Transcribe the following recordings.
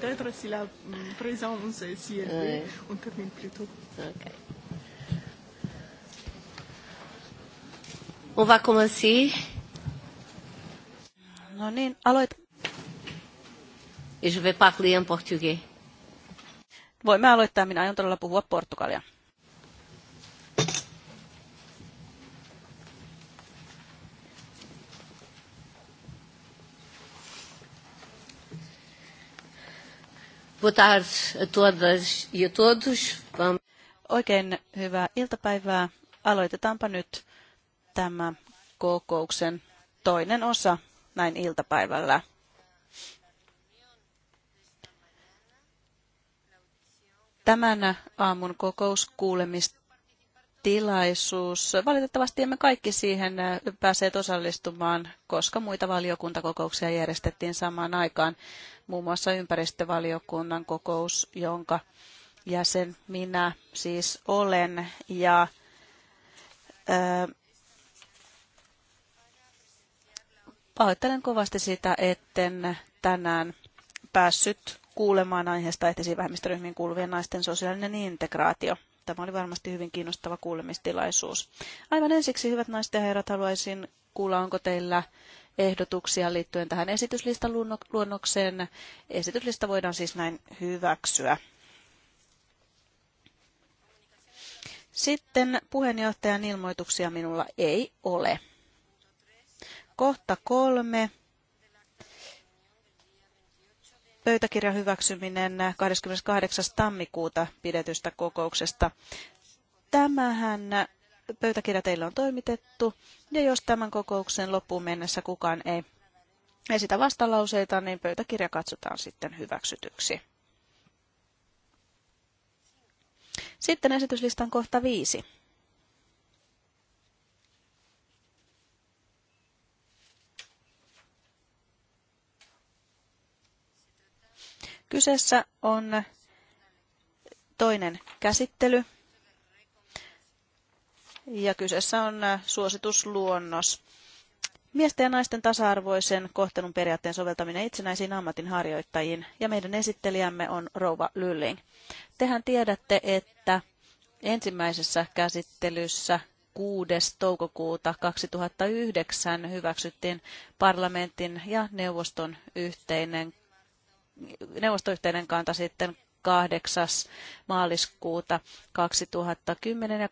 peut-être si la mm, présence e est eh. si élevée, ouais. on termine plus tôt. Okay. On va commencer. Non, niin, aloit. E- Et je vais parler en portugais. Voimme aloittaa. Minä aion todella puhua portugalia. Boa tarde a todas e a todos. Vamos. Oikein hyvää iltapäivää. Aloitetaanpa nyt tämä kokouksen toinen osa näin iltapäivällä. Tämän aamun kokouskuulemista tilaisuus. Valitettavasti emme kaikki siihen äh, pääseet osallistumaan, koska muita valiokuntakokouksia järjestettiin samaan aikaan. Muun muassa ympäristövaliokunnan kokous, jonka jäsen minä siis olen. Ja, ää, äh, pahoittelen kovasti sitä, etten tänään päässyt kuulemaan aiheesta etisiin vähemmistöryhmiin kuuluvien naisten sosiaalinen integraatio. Tämä oli varmasti hyvin kiinnostava kuulemistilaisuus. Aivan ensiksi, hyvät naiset ja herrat, haluaisin kuulla, onko teillä ehdotuksia liittyen tähän esityslistan luonnokseen. Esityslista voidaan siis näin hyväksyä. Sitten puheenjohtajan ilmoituksia minulla ei ole. Kohta kolme pöytäkirjan hyväksyminen 28. tammikuuta pidetystä kokouksesta. Tämähän pöytäkirja teille on toimitettu, ja jos tämän kokouksen loppuun mennessä kukaan ei esitä vastalauseita, niin pöytäkirja katsotaan sitten hyväksytyksi. Sitten esityslistan kohta viisi. Kyseessä on toinen käsittely ja kyseessä on suositusluonnos. Miesten ja naisten tasa-arvoisen kohtelun periaatteen soveltaminen itsenäisiin ammatinharjoittajiin ja meidän esittelijämme on Rouva Lylling. Tehän tiedätte, että ensimmäisessä käsittelyssä 6. toukokuuta 2009 hyväksyttiin parlamentin ja neuvoston yhteinen neuvostoyhteinen kanta sitten 8. maaliskuuta 2010 ja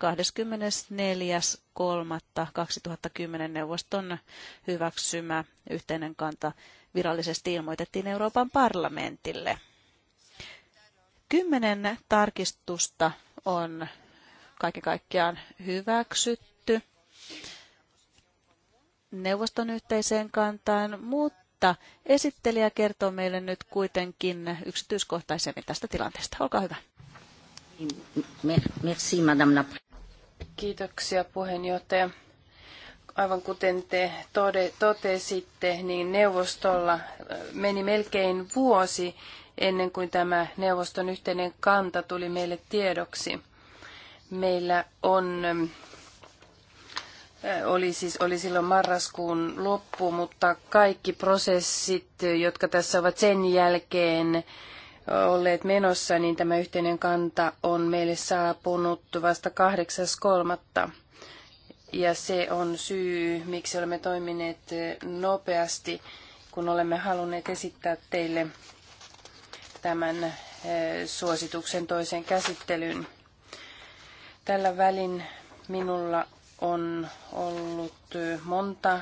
24.3.2010 neuvoston hyväksymä yhteinen kanta virallisesti ilmoitettiin Euroopan parlamentille. Kymmenen tarkistusta on kaiken kaikkiaan hyväksytty neuvoston yhteiseen kantaan, mutta mutta esittelijä kertoo meille nyt kuitenkin yksityiskohtaisemmin tästä tilanteesta. Olkaa hyvä. Merci, madame la... Kiitoksia puheenjohtaja. Aivan kuten te tode, totesitte, niin neuvostolla äh, meni melkein vuosi ennen kuin tämä neuvoston yhteinen kanta tuli meille tiedoksi. Meillä on oli, siis, oli silloin marraskuun loppu, mutta kaikki prosessit, jotka tässä ovat sen jälkeen olleet menossa, niin tämä yhteinen kanta on meille saapunut vasta 8.3. Ja se on syy, miksi olemme toimineet nopeasti, kun olemme halunneet esittää teille tämän suosituksen toisen käsittelyyn. Tällä välin minulla on ollut monta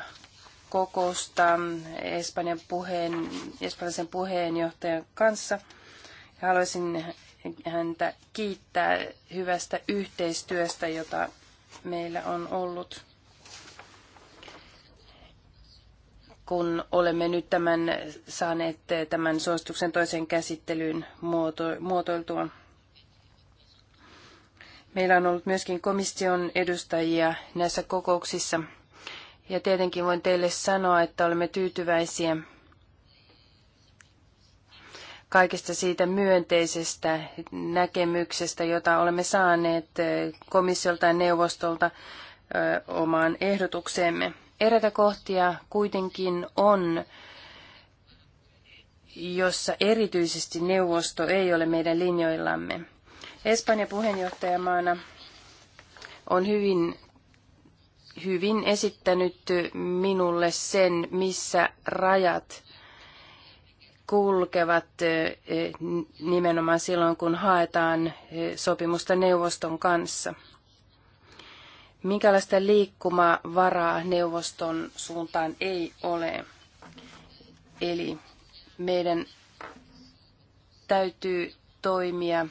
kokousta Espanjan puheen, espanjalaisen puheenjohtajan kanssa. Haluaisin häntä kiittää hyvästä yhteistyöstä, jota meillä on ollut. kun olemme nyt tämän saaneet tämän suosituksen toisen käsittelyyn muoto, muotoiltua. Meillä on ollut myöskin komission edustajia näissä kokouksissa. Ja tietenkin voin teille sanoa, että olemme tyytyväisiä kaikesta siitä myönteisestä näkemyksestä, jota olemme saaneet eh, komissiolta ja neuvostolta eh, omaan ehdotukseemme. Eräitä kohtia kuitenkin on, jossa erityisesti neuvosto ei ole meidän linjoillamme. Espanja puheenjohtajamaana on hyvin, hyvin esittänyt minulle sen, missä rajat kulkevat nimenomaan silloin, kun haetaan sopimusta neuvoston kanssa. Minkälaista liikkumavaraa neuvoston suuntaan ei ole. Eli meidän täytyy toimia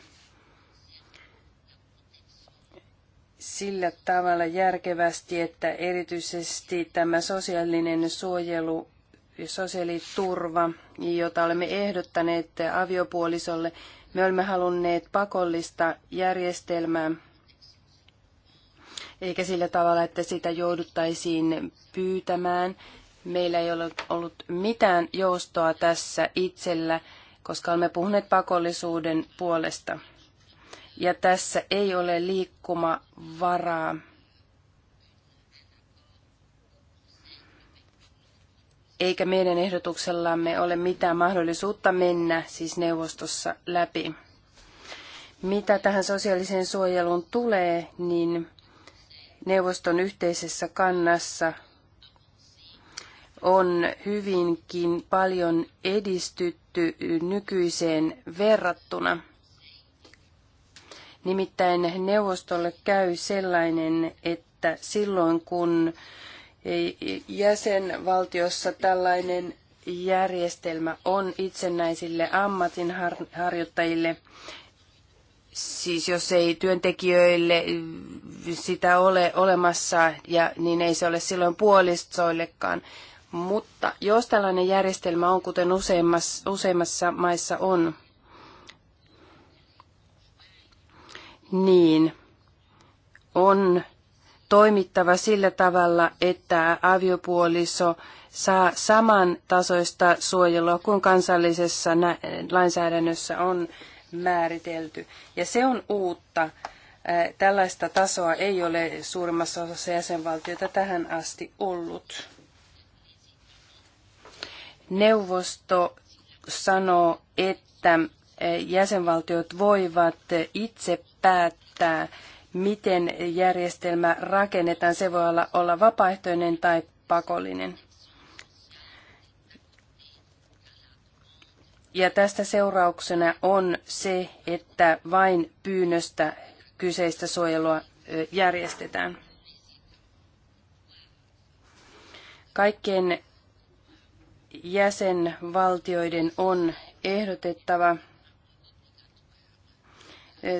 sillä tavalla järkevästi, että erityisesti tämä sosiaalinen suojelu ja sosiaaliturva, jota olemme ehdottaneet aviopuolisolle, me olemme halunneet pakollista järjestelmää, eikä sillä tavalla, että sitä jouduttaisiin pyytämään. Meillä ei ole ollut mitään joustoa tässä itsellä, koska olemme puhuneet pakollisuuden puolesta ja tässä ei ole liikkumavaraa. Eikä meidän ehdotuksellamme ole mitään mahdollisuutta mennä siis neuvostossa läpi. Mitä tähän sosiaaliseen suojeluun tulee, niin neuvoston yhteisessä kannassa on hyvinkin paljon edistytty nykyiseen verrattuna. Nimittäin neuvostolle käy sellainen, että silloin kun jäsenvaltiossa tällainen järjestelmä on itsenäisille ammatinharjoittajille, siis jos ei työntekijöille sitä ole olemassa, ja, niin ei se ole silloin puolistoillekaan. Mutta jos tällainen järjestelmä on, kuten useimmassa, useimmassa maissa on, niin on toimittava sillä tavalla, että aviopuoliso saa saman tasoista suojelua kuin kansallisessa lainsäädännössä on määritelty. Ja se on uutta. Tällaista tasoa ei ole suurimmassa osassa jäsenvaltioita tähän asti ollut. Neuvosto sanoo, että jäsenvaltiot voivat itse päättää, miten järjestelmä rakennetaan. Se voi olla, olla vapaaehtoinen tai pakollinen. Ja tästä seurauksena on se, että vain pyynnöstä kyseistä suojelua järjestetään. Kaikkien jäsenvaltioiden on ehdotettava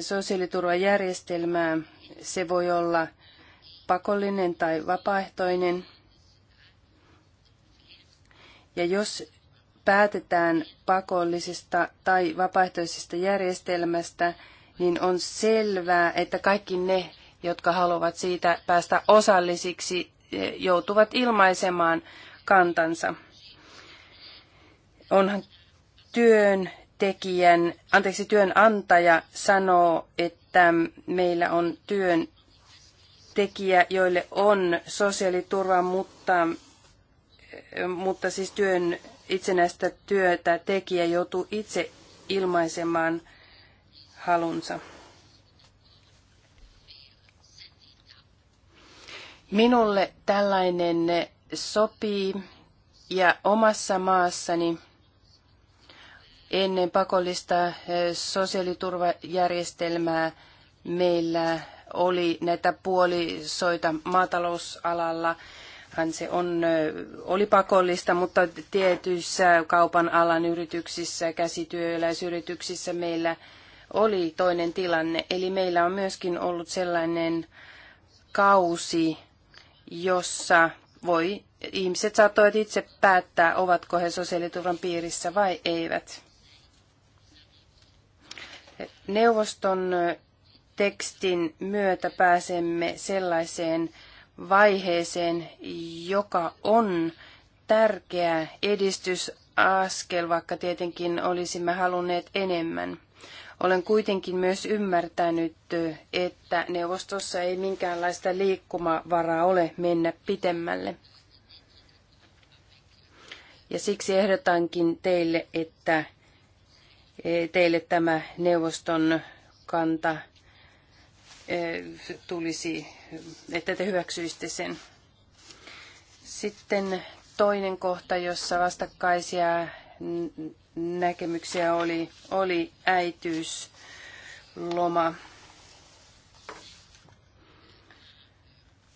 sosiaaliturvajärjestelmää. Se voi olla pakollinen tai vapaaehtoinen. Ja jos päätetään pakollisesta tai vapaaehtoisesta järjestelmästä, niin on selvää, että kaikki ne, jotka haluavat siitä päästä osallisiksi, e, joutuvat ilmaisemaan kantansa. Onhan työn työntekijän, anteeksi, työnantaja sanoo, että meillä on työn tekijä, joille on sosiaaliturva, mutta, mutta siis työn itsenäistä työtä tekijä joutuu itse ilmaisemaan halunsa. Minulle tällainen sopii ja omassa maassani – ennen pakollista eh, sosiaaliturvajärjestelmää meillä oli näitä puolisoita maatalousalalla. Se on, eh, oli pakollista, mutta tietyissä kaupan alan yrityksissä, käsityöläisyrityksissä meillä oli toinen tilanne. Eli meillä on myöskin ollut sellainen kausi, jossa voi, ihmiset saattoivat itse päättää, ovatko he sosiaaliturvan piirissä vai eivät. Neuvoston tekstin myötä pääsemme sellaiseen vaiheeseen, joka on tärkeä edistysaskel, vaikka tietenkin olisimme halunneet enemmän. Olen kuitenkin myös ymmärtänyt, että neuvostossa ei minkäänlaista liikkumavaraa ole mennä pitemmälle. Ja siksi ehdotankin teille, että teille tämä neuvoston kanta eh, tulisi, että te hyväksyisitte sen. Sitten toinen kohta, jossa vastakkaisia näkemyksiä oli, oli äityysloma.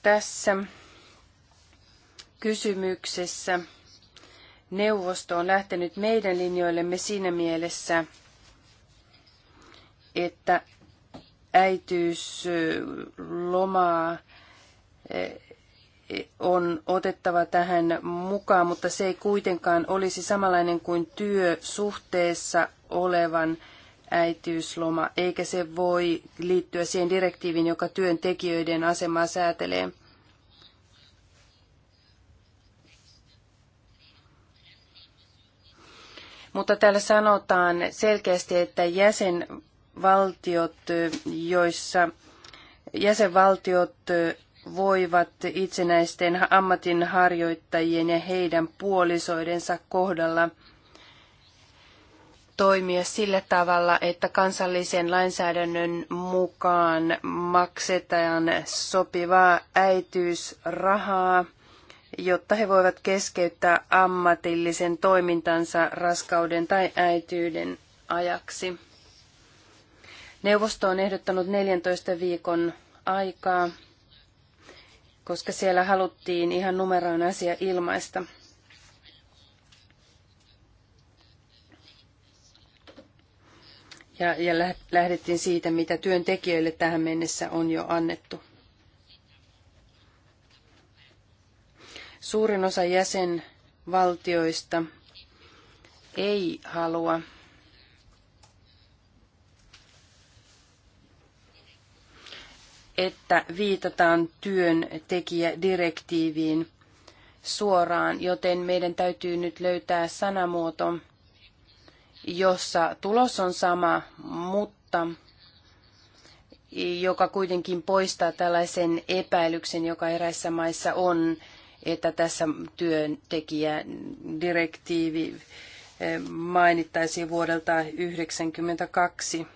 Tässä kysymyksessä neuvosto on lähtenyt meidän linjoillemme siinä mielessä, että äitiyslomaa eh, on otettava tähän mukaan, mutta se ei kuitenkaan olisi samanlainen kuin työsuhteessa olevan äitiysloma, eikä se voi liittyä siihen direktiiviin, joka työntekijöiden asemaa säätelee. Mutta täällä sanotaan selkeästi, että jäsenvaltiot, joissa jäsenvaltiot voivat itsenäisten ammatinharjoittajien ja heidän puolisoidensa kohdalla toimia sillä tavalla, että kansallisen lainsäädännön mukaan maksetaan sopivaa äitiysrahaa – jotta he voivat keskeyttää ammatillisen toimintansa raskauden tai äityyden ajaksi. Neuvosto on ehdottanut 14 viikon aikaa, koska siellä haluttiin ihan numeroon asia ilmaista. Ja, ja lähdettiin siitä, mitä työntekijöille tähän mennessä on jo annettu. Suurin osa jäsenvaltioista ei halua että viitataan työntekijädirektiiviin suoraan, joten meidän täytyy nyt löytää sanamuoto, jossa tulos on sama, mutta joka kuitenkin poistaa tällaisen epäilyksen, joka eräissä maissa on että tässä työntekijädirektiivi eh, mainittaisiin vuodelta 1992.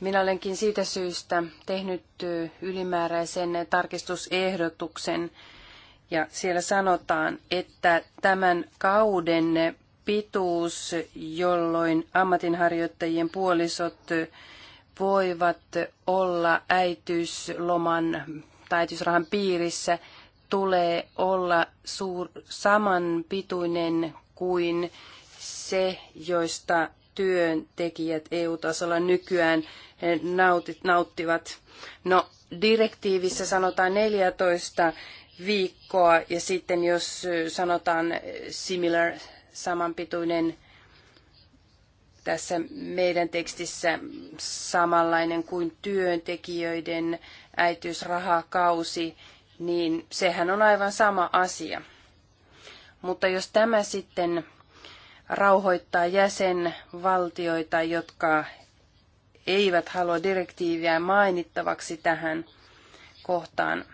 Minä olenkin siitä syystä tehnyt eh, ylimääräisen tarkistusehdotuksen ja siellä sanotaan, että tämän kauden pituus, jolloin ammatinharjoittajien puolisot eh, voivat olla äitiysloman tai äitiysrahan piirissä – tulee olla suur, samanpituinen kuin se, joista työntekijät EU-tasolla nykyään nautit, nauttivat. No, direktiivissä sanotaan 14 viikkoa ja sitten jos sanotaan similar, samanpituinen tässä meidän tekstissä samanlainen kuin työntekijöiden äitiysrahakausi, niin sehän on aivan sama asia. Mutta jos tämä sitten rauhoittaa jäsenvaltioita, jotka eivät halua direktiiviä mainittavaksi tähän kohtaan,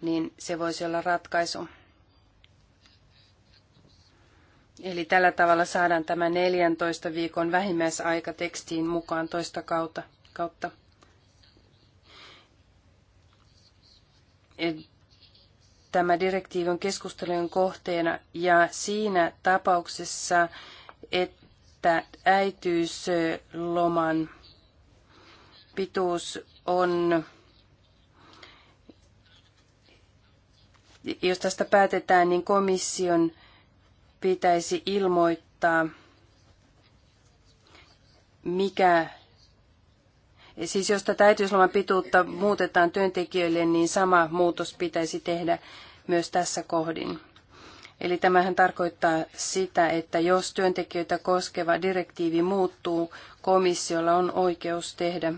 niin se voisi olla ratkaisu. Eli tällä tavalla saadaan tämä 14 viikon vähimmäisaika tekstiin mukaan toista kautta. kautta. tämä direktiivi on keskustelujen kohteena ja siinä tapauksessa, että äityysloman pituus on, jos tästä päätetään, niin komission pitäisi ilmoittaa, mikä Siis jos tätä äitiysloman pituutta muutetaan työntekijöille, niin sama muutos pitäisi tehdä myös tässä kohdin. Eli tämähän tarkoittaa sitä, että jos työntekijöitä koskeva direktiivi muuttuu, komissiolla on oikeus tehdä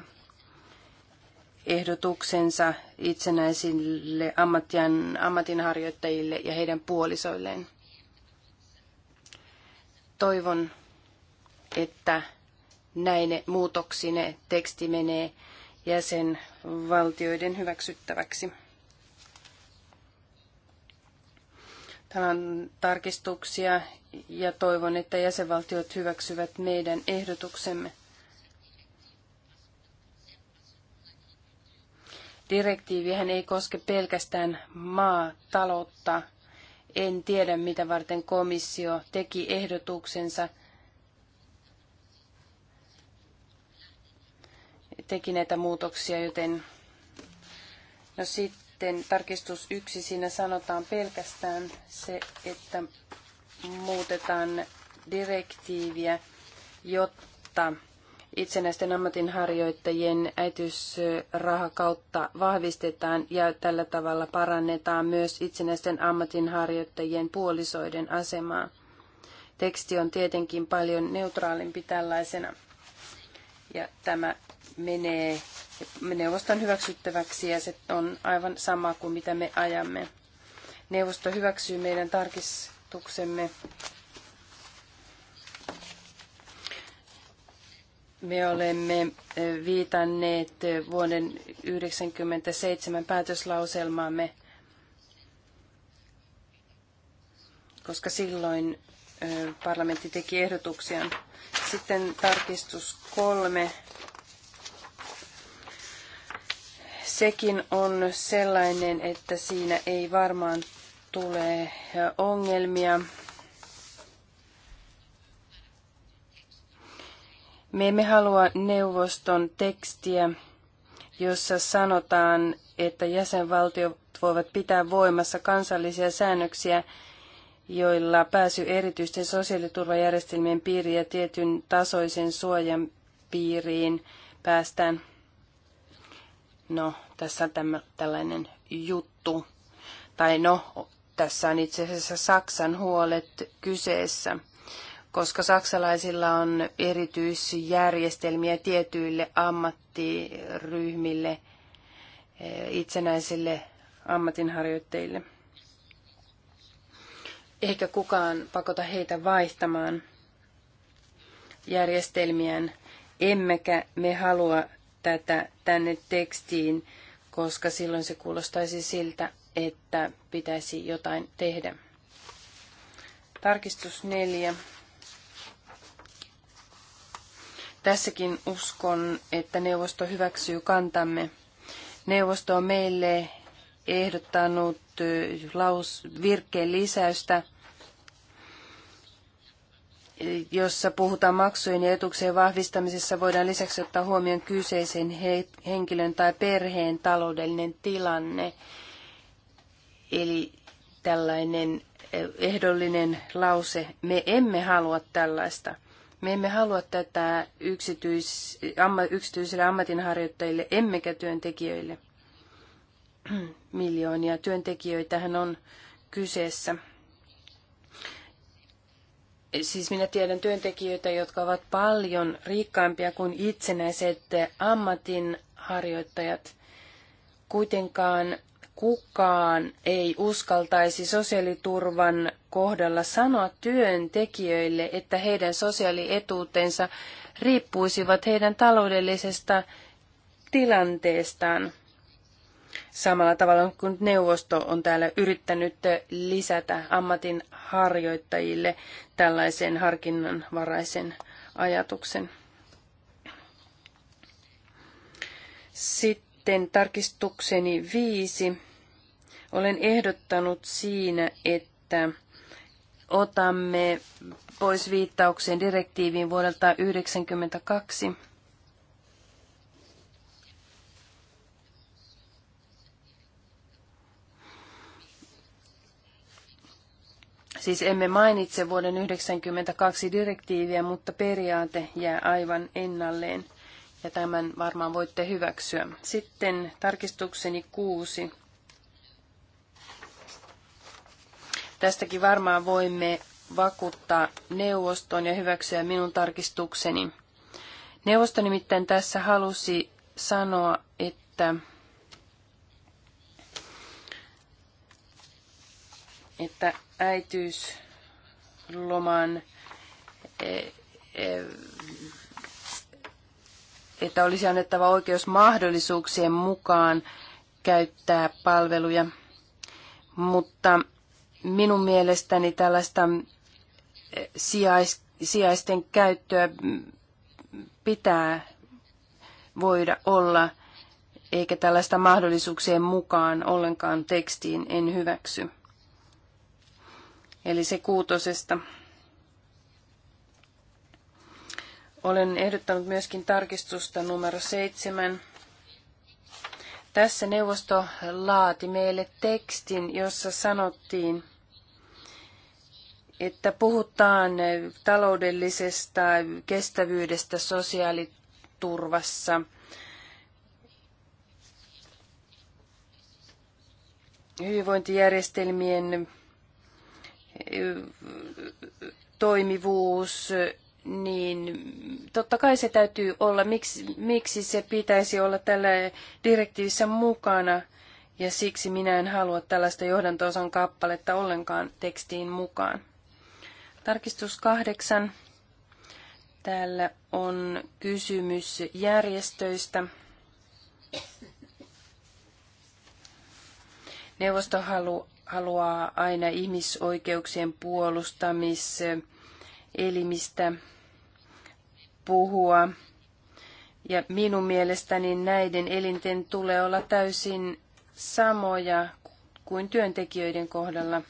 ehdotuksensa itsenäisille ammatian, ammatinharjoittajille ja heidän puolisoilleen. Toivon, että näine muutoksine teksti menee jäsenvaltioiden hyväksyttäväksi. Tämä on tarkistuksia ja toivon, että jäsenvaltiot hyväksyvät meidän ehdotuksemme. Direktiivihän ei koske pelkästään maataloutta. En tiedä, mitä varten komissio teki ehdotuksensa – teki näitä muutoksia, joten no sitten tarkistus yksi, siinä sanotaan pelkästään se, että muutetaan direktiiviä, jotta itsenäisten ammatinharjoittajien äitysraha kautta vahvistetaan ja tällä tavalla parannetaan myös itsenäisten ammatinharjoittajien puolisoiden asemaa. Teksti on tietenkin paljon neutraalimpi tällaisena ja tämä menee neuvoston hyväksyttäväksi ja se on aivan sama kuin mitä me ajamme. Neuvosto hyväksyy meidän tarkistuksemme. Me olemme viitanneet vuoden 1997 päätöslauselmaamme, koska silloin parlamentti teki ehdotuksia. Sitten tarkistus kolme sekin on sellainen, että siinä ei varmaan tule ongelmia. Me emme halua neuvoston tekstiä, jossa sanotaan, että jäsenvaltiot voivat pitää voimassa kansallisia säännöksiä, joilla pääsy erityisten sosiaaliturvajärjestelmien piiriin ja tietyn tasoisen suojan piiriin päästään. No, tässä on tämmö, tällainen juttu. Tai no, tässä on itse asiassa Saksan huolet kyseessä, koska saksalaisilla on erityisjärjestelmiä tietyille ammattiryhmille, eh, itsenäisille ammatinharjoittajille. Eikä kukaan pakota heitä vaihtamaan järjestelmiään, emmekä me halua tätä tänne tekstiin, koska silloin se kuulostaisi siltä, että pitäisi jotain tehdä. Tarkistus neljä. Tässäkin uskon, että neuvosto hyväksyy kantamme. Neuvosto on meille ehdottanut laus, virkkeen lisäystä – jossa puhutaan maksujen ja etuuksien vahvistamisessa, voidaan lisäksi ottaa huomioon kyseisen henkilön tai perheen taloudellinen tilanne. Eli tällainen eh, ehdollinen lause, me emme halua tällaista. Me emme halua tätä yksityis, amma, yksityisille ammatinharjoittajille emmekä työntekijöille. Miljoonia työntekijöitähän on kyseessä siis minä tiedän työntekijöitä, jotka ovat paljon rikkaampia kuin itsenäiset ammatinharjoittajat. Kuitenkaan kukaan ei uskaltaisi sosiaaliturvan kohdalla sanoa työntekijöille, että heidän sosiaalietuutensa riippuisivat heidän taloudellisesta tilanteestaan samalla tavalla kuin neuvosto on täällä yrittänyt lisätä ammatin harjoittajille tällaisen harkinnanvaraisen ajatuksen. Sitten tarkistukseni viisi. Olen ehdottanut siinä, että otamme pois viittauksen direktiiviin vuodelta 1992 Siis emme mainitse vuoden 1992 direktiiviä, mutta periaate jää aivan ennalleen. Ja tämän varmaan voitte hyväksyä. Sitten tarkistukseni kuusi. Tästäkin varmaan voimme vakuuttaa neuvoston ja hyväksyä minun tarkistukseni. Neuvosto nimittäin tässä halusi sanoa, että että äitiysloman, e, e, että olisi annettava oikeus mahdollisuuksien mukaan käyttää palveluja. Mutta minun mielestäni tällaista e, sijais, sijaisten käyttöä pitää voida olla, eikä tällaista mahdollisuuksien mukaan ollenkaan tekstiin en hyväksy eli se kuutosesta. Olen ehdottanut myöskin tarkistusta numero seitsemän. Tässä neuvosto laati meille tekstin, jossa sanottiin, että puhutaan taloudellisesta kestävyydestä sosiaaliturvassa. Hyvinvointijärjestelmien toimivuus, niin totta kai se täytyy olla, miksi, miksi se pitäisi olla tällä direktiivissä mukana, ja siksi minä en halua tällaista johdantoosan kappaletta ollenkaan tekstiin mukaan. Tarkistus kahdeksan. Täällä on kysymys järjestöistä. Neuvosto haluaa haluaa aina ihmisoikeuksien puolustamiselimistä puhua. Ja minun mielestäni näiden elinten tulee olla täysin samoja kuin työntekijöiden kohdalla.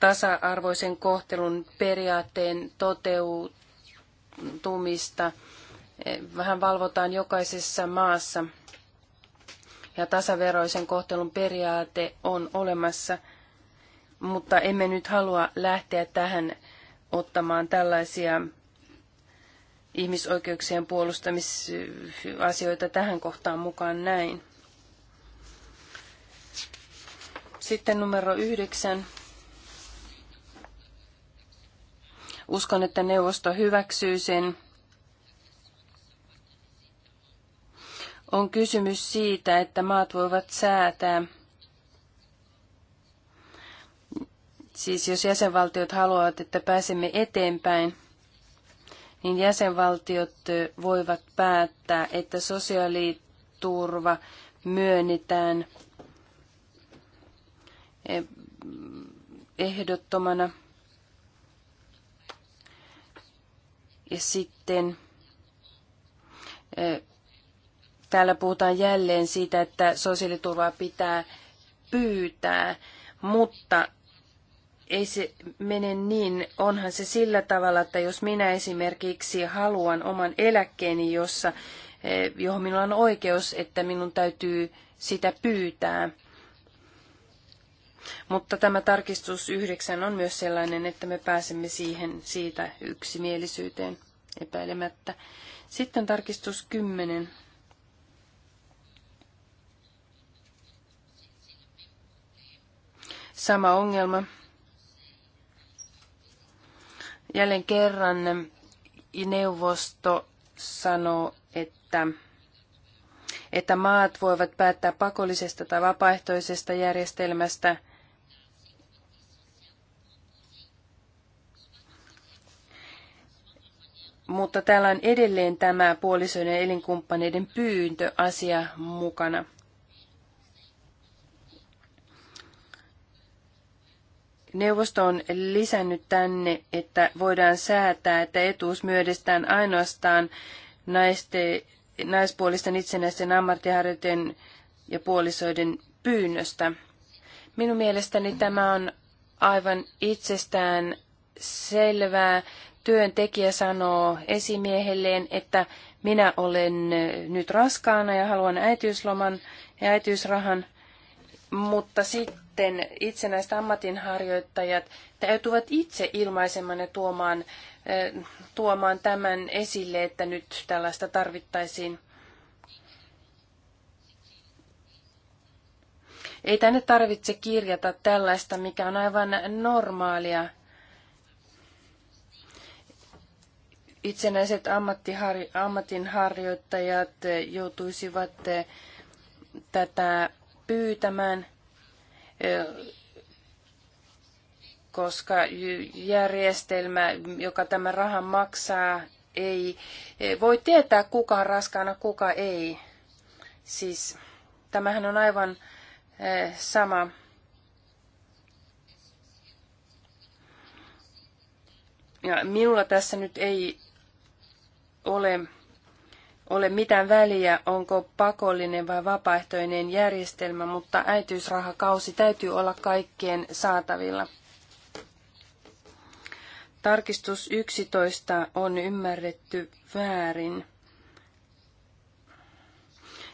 Tasa-arvoisen kohtelun periaatteen toteutumista vähän valvotaan jokaisessa maassa. Ja tasaveroisen kohtelun periaate on olemassa, mutta emme nyt halua lähteä tähän ottamaan tällaisia ihmisoikeuksien puolustamisasioita tähän kohtaan mukaan näin. Sitten numero yhdeksän. Uskon, että neuvosto hyväksyy sen on kysymys siitä, että maat voivat säätää. Siis jos jäsenvaltiot haluavat, että pääsemme eteenpäin, niin jäsenvaltiot voivat päättää, että sosiaaliturva myönnetään eh, ehdottomana. Ja sitten eh, Täällä puhutaan jälleen siitä, että sosiaaliturvaa pitää pyytää, mutta ei se mene niin. Onhan se sillä tavalla, että jos minä esimerkiksi haluan oman eläkkeeni, jossa, eh, johon minulla on oikeus, että minun täytyy sitä pyytää. Mutta tämä tarkistus yhdeksän on myös sellainen, että me pääsemme siihen siitä yksimielisyyteen epäilemättä. Sitten tarkistus kymmenen. sama ongelma. Jälleen kerran neuvosto sanoo, että, että maat voivat päättää pakollisesta tai vapaaehtoisesta järjestelmästä. Mutta täällä on edelleen tämä puolisoiden ja elinkumppaneiden pyyntö asia mukana. Neuvosto on lisännyt tänne, että voidaan säätää, että etuus myödestään ainoastaan naiste, naispuolisten itsenäisten ammattiharjoittajien ja puolisoiden pyynnöstä. Minun mielestäni tämä on aivan itsestään selvää. Työntekijä sanoo esimiehelleen, että minä olen nyt raskaana ja haluan äitiysloman ja äitiysrahan. Mutta sitten itsenäiset ammatinharjoittajat täytyvät itse ilmaisemaan ja tuomaan, tuomaan tämän esille, että nyt tällaista tarvittaisiin. Ei tänne tarvitse kirjata tällaista, mikä on aivan normaalia. Itsenäiset ammattihar- ammatinharjoittajat joutuisivat tätä pyytämään, koska järjestelmä, joka tämä raha maksaa, ei voi tietää, kuka on raskaana, kuka ei. Siis tämähän on aivan sama. Ja minulla tässä nyt ei ole ole mitään väliä, onko pakollinen vai vapaaehtoinen järjestelmä, mutta äitiysrahakausi täytyy olla kaikkien saatavilla. Tarkistus 11 on ymmärretty väärin,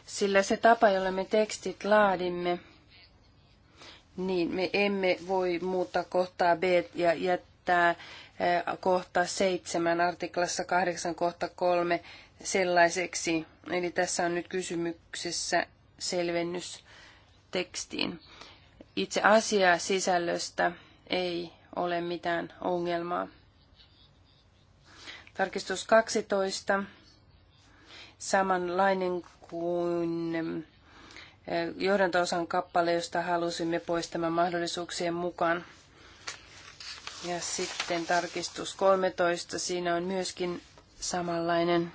sillä se tapa, jolla me tekstit laadimme, niin me emme voi muuttaa kohtaa B ja jättää kohta 7 artiklassa 8 kohta 3 sellaiseksi. Eli tässä on nyt kysymyksessä selvennys tekstiin. Itse asia sisällöstä ei ole mitään ongelmaa. Tarkistus 12. Samanlainen kuin eh, johdantoosan kappale, josta halusimme poistamaan mahdollisuuksien mukaan. Ja sitten tarkistus 13. Siinä on myöskin samanlainen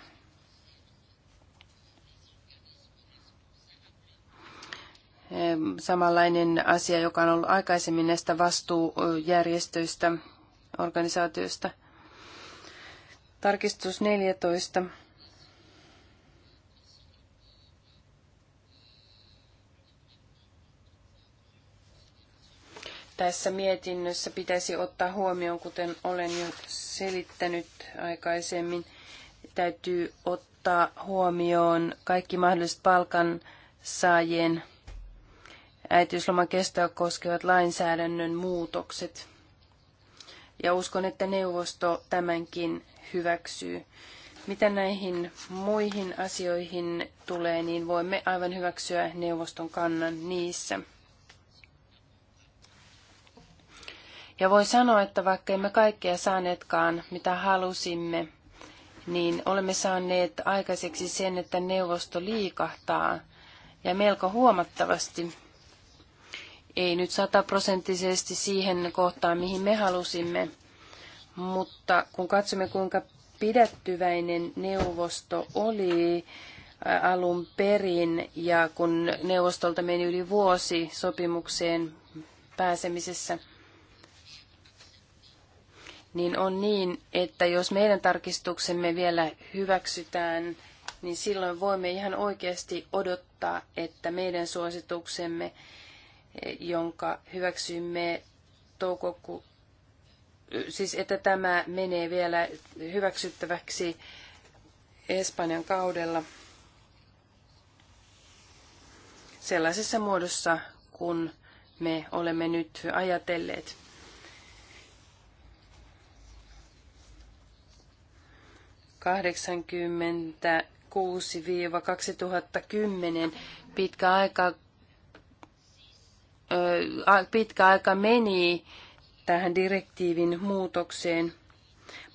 samanlainen asia, joka on ollut aikaisemmin näistä vastuujärjestöistä, organisaatioista. Tarkistus 14. Tässä mietinnössä pitäisi ottaa huomioon, kuten olen jo selittänyt aikaisemmin, täytyy ottaa huomioon kaikki mahdolliset palkansaajien saajien äitiysloman kestoa koskevat lainsäädännön muutokset. Ja uskon, että neuvosto tämänkin hyväksyy. Mitä näihin muihin asioihin tulee, niin voimme aivan hyväksyä neuvoston kannan niissä. Ja voi sanoa, että vaikka emme kaikkea saaneetkaan, mitä halusimme, niin olemme saaneet aikaiseksi sen, että neuvosto liikahtaa ja melko huomattavasti ei nyt sataprosenttisesti siihen kohtaan, mihin me halusimme, mutta kun katsomme, kuinka pidättyväinen neuvosto oli alun perin ja kun neuvostolta meni yli vuosi sopimukseen pääsemisessä, niin on niin, että jos meidän tarkistuksemme vielä hyväksytään, niin silloin voimme ihan oikeasti odottaa, että meidän suosituksemme jonka hyväksymme toukoku, siis että tämä menee vielä hyväksyttäväksi Espanjan kaudella sellaisessa muodossa, kun me olemme nyt ajatelleet. kahdeksankymmentä 1996-2010 pitkä aika pitkä aika meni tähän direktiivin muutokseen,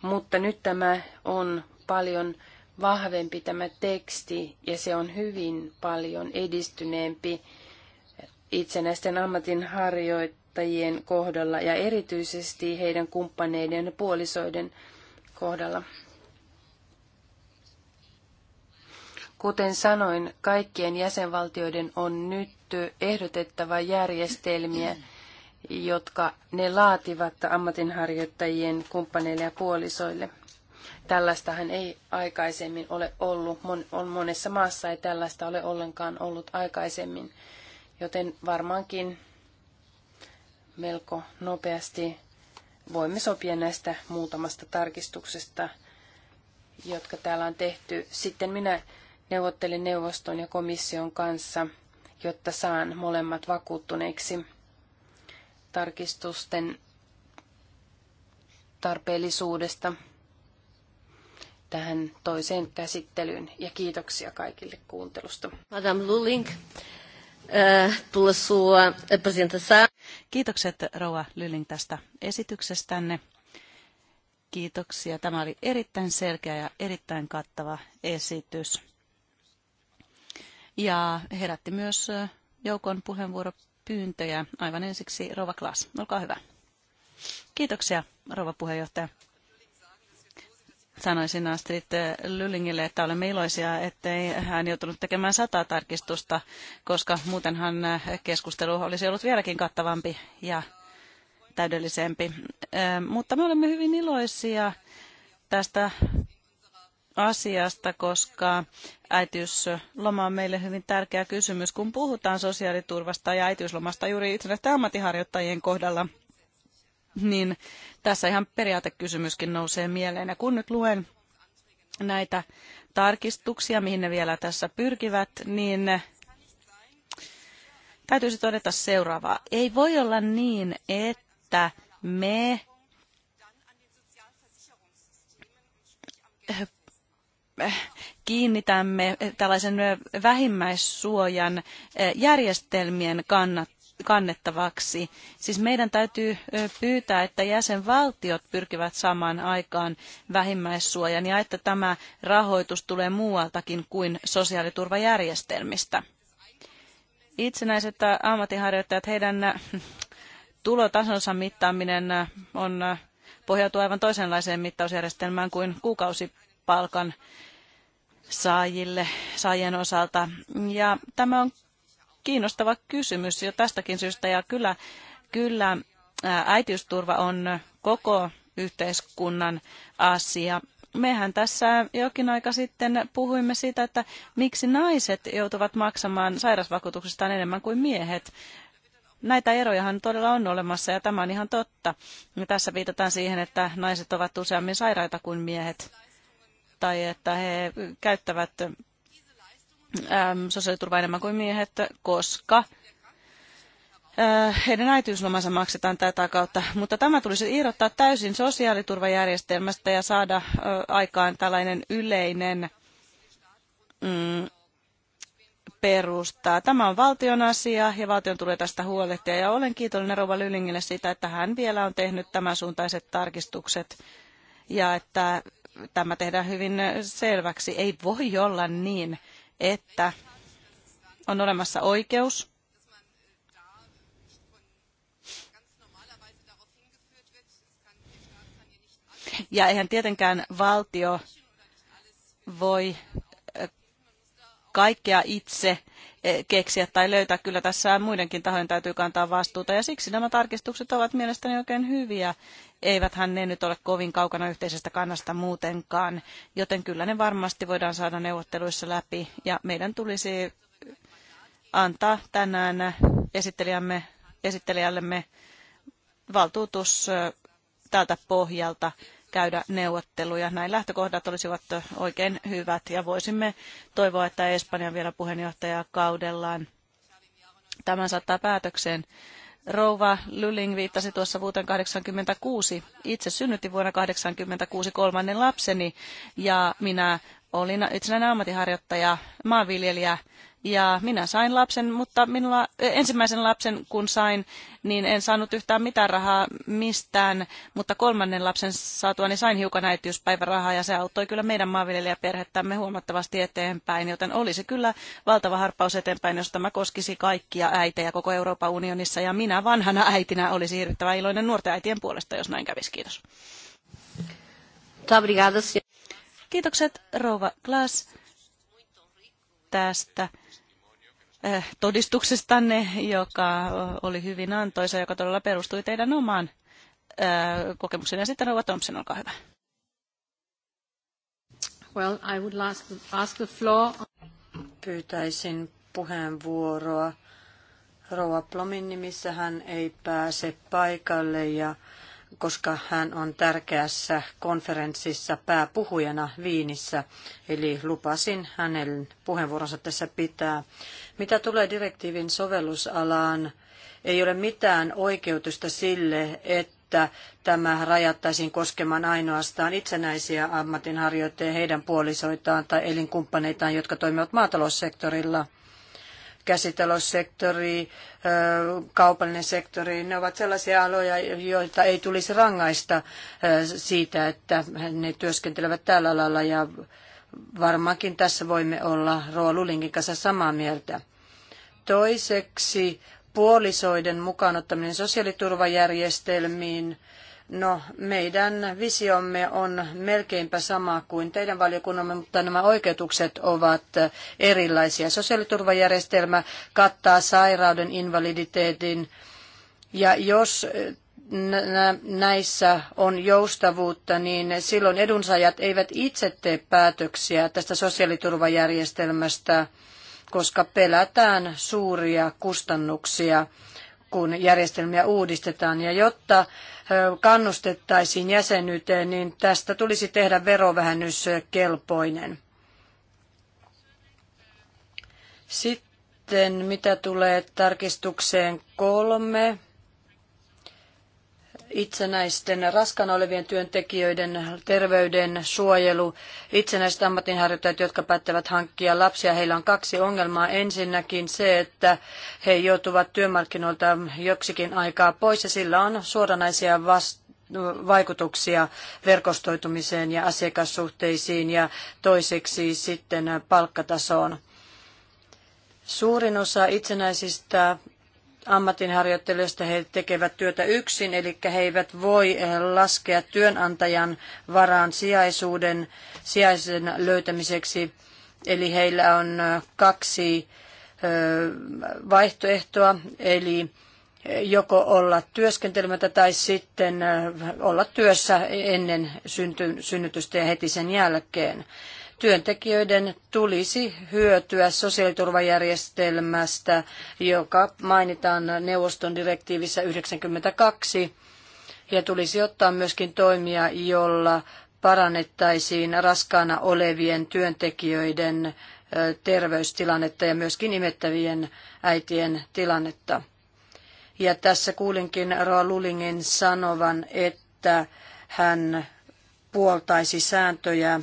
mutta nyt tämä on paljon vahvempi tämä teksti ja se on hyvin paljon edistyneempi itsenäisten ammatinharjoittajien kohdalla ja erityisesti heidän kumppaneiden ja puolisoiden kohdalla. Kuten sanoin, kaikkien jäsenvaltioiden on nyt ehdotettava järjestelmiä, jotka ne laativat ammatinharjoittajien kumppaneille ja puolisoille. Tällaistahan ei aikaisemmin ole ollut. Mon, on monessa maassa ei tällaista ole ollenkaan ollut aikaisemmin. Joten varmaankin melko nopeasti voimme sopia näistä muutamasta tarkistuksesta, jotka täällä on tehty. Sitten minä neuvottelin neuvoston ja komission kanssa – jotta saan molemmat vakuuttuneiksi tarkistusten tarpeellisuudesta tähän toiseen käsittelyyn. Ja kiitoksia kaikille kuuntelusta. Madame Luling, äh, sua Kiitokset Rouva Lyling tästä esityksestänne. Kiitoksia. Tämä oli erittäin selkeä ja erittäin kattava esitys ja herätti myös joukon puheenvuoropyyntöjä. Aivan ensiksi Rova Klaas, olkaa hyvä. Kiitoksia, Rova puheenjohtaja. Sanoisin Astrid Lyllingille, että olemme iloisia, ettei hän joutunut tekemään sataa tarkistusta, koska muutenhan keskustelu olisi ollut vieläkin kattavampi ja täydellisempi. Mutta me olemme hyvin iloisia tästä asiasta, koska äitiysloma on meille hyvin tärkeä kysymys, kun puhutaan sosiaaliturvasta ja äitiyslomasta juuri itsenäisten ammattiharjoittajien kohdalla. Niin tässä ihan periaatekysymyskin nousee mieleen. Ja kun nyt luen näitä tarkistuksia, mihin ne vielä tässä pyrkivät, niin täytyisi todeta seuraavaa. Ei voi olla niin, että me kiinnitämme tällaisen vähimmäissuojan eh, järjestelmien kannat kannettavaksi. Siis meidän täytyy eh, pyytää, että jäsenvaltiot pyrkivät samaan aikaan vähimmäissuojan ja että tämä rahoitus tulee muualtakin kuin sosiaaliturvajärjestelmistä. Itsenäiset eh, ammatinharjoittajat, heidän tulotasonsa mittaaminen on pohjautuu aivan toisenlaiseen mittausjärjestelmään kuin kuukausipalkan saajille, saajien osalta. Ja tämä on kiinnostava kysymys jo tästäkin syystä, ja kyllä, kyllä äitiysturva on koko yhteiskunnan asia. Mehän tässä jokin aika sitten puhuimme siitä, että miksi naiset joutuvat maksamaan sairausvakuutuksestaan enemmän kuin miehet. Näitä erojahan todella on olemassa ja tämä on ihan totta. Tässä viitataan siihen, että naiset ovat useammin sairaita kuin miehet tai että he käyttävät ähm, sosiaaliturvaa enemmän kuin miehet, koska äh, heidän äitiyslomansa maksetaan tätä kautta, mutta tämä tulisi irrottaa täysin sosiaaliturvajärjestelmästä ja saada äh, aikaan tällainen yleinen mm, perustaa. Tämä on valtion asia ja valtion tulee tästä huolehtia ja olen kiitollinen Rova Lylingille siitä, että hän vielä on tehnyt tämän suuntaiset tarkistukset ja että tämä tehdään hyvin selväksi. Ei voi olla niin, että on olemassa oikeus Ja eihän tietenkään valtio voi kaikkea itse Eh, keksiä tai löytää. Kyllä tässä muidenkin tahojen täytyy kantaa vastuuta ja siksi nämä tarkistukset ovat mielestäni oikein hyviä. Eiväthän ne nyt ole kovin kaukana yhteisestä kannasta muutenkaan, joten kyllä ne varmasti voidaan saada neuvotteluissa läpi ja meidän tulisi antaa tänään esittelijämme, esittelijällemme valtuutus eh, tältä pohjalta käydä neuvotteluja. Näin lähtökohdat olisivat oikein hyvät ja voisimme toivoa, että Espanjan vielä puheenjohtajakaudellaan tämän saattaa päätökseen. Rouva Lyling viittasi tuossa vuoteen 1986. Itse synnytti vuonna 1986 kolmannen lapseni ja minä olin itsenäinen ammattiharjoittaja, maanviljelijä ja minä sain lapsen, mutta minulla, eh, ensimmäisen lapsen kun sain, niin en saanut yhtään mitään rahaa mistään, mutta kolmannen lapsen saatua niin sain hiukan äitiyspäivärahaa ja se auttoi kyllä meidän maanviljelijäperhettämme huomattavasti eteenpäin, joten olisi kyllä valtava harppaus eteenpäin, jos tämä koskisi kaikkia äitejä koko Euroopan unionissa ja minä vanhana äitinä olisi hirvittävän iloinen nuorten äitien puolesta, jos näin kävisi. Kiitos. Kiitokset Rova Glass tästä Eh, todistuksestanne, joka oli hyvin antoisa, joka todella perustui teidän omaan eh, kokemukseen. Ja sitten Rova Thompson, olkaa hyvä. Well, I would ask the floor. Pyytäisin puheenvuoroa. Rouva Plomin nimissä hän ei pääse paikalle ja koska hän on tärkeässä konferenssissa pääpuhujana Viinissä, eli lupasin hänen puheenvuoronsa tässä pitää. Mitä tulee direktiivin sovellusalaan, ei ole mitään oikeutusta sille, että tämä rajattaisiin koskemaan ainoastaan itsenäisiä ammatinharjoittajia, heidän puolisoitaan tai elinkumppaneitaan, jotka toimivat maataloussektorilla – käsitaloussektori, kaupallinen sektori, ne ovat sellaisia aloja, joita ei tulisi rangaista siitä, että ne työskentelevät tällä alalla ja varmaankin tässä voimme olla Roa Lulinkin kanssa samaa mieltä. Toiseksi puolisoiden mukaanottaminen sosiaaliturvajärjestelmiin No, meidän visiomme on melkeinpä sama kuin teidän valiokunnamme, mutta nämä oikeutukset ovat erilaisia. Sosiaaliturvajärjestelmä kattaa sairauden, invaliditeetin ja jos näissä on joustavuutta, niin silloin edunsaajat eivät itse tee päätöksiä tästä sosiaaliturvajärjestelmästä, koska pelätään suuria kustannuksia, kun järjestelmiä uudistetaan. Ja jotta kannustettaisiin jäsenyyteen, niin tästä tulisi tehdä verovähennyskelpoinen. Sitten mitä tulee tarkistukseen kolme, itsenäisten raskana olevien työntekijöiden terveyden suojelu, itsenäiset ammatinharjoittajat, jotka päättävät hankkia lapsia. Heillä on kaksi ongelmaa. Ensinnäkin se, että he joutuvat työmarkkinoilta joksikin aikaa pois ja sillä on suoranaisia vaikutuksia verkostoitumiseen ja asiakassuhteisiin ja toiseksi sitten palkkatasoon. Suurin osa itsenäisistä ammatinharjoittelijoista. He tekevät työtä yksin, eli he eivät voi eh, laskea työnantajan varaan sijaisuuden sijaisen löytämiseksi. Eli heillä on eh, kaksi eh, vaihtoehtoa, eli joko olla työskentelemättä tai sitten olla työssä ennen synnytystä ja heti sen jälkeen työntekijöiden tulisi hyötyä sosiaaliturvajärjestelmästä, joka mainitaan neuvoston direktiivissä 92, ja tulisi ottaa myöskin toimia, jolla parannettaisiin raskaana olevien työntekijöiden terveystilannetta ja myöskin imettävien äitien tilannetta. Ja tässä kuulinkin Roa Lulingin sanovan, että hän puoltaisi sääntöjä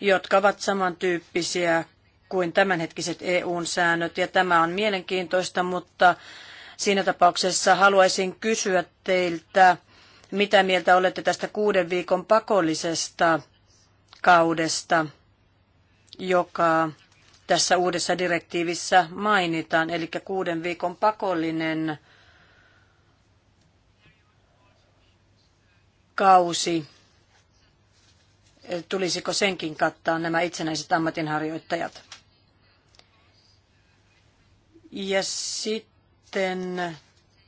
jotka ovat samantyyppisiä kuin tämänhetkiset EUn säännöt. Ja tämä on mielenkiintoista, mutta siinä tapauksessa haluaisin kysyä teiltä, mitä mieltä olette tästä kuuden viikon pakollisesta kaudesta, joka tässä uudessa direktiivissä mainitaan, eli kuuden viikon pakollinen kausi tulisiko senkin kattaa nämä itsenäiset ammatinharjoittajat. Ja sitten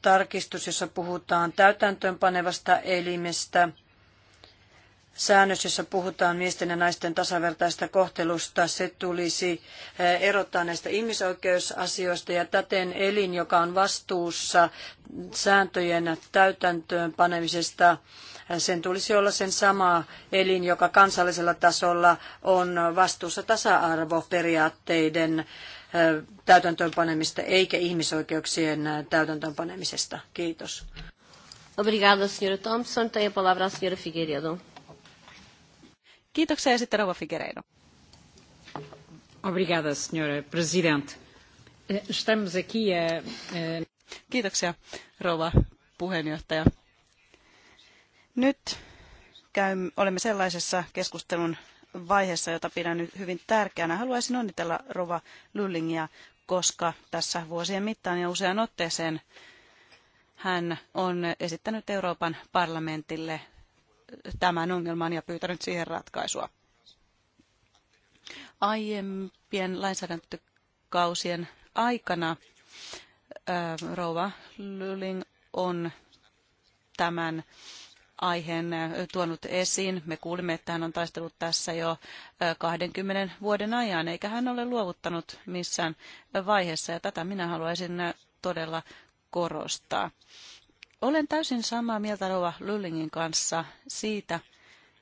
tarkistus, jossa puhutaan täytäntöönpanevasta elimestä. Säännös, jossa puhutaan miesten ja naisten tasavertaista kohtelusta, se tulisi eh, erottaa näistä ihmisoikeusasioista ja täten elin, joka on vastuussa sääntöjen täytäntöön panemisesta sen tulisi olla sen sama elin, joka kansallisella tasolla on vastuussa tasa-arvoperiaatteiden täytäntöönpanemista eikä ihmisoikeuksien täytäntöönpanemisesta. Kiitos. Obrigada, senhora Thompson. Tenho a palavra a Figueiredo. Kiitoksia ja sitten rouva Figueiredo. Obrigada, senhora presidente. Eh, estamos aqui a... Eh, Kiitoksia, rouva puheenjohtaja. Nyt olemme sellaisessa keskustelun vaiheessa, jota pidän hyvin tärkeänä. Haluaisin onnitella Rova Lullingia, koska tässä vuosien mittaan ja usean otteeseen hän on esittänyt Euroopan parlamentille tämän ongelman ja pyytänyt siihen ratkaisua. Aiempien lainsäädäntökausien aikana rouva Lulling on tämän aiheen äh, tuonut esiin. Me kuulimme, että hän on taistellut tässä jo 20 äh, vuoden ajan, eikä hän ole luovuttanut missään vaiheessa, ja tätä minä haluaisin äh, todella korostaa. Olen täysin samaa mieltä Rova Lullingin kanssa siitä,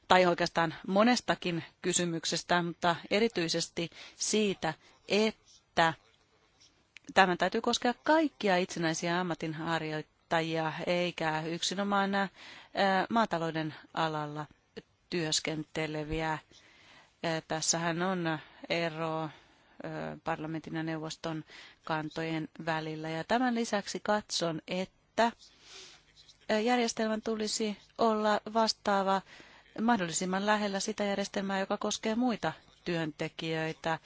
tai oikeastaan monestakin kysymyksestä, mutta erityisesti siitä, että tämän täytyy koskea kaikkia itsenäisiä ammatinharjoittajia, eikä yksinomaan nämä maatalouden alalla työskenteleviä. Tässähän on ero parlamentin ja neuvoston kantojen välillä. Ja tämän lisäksi katson, että järjestelmän tulisi olla vastaava mahdollisimman lähellä sitä järjestelmää, joka koskee muita työntekijöitä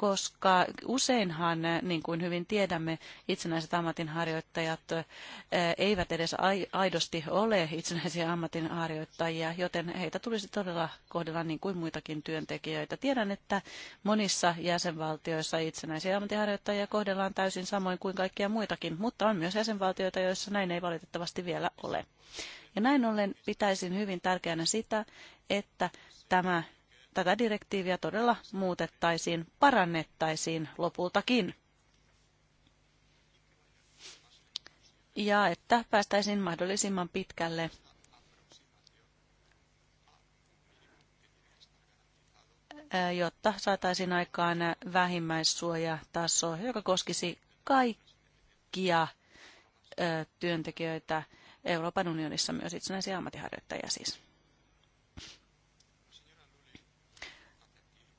koska useinhan, eh, niin kuin hyvin tiedämme, itsenäiset ammatinharjoittajat eh, eivät edes aidosti ole itsenäisiä ammatinharjoittajia, joten heitä tulisi todella kohdella niin kuin muitakin työntekijöitä. Tiedän, että monissa jäsenvaltioissa itsenäisiä ammatinharjoittajia kohdellaan täysin samoin kuin kaikkia muitakin, mutta on myös jäsenvaltioita, joissa näin ei valitettavasti vielä ole. Ja näin ollen pitäisin hyvin tärkeänä sitä, että tämä tätä direktiiviä todella muutettaisiin, parannettaisiin lopultakin. Ja että päästäisiin mahdollisimman pitkälle jotta saataisiin aikaan vähimmäissuojataso, joka koskisi kaikkia työntekijöitä Euroopan unionissa, myös itsenäisiä ammattiharjoittajia siis.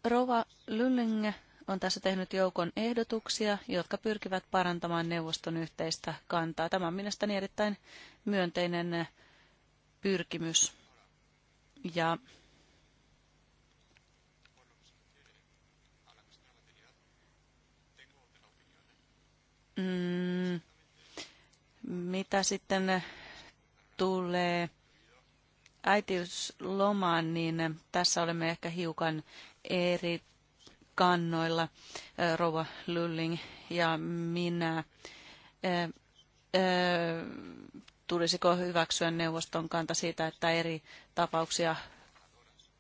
Rova Lylling on tässä tehnyt joukon ehdotuksia, jotka pyrkivät parantamaan neuvoston yhteistä kantaa. Tämä on mielestäni erittäin myönteinen pyrkimys. Ja mm, mitä sitten tulee äitiyslomaan, niin tässä olemme ehkä hiukan eri kannoilla, Rova Lulling ja minä. Tulisiko hyväksyä neuvoston kanta siitä, että eri tapauksia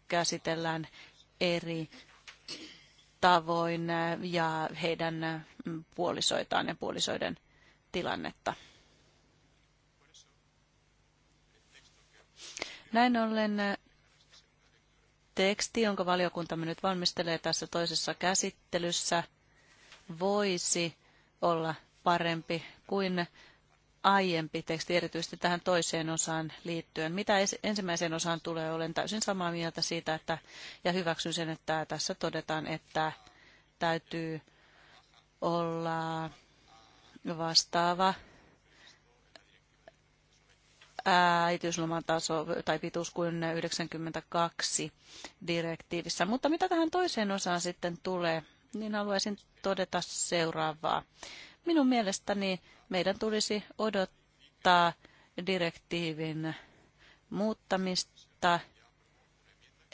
käsitellään eri tavoin ja heidän puolisoitaan ja puolisoiden tilannetta. Näin ollen teksti, jonka valiokuntamme nyt valmistelee tässä toisessa käsittelyssä, voisi olla parempi kuin aiempi teksti, erityisesti tähän toiseen osaan liittyen. Mitä ensimmäiseen osaan tulee, olen täysin samaa mieltä siitä, että, ja hyväksyn sen, että tässä todetaan, että täytyy olla vastaava äitiysloman taso tai pituus kuin 92 direktiivissä. Mutta mitä tähän toiseen osaan sitten tulee, niin haluaisin todeta seuraavaa. Minun mielestäni meidän tulisi odottaa direktiivin muuttamista.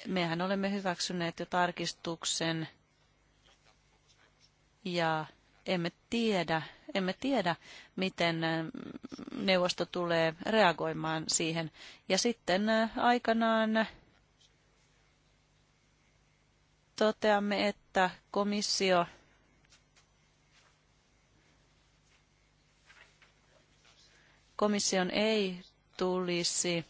Mehän olemme hyväksyneet jo tarkistuksen ja emme tiedä, emme tiedä, miten neuvosto tulee reagoimaan siihen. Ja sitten aikanaan toteamme, että komissio komission ei tulisi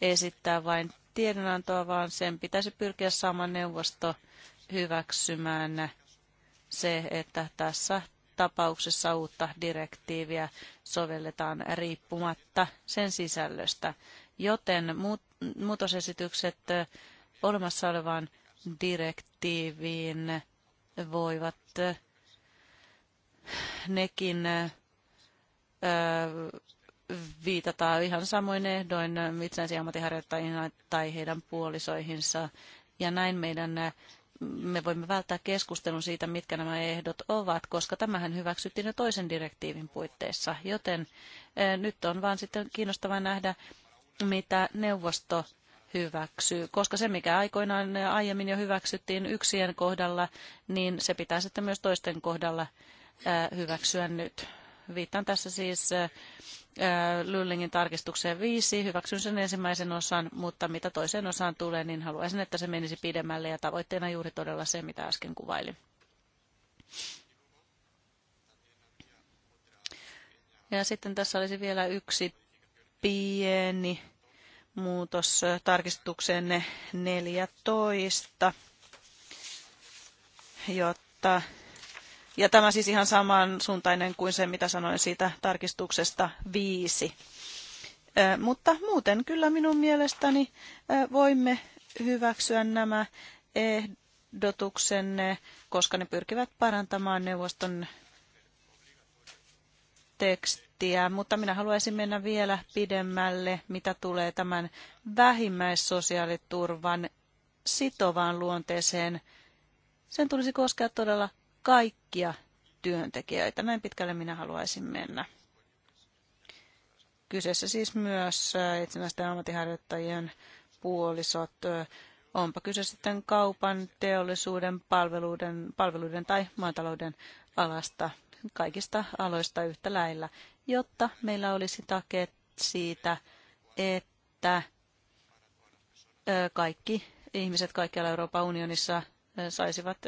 esittää vain tiedonantoa, vaan sen pitäisi pyrkiä saamaan neuvosto hyväksymään se, että tässä tapauksessa uutta direktiiviä sovelletaan riippumatta sen sisällöstä. Joten muutosesitykset olemassa olevaan direktiiviin voivat nekin viitata ihan samoin ehdoin itsenäisiä ammattiharjoittajina tai heidän puolisoihinsa. Ja näin meidän me voimme välttää keskustelun siitä, mitkä nämä ehdot ovat, koska tämähän hyväksyttiin jo toisen direktiivin puitteissa. Joten eh, nyt on vaan sitten kiinnostavaa nähdä, mitä neuvosto hyväksyy, koska se mikä aikoinaan aiemmin jo hyväksyttiin yksien kohdalla, niin se pitää sitten myös toisten kohdalla eh, hyväksyä nyt. Viittaan tässä siis Lullingin tarkistukseen viisi. Hyväksyn sen ensimmäisen osan, mutta mitä toiseen osaan tulee, niin haluaisin, että se menisi pidemmälle ja tavoitteena juuri todella se, mitä äsken kuvailin. Ja sitten tässä olisi vielä yksi pieni muutos tarkistukseenne 14, jotta ja tämä siis ihan samansuuntainen kuin se, mitä sanoin siitä tarkistuksesta viisi. Mutta muuten kyllä minun mielestäni voimme hyväksyä nämä ehdotuksenne, koska ne pyrkivät parantamaan neuvoston tekstiä, mutta minä haluaisin mennä vielä pidemmälle, mitä tulee tämän vähimmäissosiaaliturvan sitovaan luonteeseen. Sen tulisi koskea todella kaikkia työntekijöitä. Näin pitkälle minä haluaisin mennä. Kyseessä siis myös äh, itsenäisten ammattiharjoittajien puolisot, äh, onpa kyse sitten kaupan, teollisuuden, palveluiden, palveluiden tai maatalouden alasta, kaikista aloista yhtä lailla, jotta meillä olisi taket siitä, että äh, kaikki ihmiset kaikkialla Euroopan unionissa saisivat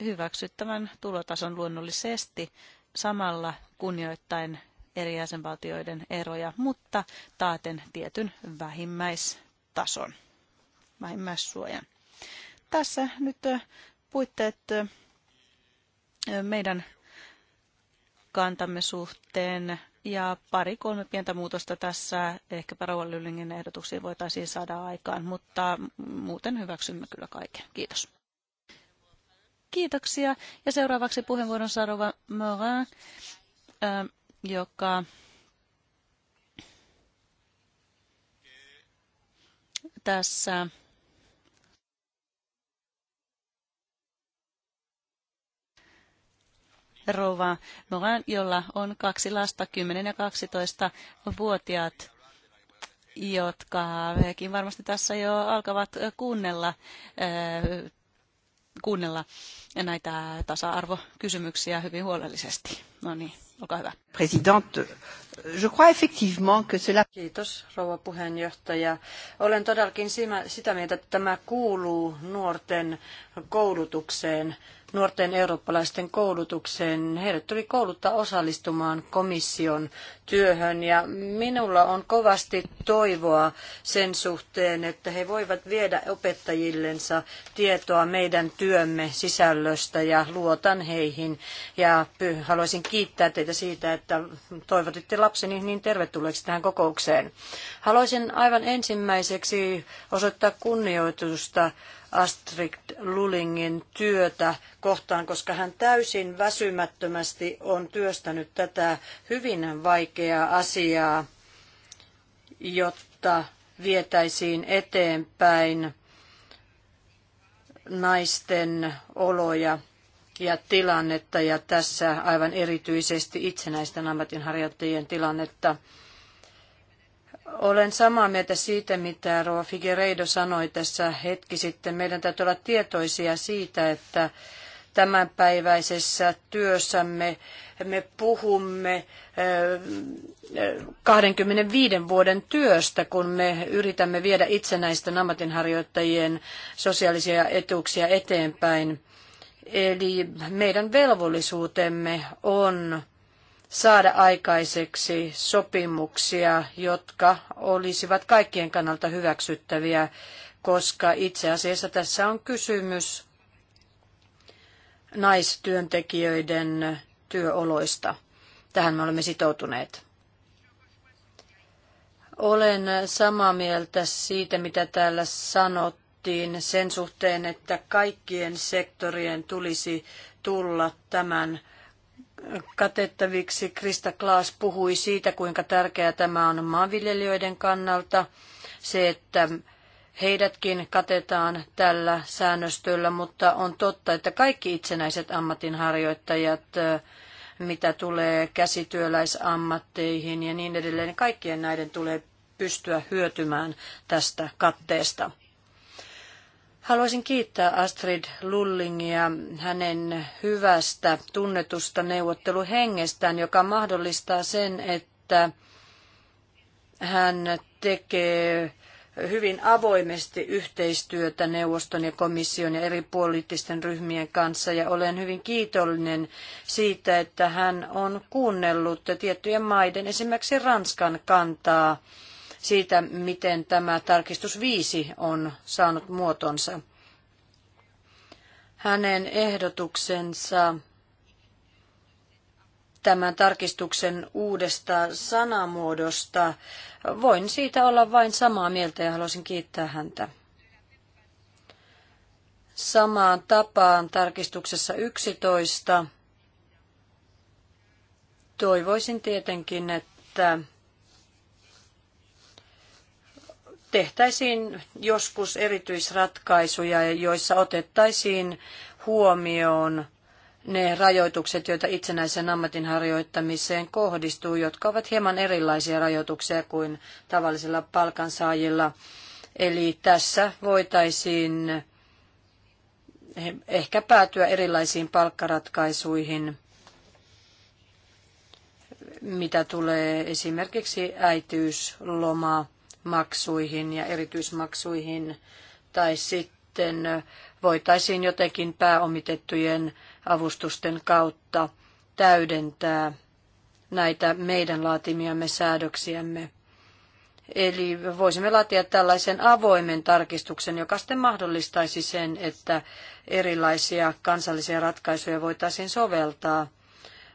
hyväksyttävän tulotason luonnollisesti samalla kunnioittain eri jäsenvaltioiden eroja, mutta taaten tietyn vähimmäistason, vähimmäissuojan. Tässä nyt puitteet meidän kantamme suhteen ja pari-kolme pientä muutosta tässä ehkä Rauhan Lyllingin ehdotuksiin voitaisiin saada aikaan, mutta muuten hyväksymme kyllä kaiken. Kiitos. Kiitoksia. Ja seuraavaksi puheenvuoron saa Rova Morin, äh, joka tässä rova Morin, jolla on kaksi lasta, 10- ja 12-vuotiaat, jotka hekin varmasti tässä jo alkavat kuunnella äh, kuunnella näitä tasa-arvokysymyksiä hyvin huolellisesti. No niin, olkaa hyvä. Presidente, je crois effectivement que cela... Kiitos, rouva puheenjohtaja. Olen todellakin sitä mieltä, että tämä kuuluu nuorten koulutukseen nuorten eurooppalaisten koulutukseen. Heidät tuli kouluttaa osallistumaan komission työhön ja minulla on kovasti toivoa sen suhteen, että he voivat viedä opettajillensa tietoa meidän työmme sisällöstä ja luotan heihin. Ja haluaisin kiittää teitä siitä, että toivotitte lapseni niin tervetulleeksi tähän kokoukseen. Haluaisin aivan ensimmäiseksi osoittaa kunnioitusta Astrid Lulingin työtä kohtaan, koska hän täysin väsymättömästi on työstänyt tätä hyvin vaikeaa asiaa, jotta vietäisiin eteenpäin naisten oloja ja tilannetta ja tässä aivan erityisesti itsenäisten ammatinharjoittajien tilannetta. Olen samaa mieltä siitä, mitä Roa Figueiredo sanoi tässä hetki sitten. Meidän täytyy olla tietoisia siitä, että tämänpäiväisessä työssämme me puhumme 25 eh, vuoden työstä, kun me yritämme viedä itsenäisten ammatinharjoittajien sosiaalisia etuuksia eteenpäin. Eli meidän velvollisuutemme on saada aikaiseksi sopimuksia, jotka olisivat kaikkien kannalta hyväksyttäviä, koska itse asiassa tässä on kysymys naistyöntekijöiden työoloista. Tähän me olemme sitoutuneet. Olen samaa mieltä siitä, mitä täällä sanottiin sen suhteen, että kaikkien sektorien tulisi tulla tämän katettaviksi. Krista Klaas puhui siitä, kuinka tärkeää tämä on maanviljelijöiden kannalta. Se, että heidätkin katetaan tällä säännöstöllä, mutta on totta, että kaikki itsenäiset ammatinharjoittajat, eh, mitä tulee käsityöläisammatteihin ja niin edelleen, kaikkien näiden tulee pystyä hyötymään tästä katteesta. Haluaisin kiittää Astrid Lullingia hänen hyvästä tunnetusta neuvotteluhengestään, joka mahdollistaa sen, että hän tekee hyvin avoimesti yhteistyötä neuvoston ja komission ja eri poliittisten ryhmien kanssa ja olen hyvin kiitollinen siitä, että hän on kuunnellut tiettyjen maiden, esimerkiksi Ranskan kantaa siitä, miten tämä tarkistus 5 on saanut muotonsa. Hänen ehdotuksensa tämän tarkistuksen uudesta sanamuodosta. Voin siitä olla vain samaa mieltä ja haluaisin kiittää häntä. Samaan tapaan tarkistuksessa 11 toivoisin tietenkin, että tehtäisiin joskus erityisratkaisuja, joissa otettaisiin huomioon ne rajoitukset, joita itsenäisen ammatin harjoittamiseen kohdistuu, jotka ovat hieman erilaisia rajoituksia kuin tavallisilla palkansaajilla. Eli tässä voitaisiin ehkä päätyä erilaisiin palkkaratkaisuihin, mitä tulee esimerkiksi äitiyslomaa maksuihin ja erityismaksuihin, tai sitten voitaisiin jotenkin pääomitettujen avustusten kautta täydentää näitä meidän laatimiamme säädöksiämme. Eli voisimme laatia tällaisen avoimen tarkistuksen, joka sitten mahdollistaisi sen, että erilaisia kansallisia ratkaisuja voitaisiin soveltaa,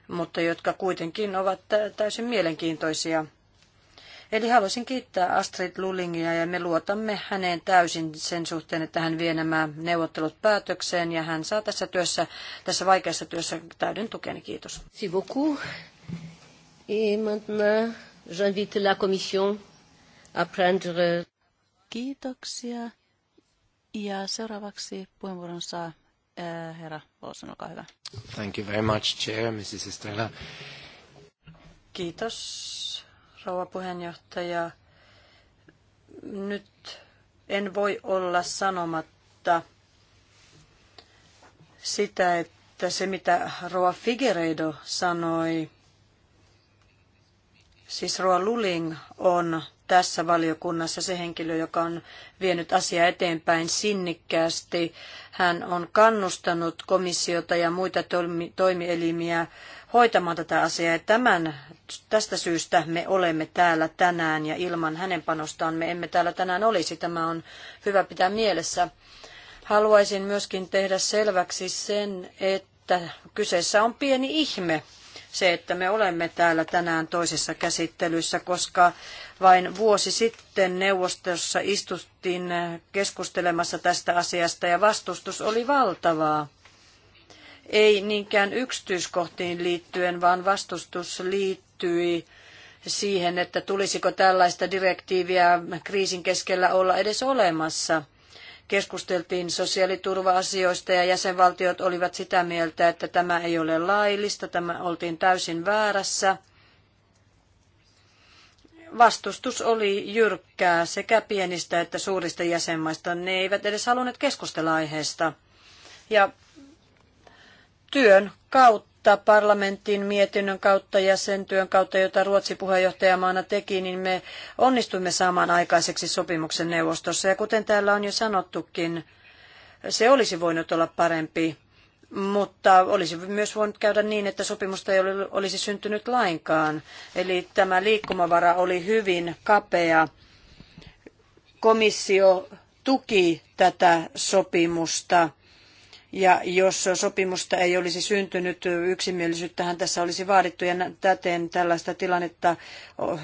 mutta jotka kuitenkin ovat täysin mielenkiintoisia Eli haluaisin kiittää Astrid Lullingia ja me luotamme häneen täysin sen suhteen, että hän vie nämä neuvottelut päätökseen ja hän saa tässä työssä, tässä vaikeassa työssä täyden tukeni. Kiitos. Merci beaucoup. Et maintenant, j'invite la commission à prendre... Kiitoksia. Ja seuraavaksi puheenvuoron saa äh, herra Olsen, olkaa hyvä. Thank you very much, Chair, Mrs. Estrella. Kiitos rouva puheenjohtaja. Nyt en voi olla sanomatta sitä, että se mitä rouva Figueiredo sanoi, siis rouva Luling on tässä valiokunnassa se henkilö, joka on vienyt asiaa eteenpäin sinnikkäästi. Hän on kannustanut komissiota ja muita toimielimiä hoitamaan tätä asiaa. Ja tämän, tästä syystä me olemme täällä tänään ja ilman hänen panostaan me emme täällä tänään olisi. Tämä on hyvä pitää mielessä. Haluaisin myöskin tehdä selväksi sen, että kyseessä on pieni ihme, se, että me olemme täällä tänään toisessa käsittelyssä, koska vain vuosi sitten neuvostossa istuttiin keskustelemassa tästä asiasta ja vastustus oli valtavaa. Ei niinkään yksityiskohtiin liittyen, vaan vastustus liittyi siihen, että tulisiko tällaista direktiiviä kriisin keskellä olla edes olemassa. Keskusteltiin sosiaaliturva-asioista ja jäsenvaltiot olivat sitä mieltä, että tämä ei ole laillista, tämä oltiin täysin väärässä vastustus oli jyrkkää sekä pienistä että suurista jäsenmaista. Ne eivät edes halunneet keskustella aiheesta. Ja työn kautta, parlamentin mietinnön kautta ja sen työn kautta, jota Ruotsi puheenjohtajamaana teki, niin me onnistuimme saamaan aikaiseksi sopimuksen neuvostossa. Ja kuten täällä on jo sanottukin, se olisi voinut olla parempi mutta olisi myös voinut käydä niin, että sopimusta ei olisi syntynyt lainkaan. Eli tämä liikkumavara oli hyvin kapea. Komissio tuki tätä sopimusta ja jos sopimusta ei olisi syntynyt, yksimielisyyttähän tässä olisi vaadittu ja täten tällaista tilannetta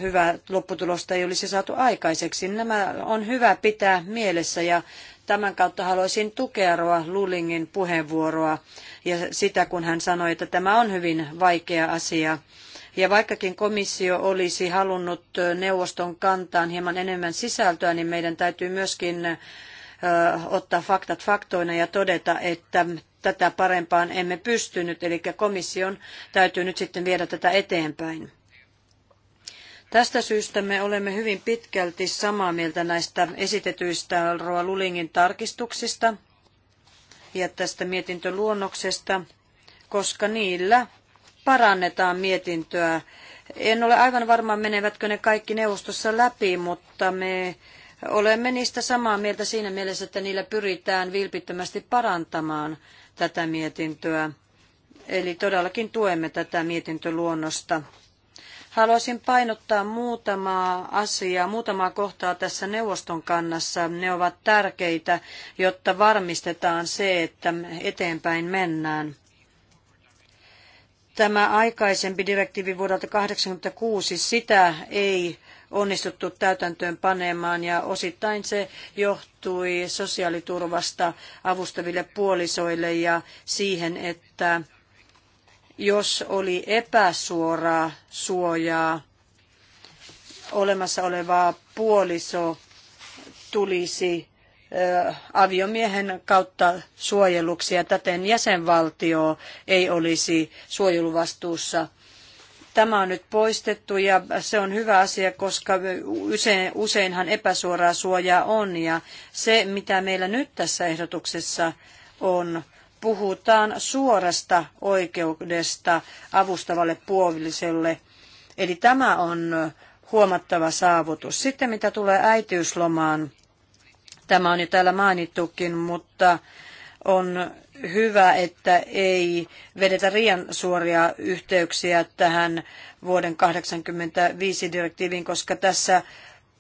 hyvää lopputulosta ei olisi saatu aikaiseksi. Nämä on hyvä pitää mielessä ja tämän kautta haluaisin tukea Roa Lulingin puheenvuoroa ja sitä, kun hän sanoi, että tämä on hyvin vaikea asia. Ja vaikkakin komissio olisi halunnut neuvoston kantaan hieman enemmän sisältöä, niin meidän täytyy myöskin ottaa faktat faktoina ja todeta, että tätä parempaan emme pystynyt, eli komission täytyy nyt sitten viedä tätä eteenpäin. Tästä syystä me olemme hyvin pitkälti samaa mieltä näistä esitetyistä Roa Lulingin tarkistuksista ja tästä mietintöluonnoksesta, koska niillä parannetaan mietintöä. En ole aivan varma, menevätkö ne kaikki neuvostossa läpi, mutta me Olemme niistä samaa mieltä siinä mielessä, että niillä pyritään vilpittömästi parantamaan tätä mietintöä. Eli todellakin tuemme tätä mietintöluonnosta. Haluaisin painottaa muutamaa asiaa, muutamaa kohtaa tässä neuvoston kannassa. Ne ovat tärkeitä, jotta varmistetaan se, että eteenpäin mennään. Tämä aikaisempi direktiivi vuodelta 1986, sitä ei onnistuttu täytäntöön panemaan ja osittain se johtui sosiaaliturvasta avustaville puolisoille ja siihen, että jos oli epäsuoraa suojaa, olemassa olevaa puoliso tulisi aviomiehen kautta suojeluksi ja täten jäsenvaltio ei olisi suojeluvastuussa Tämä on nyt poistettu ja se on hyvä asia, koska usein, useinhan epäsuoraa suojaa on ja se, mitä meillä nyt tässä ehdotuksessa on, puhutaan suorasta oikeudesta avustavalle puoliselle. Eli tämä on huomattava saavutus. Sitten mitä tulee äitiyslomaan, tämä on jo täällä mainittukin, mutta on hyvä, että ei vedetä riian suoria yhteyksiä tähän vuoden 85 direktiiviin, koska tässä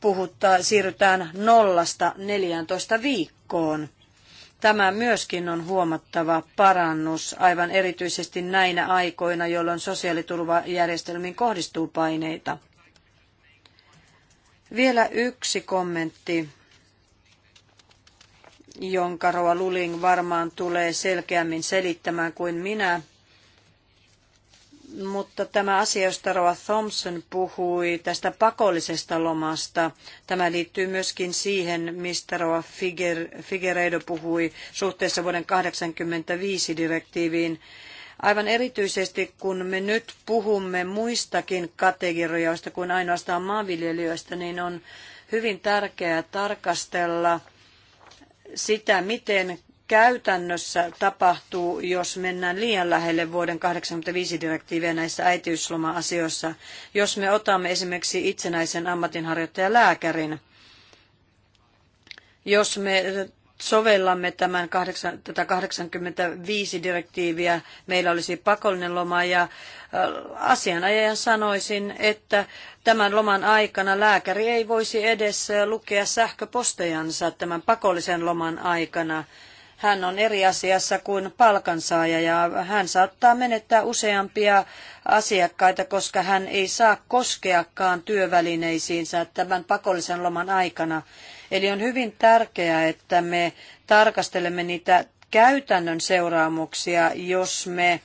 puhuttaa, siirrytään nollasta 14 viikkoon. Tämä myöskin on huomattava parannus, aivan erityisesti näinä aikoina, jolloin sosiaaliturvajärjestelmiin kohdistuu paineita. Vielä yksi kommentti jonka Roa Luling varmaan tulee selkeämmin selittämään kuin minä. Mutta tämä asia, josta Roa Thompson puhui, tästä pakollisesta lomasta, tämä liittyy myöskin siihen, mistä Roa Figer, Figueiredo puhui suhteessa vuoden 1985 direktiiviin. Aivan erityisesti, kun me nyt puhumme muistakin kategorioista kuin ainoastaan maanviljelijöistä, niin on hyvin tärkeää tarkastella – sitä, miten käytännössä tapahtuu, jos mennään liian lähelle vuoden 85 direktiiviä näissä äitiysloma-asioissa. Jos me otamme esimerkiksi itsenäisen ammatinharjoittajan lääkärin, jos me sovellamme tämän 8, tätä 85 direktiiviä, meillä olisi pakollinen loma ja äh, asianajajan sanoisin, että tämän loman aikana lääkäri ei voisi edes äh, lukea sähköpostejansa tämän pakollisen loman aikana. Hän on eri asiassa kuin palkansaaja ja hän saattaa menettää useampia asiakkaita, koska hän ei saa koskeakaan työvälineisiinsä tämän pakollisen loman aikana. Eli on hyvin tärkeää, että me tarkastelemme niitä käytännön seuraamuksia, jos me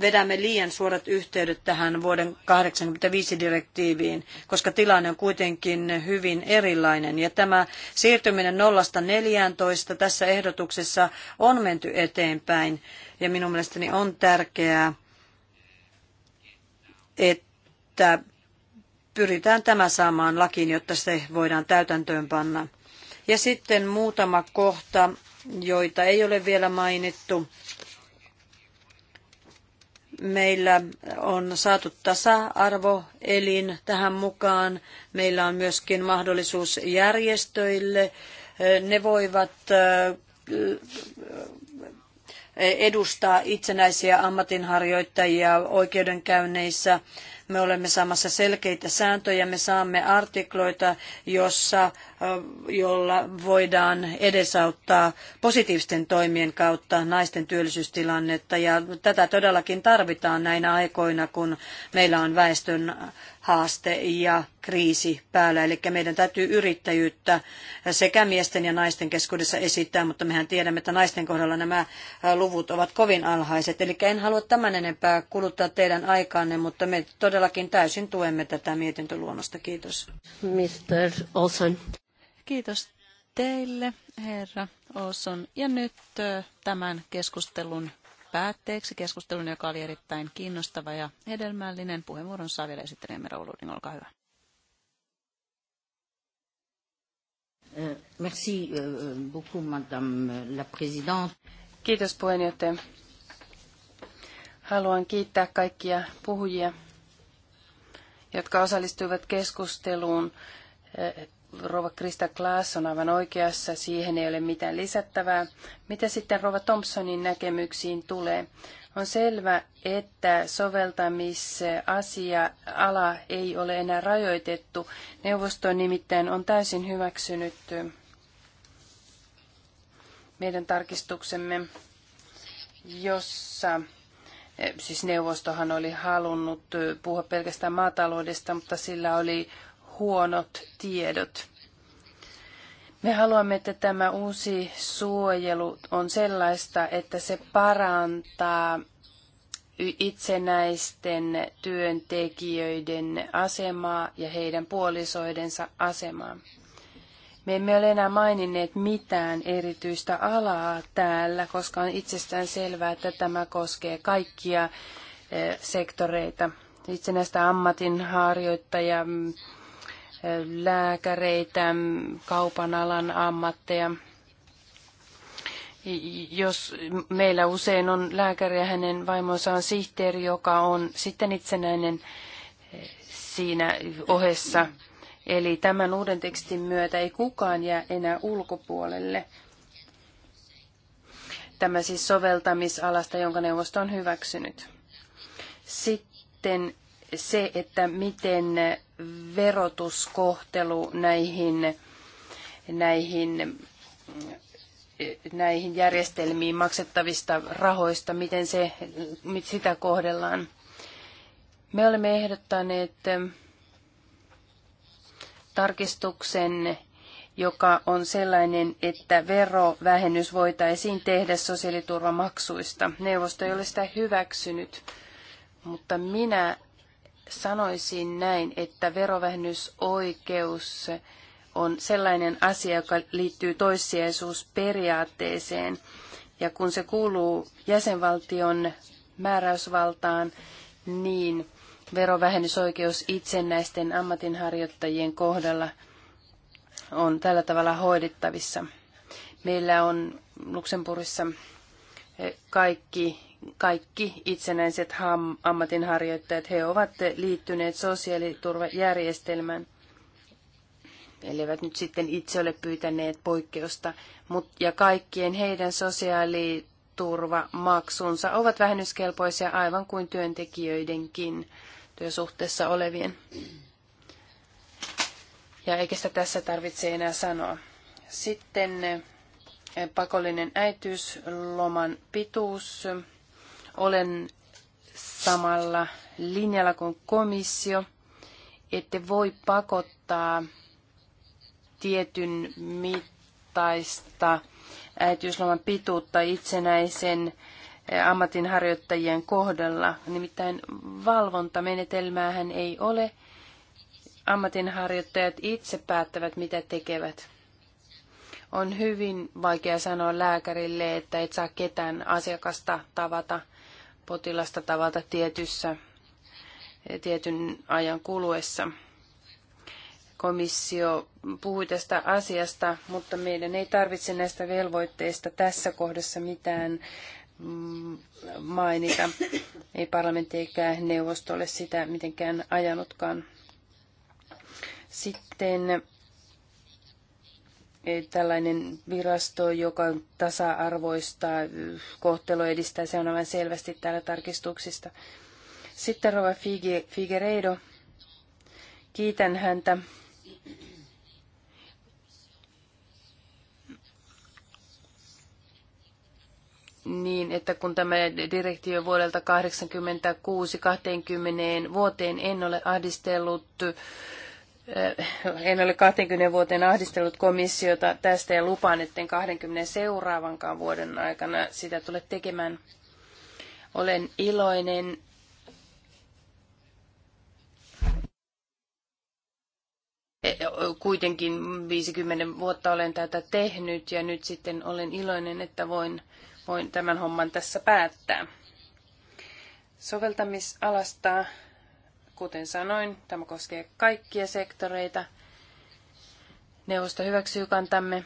vedämme liian suorat yhteydet tähän vuoden 1985 direktiiviin, koska tilanne on kuitenkin hyvin erilainen. Ja tämä siirtyminen 0-14 tässä ehdotuksessa on menty eteenpäin. Ja minun mielestäni on tärkeää, että pyritään tämä saamaan lakiin, jotta se voidaan täytäntöön panna. Ja sitten muutama kohta, joita ei ole vielä mainittu. Meillä on saatu tasa-arvoelin tähän mukaan. Meillä on myöskin mahdollisuus järjestöille. Ne voivat edustaa itsenäisiä ammatinharjoittajia oikeudenkäynneissä. Me olemme saamassa selkeitä sääntöjä, me saamme artikloita, jossa, jolla voidaan edesauttaa positiivisten toimien kautta naisten työllisyystilannetta. Ja tätä todellakin tarvitaan näinä aikoina, kun meillä on väestön haaste ja kriisi päällä. Eli meidän täytyy yrittäjyyttä sekä miesten ja naisten keskuudessa esittää, mutta mehän tiedämme, että naisten kohdalla nämä luvut ovat kovin alhaiset. Eli en halua tämän enempää kuluttaa teidän aikaanne, mutta me todella todellakin täysin tuemme tätä mietintöluonnosta. Kiitos. Mr. Olson. Kiitos teille, herra Olson. Ja nyt tämän keskustelun päätteeksi keskustelun, joka oli erittäin kiinnostava ja hedelmällinen. Puheenvuoron saa vielä esittelijämme Rauludin, olkaa hyvä. Eh, merci eh, beaucoup, madame la présidente. Kiitos puheenjohtaja. Haluan kiittää kaikkia puhujia jotka osallistuivat keskusteluun. Eh, Rova Krista Klaas on aivan oikeassa, siihen ei ole mitään lisättävää. Mitä sitten Rova Thompsonin näkemyksiin tulee? On selvä, että soveltamisasia-ala ei ole enää rajoitettu. Neuvosto nimittäin on täysin hyväksynyt eh, meidän tarkistuksemme, jossa Siis neuvostohan oli halunnut puhua pelkästään maataloudesta, mutta sillä oli huonot tiedot. Me haluamme, että tämä uusi suojelu on sellaista, että se parantaa itsenäisten työntekijöiden asemaa ja heidän puolisoidensa asemaa. Me emme ole enää maininneet mitään erityistä alaa täällä, koska on itsestään selvää, että tämä koskee kaikkia eh, sektoreita. Itsenäistä ammatinharjoittajia, mm, eh, lääkäreitä, mm, kaupan alan ammatteja. Jos meillä usein on lääkäri ja hänen vaimonsa on sihteeri, joka on sitten itsenäinen eh, siinä ohessa. Eli tämän uuden tekstin myötä ei kukaan jää enää ulkopuolelle. Tämä siis soveltamisalasta, jonka neuvosto on hyväksynyt. Sitten se, että miten verotuskohtelu näihin, näihin, näihin järjestelmiin maksettavista rahoista, miten se, sitä kohdellaan. Me olemme ehdottaneet tarkistuksen, joka on sellainen, että verovähennys voitaisiin tehdä sosiaaliturvamaksuista. Neuvosto ei ole sitä hyväksynyt, mutta minä sanoisin näin, että verovähennysoikeus on sellainen asia, joka liittyy toissijaisuusperiaatteeseen. Ja kun se kuuluu jäsenvaltion määräysvaltaan, niin verovähennysoikeus itsenäisten ammatinharjoittajien kohdalla on tällä tavalla hoidettavissa. Meillä on Luxemburgissa eh, kaikki, kaikki itsenäiset ham, ammatinharjoittajat, he ovat liittyneet sosiaaliturvajärjestelmään, eivät nyt sitten itse ole pyytäneet poikkeusta, mut, ja kaikkien heidän sosiaaliturvamaksunsa ovat vähennyskelpoisia aivan kuin työntekijöidenkin suhteessa olevien. Ja eikä sitä tässä tarvitse enää sanoa. Sitten eh, pakollinen äitiysloman pituus. Olen samalla linjalla kuin komissio, ette voi pakottaa tietyn mittaista äitiysloman pituutta itsenäisen ammatinharjoittajien kohdalla. Nimittäin valvontamenetelmäähän ei ole. Ammatinharjoittajat itse päättävät, mitä tekevät. On hyvin vaikea sanoa lääkärille, että et saa ketään asiakasta tavata, potilasta tavata tietyssä, tietyn ajan kuluessa komissio puhui tästä asiasta, mutta meidän ei tarvitse näistä velvoitteista tässä kohdassa mitään Mm, mainita. Ei parlamentti eikä neuvosto ole sitä mitenkään ajanutkaan. Sitten eh, tällainen virasto, joka tasa-arvoista eh, kohtelua edistää, se on aivan selvästi täällä tarkistuksista. Sitten Rova Figueiredo, kiitän häntä niin, että kun tämä direktiivi vuodelta 86-20 vuoteen en ole ahdistellut eh, en ole 20 vuoteen ahdistellut komissiota tästä ja lupaan, etten 20 seuraavankaan vuoden aikana sitä tule tekemään. Olen iloinen kuitenkin 50 vuotta olen tätä tehnyt ja nyt sitten olen iloinen, että voin voin tämän homman tässä päättää. Soveltamisalasta, kuten sanoin, tämä koskee kaikkia sektoreita. Neuvosto hyväksyy kantamme.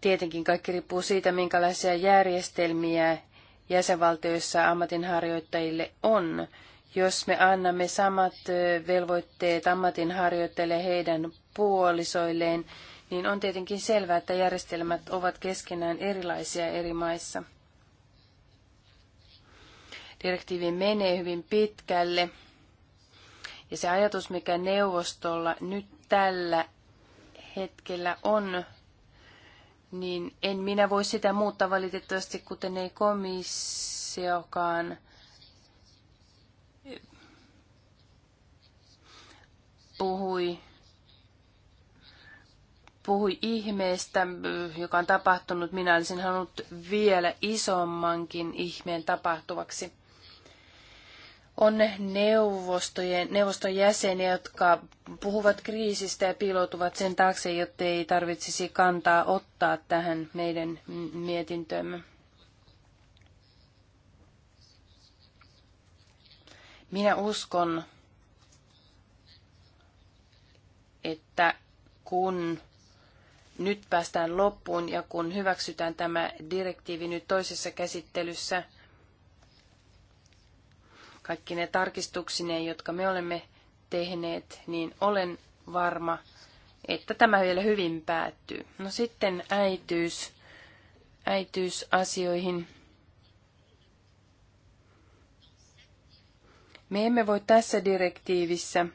Tietenkin kaikki riippuu siitä, minkälaisia järjestelmiä jäsenvaltioissa ammatinharjoittajille on. Jos me annamme samat velvoitteet ammatinharjoittajille heidän puolisoilleen, niin on tietenkin selvää, että järjestelmät ovat keskenään erilaisia eri maissa. Direktiivi menee hyvin pitkälle, ja se ajatus, mikä neuvostolla nyt tällä hetkellä on, niin en minä voi sitä muuttaa valitettavasti, kuten ei komissiokaan. puhui puhui ihmeestä, joka on tapahtunut. Minä olisin halunnut vielä isommankin ihmeen tapahtuvaksi. On neuvostojen, neuvoston jäseniä, jotka puhuvat kriisistä ja piiloutuvat sen taakse, jotta ei tarvitsisi kantaa ottaa tähän meidän mietintöömme. Minä uskon, että kun nyt päästään loppuun ja kun hyväksytään tämä direktiivi nyt toisessa käsittelyssä, kaikki ne tarkistuksineen, jotka me olemme tehneet, niin olen varma, että tämä vielä hyvin päättyy. No sitten äityys, äityysasioihin. Me emme voi tässä direktiivissä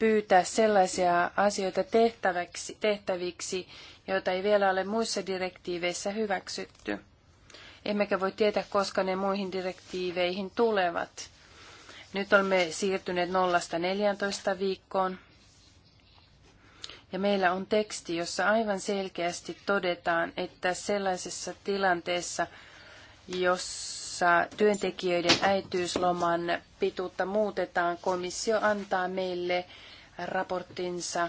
pyytää sellaisia asioita tehtäväksi, tehtäviksi, joita ei vielä ole muissa direktiiveissä hyväksytty. Emmekä voi tietää, koska ne muihin direktiiveihin tulevat. Nyt olemme siirtyneet 0-14 viikkoon. Ja meillä on teksti, jossa aivan selkeästi todetaan, että sellaisessa tilanteessa, jossa työntekijöiden äitiysloman pituutta muutetaan, komissio antaa meille raporttinsa.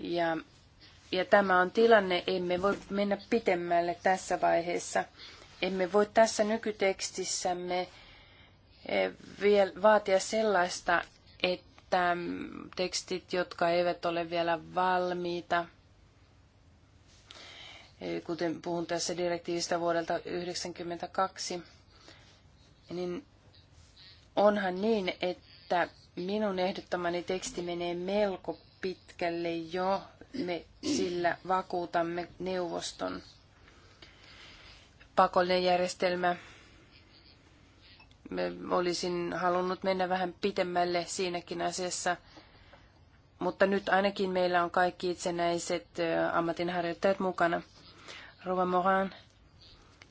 Ja, ja tämä on tilanne, emme voi mennä pitemmälle tässä vaiheessa. Emme voi tässä nykytekstissämme eh, vielä vaatia sellaista, että mm, tekstit, jotka eivät ole vielä valmiita, eh, kuten puhun tässä direktiivistä vuodelta 1992, niin onhan niin, että minun ehdottamani teksti menee melko pitkälle jo. Me sillä vakuutamme neuvoston pakollinen järjestelmä. Me olisin halunnut mennä vähän pitemmälle siinäkin asiassa, mutta nyt ainakin meillä on kaikki itsenäiset ammatinharjoittajat mukana. Rova Moran,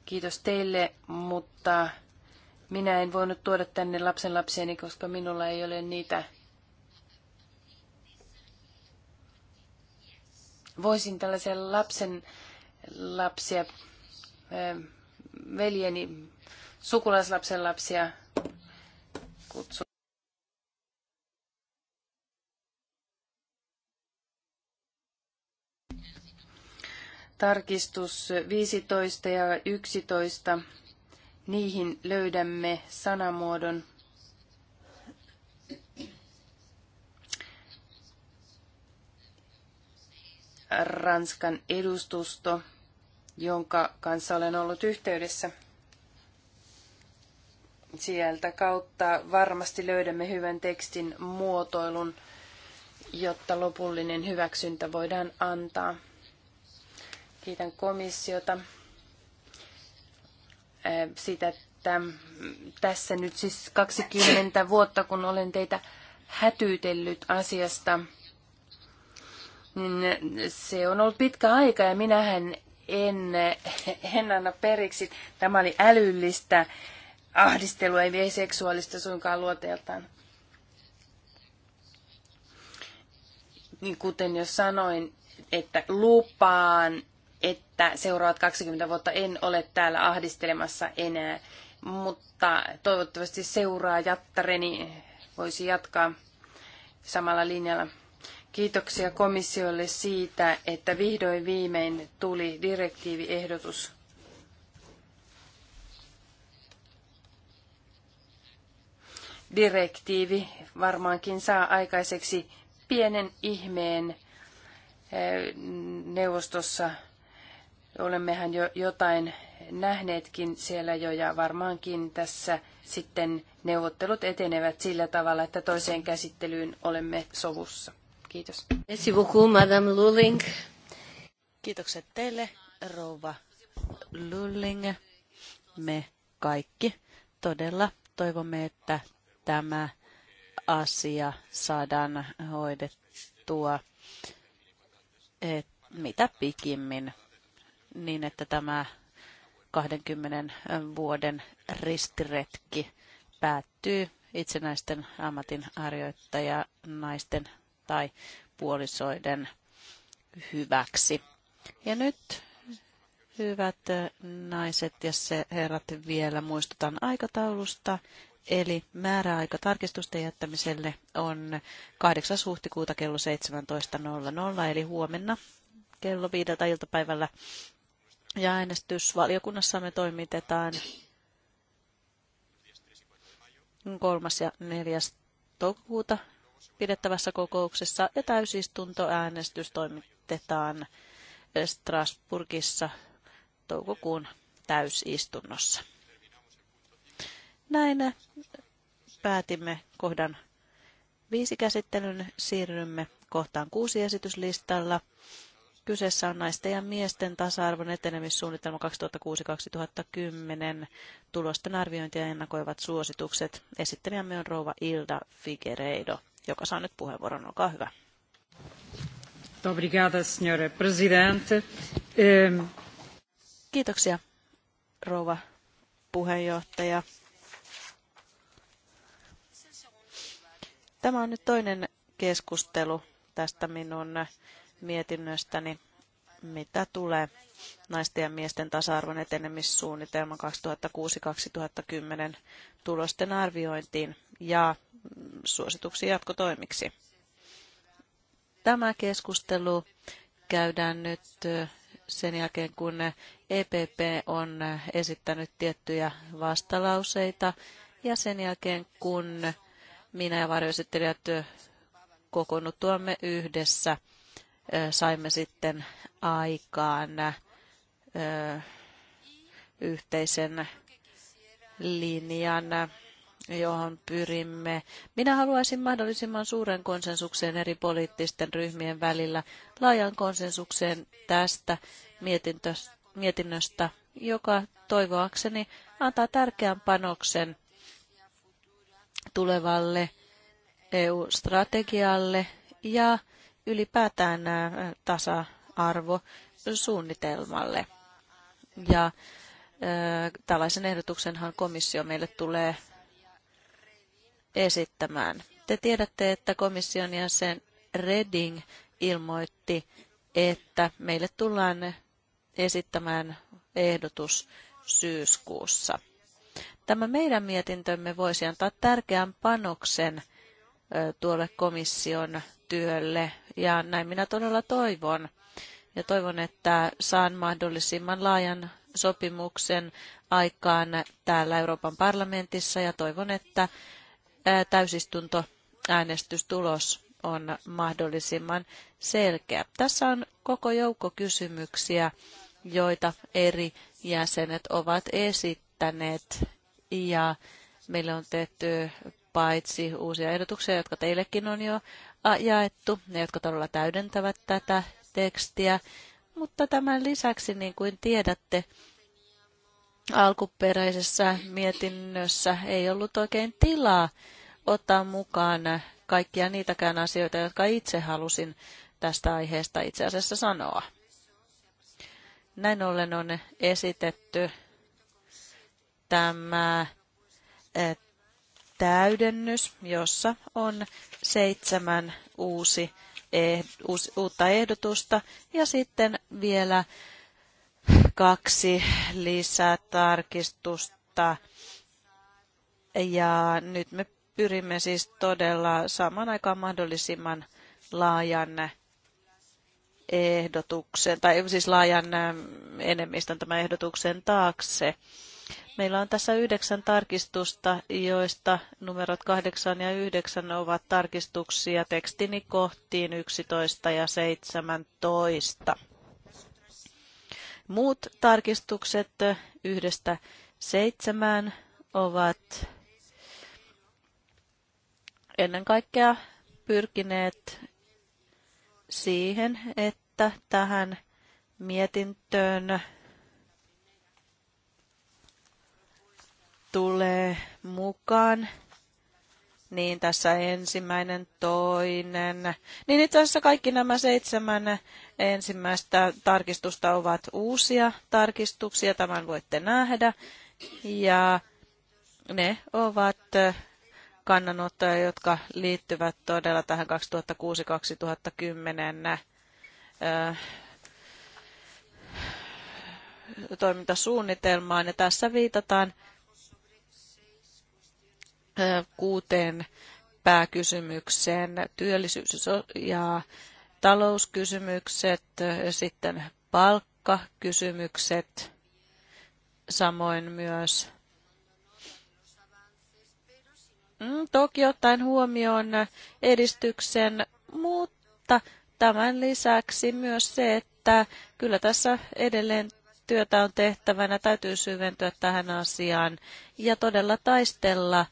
kiitos teille, mutta minä en voinut tuoda tänne lapsen lapseni, koska minulla ei ole niitä. Voisin tällaisen lapsen lapsia, ähm, veljeni, sukulaislapsen lapsia kutsua. Tarkistus 15 ja 11 niihin löydämme sanamuodon Ranskan edustusto, jonka kanssa olen ollut yhteydessä. Sieltä kautta varmasti löydämme hyvän tekstin muotoilun, jotta lopullinen hyväksyntä voidaan antaa. Kiitän komissiota sitä, että tässä nyt siis 20 vuotta, kun olen teitä hätyytellyt asiasta, niin se on ollut pitkä aika ja minähän en, en anna periksi. Tämä oli älyllistä ahdistelua, ei seksuaalista suinkaan luoteeltaan. Niin kuten jo sanoin, että lupaan että seuraavat 20 vuotta en ole täällä ahdistelemassa enää, mutta toivottavasti seuraa jattareni voisi jatkaa samalla linjalla. Kiitoksia komissiolle siitä, että vihdoin viimein tuli direktiiviehdotus. Direktiivi varmaankin saa aikaiseksi pienen ihmeen eh, neuvostossa Olemmehan jo jotain nähneetkin siellä jo ja varmaankin tässä sitten neuvottelut etenevät sillä tavalla, että toiseen käsittelyyn olemme sovussa. Kiitos. Merci beaucoup, Madame Lulling. Kiitokset teille, rouva Lulling. Me kaikki todella toivomme, että tämä asia saadaan hoidettua et, mitä pikimmin niin, että tämä 20 vuoden ristiretki päättyy itsenäisten ammatinharjoittaja naisten tai puolisoiden hyväksi. Ja nyt hyvät naiset ja se herrat vielä muistutan aikataulusta. Eli määräaika tarkistusten jättämiselle on 8. huhtikuuta kello 17.00, eli huomenna kello viideltä iltapäivällä ja äänestys valiokunnassamme toimitetaan 3. ja 4. toukokuuta pidettävässä kokouksessa ja täysistuntoäänestys toimitetaan Strasburgissa toukokuun täysistunnossa. Näin päätimme kohdan viisi käsittelyn, siirrymme kohtaan kuusi esityslistalla. Kyseessä on naisten ja miesten tasa-arvon etenemissuunnitelma 2006-2010, tulosten arviointia ennakoivat suositukset. Esittelijämme on rouva Ilda Figueiredo, joka saa nyt puheenvuoron. Olkaa hyvä. Obrigada, signore presidente. Ehm, Kiitoksia, rouva puheenjohtaja. Tämä on nyt toinen keskustelu tästä minun mietinnöstäni, mitä tulee naisten ja miesten tasa-arvon etenemissuunnitelman 2006-2010 tulosten arviointiin ja suosituksiin jatkotoimiksi. Tämä keskustelu käydään nyt sen jälkeen, kun EPP on esittänyt tiettyjä vastalauseita ja sen jälkeen, kun minä ja varjoesittelijät kokoonnutuamme yhdessä saimme sitten aikaan yhteisen linjan, johon pyrimme. Minä haluaisin mahdollisimman suuren konsensukseen eri poliittisten ryhmien välillä, laajan konsensukseen tästä mietinnöstä, joka toivoakseni antaa tärkeän panoksen tulevalle EU-strategialle ja ylipäätään tasa-arvo suunnitelmalle. Ja tällaisen ehdotuksenhan komissio meille tulee esittämään. Te tiedätte, että komission jäsen Reding ilmoitti, että meille tullaan esittämään ehdotus syyskuussa. Tämä meidän mietintömme voisi antaa tärkeän panoksen tuolle komission työlle ja näin minä todella toivon. Ja toivon, että saan mahdollisimman laajan sopimuksen aikaan täällä Euroopan parlamentissa ja toivon, että täysistunto äänestystulos on mahdollisimman selkeä. Tässä on koko joukko kysymyksiä, joita eri jäsenet ovat esittäneet ja meille on tehty paitsi uusia ehdotuksia, jotka teillekin on jo jaettu, ne jotka todella täydentävät tätä tekstiä. Mutta tämän lisäksi, niin kuin tiedätte, alkuperäisessä mietinnössä ei ollut oikein tilaa ottaa mukaan kaikkia niitäkään asioita, jotka itse halusin tästä aiheesta itse asiassa sanoa. Näin ollen on esitetty tämä eh, täydennys, jossa on seitsemän uusi, eh, uutta ehdotusta ja sitten vielä kaksi lisätarkistusta. Ja nyt me pyrimme siis todella saman aikaan mahdollisimman laajan ehdotuksen, tai siis laajan eh, enemmistön tämän ehdotuksen taakse. Meillä on tässä yhdeksän tarkistusta, joista numerot kahdeksan ja yhdeksän ovat tarkistuksia tekstini kohtiin 11 ja 17. Muut tarkistukset yhdestä seitsemään ovat ennen kaikkea pyrkineet siihen, että tähän mietintöön tulee mukaan, niin tässä ensimmäinen, toinen, niin itse asiassa kaikki nämä seitsemän ensimmäistä tarkistusta ovat uusia tarkistuksia, tämän voitte nähdä, ja ne ovat kannanottoja, jotka liittyvät todella tähän 2006-2010 toimintasuunnitelmaan. Ja tässä viitataan kuuteen pääkysymykseen, työllisyys ja talouskysymykset, sitten palkkakysymykset, samoin myös mm, toki ottaen huomioon edistyksen, mutta tämän lisäksi myös se, että kyllä tässä edelleen työtä on tehtävänä, täytyy syventyä tähän asiaan ja todella taistella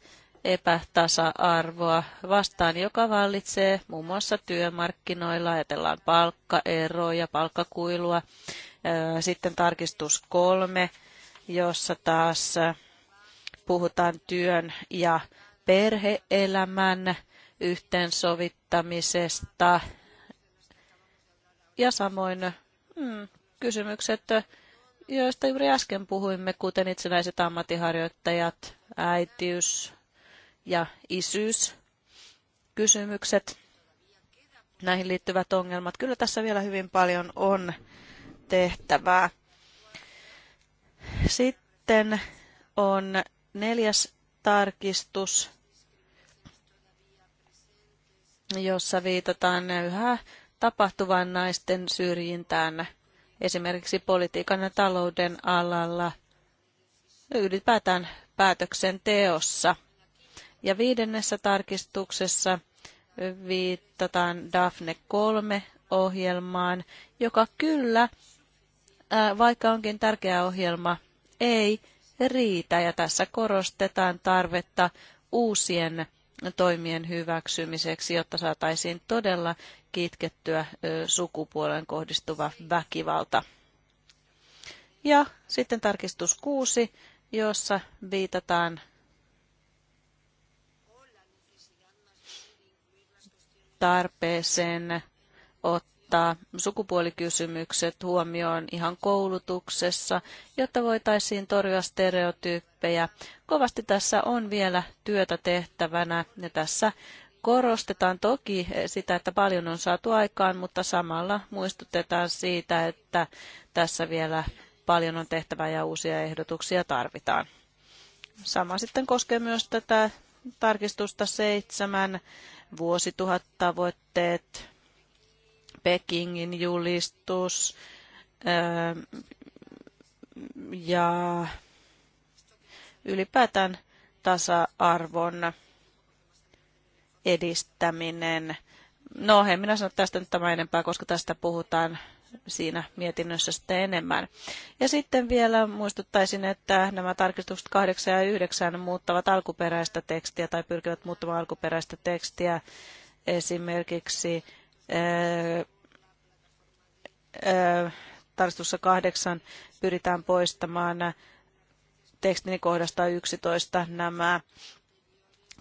epätasa-arvoa vastaan, joka vallitsee muun muassa työmarkkinoilla. Ajatellaan palkkaeroja, palkkakuilua. Sitten tarkistus kolme, jossa taas puhutaan työn ja perheelämän yhteensovittamisesta ja samoin mm, kysymykset, joista juuri äsken puhuimme, kuten itsenäiset ammattiharjoittajat, äitiys, ja isyyskysymykset, näihin liittyvät ongelmat. Kyllä tässä vielä hyvin paljon on tehtävää. Sitten on neljäs tarkistus, jossa viitataan yhä tapahtuvan naisten syrjintään esimerkiksi politiikan ja talouden alalla ylipäätään päätöksenteossa. Ja viidennessä tarkistuksessa viittataan Daphne 3 ohjelmaan, joka kyllä, vaikka onkin tärkeä ohjelma, ei riitä. Ja tässä korostetaan tarvetta uusien toimien hyväksymiseksi, jotta saataisiin todella kitkettyä sukupuolen kohdistuva väkivalta. Ja sitten tarkistus 6, jossa viitataan tarpeeseen ottaa sukupuolikysymykset huomioon ihan koulutuksessa, jotta voitaisiin torjua stereotyyppejä. Kovasti tässä on vielä työtä tehtävänä ja tässä korostetaan toki sitä, että paljon on saatu aikaan, mutta samalla muistutetaan siitä, että tässä vielä paljon on tehtävää ja uusia ehdotuksia tarvitaan. Sama sitten koskee myös tätä tarkistusta seitsemän, vuosituhattavoitteet, Pekingin julistus ja ylipäätään tasa-arvon edistäminen. No, en minä sano tästä nyt tämä enempää, koska tästä puhutaan siinä mietinnössä sitten enemmän. Ja sitten vielä muistuttaisin, että nämä tarkistukset 8 ja 9 muuttavat alkuperäistä tekstiä tai pyrkivät muuttamaan alkuperäistä tekstiä esimerkiksi ää, eh, ää, eh, tarkistuksessa 8 pyritään poistamaan tekstin kohdasta 11 nämä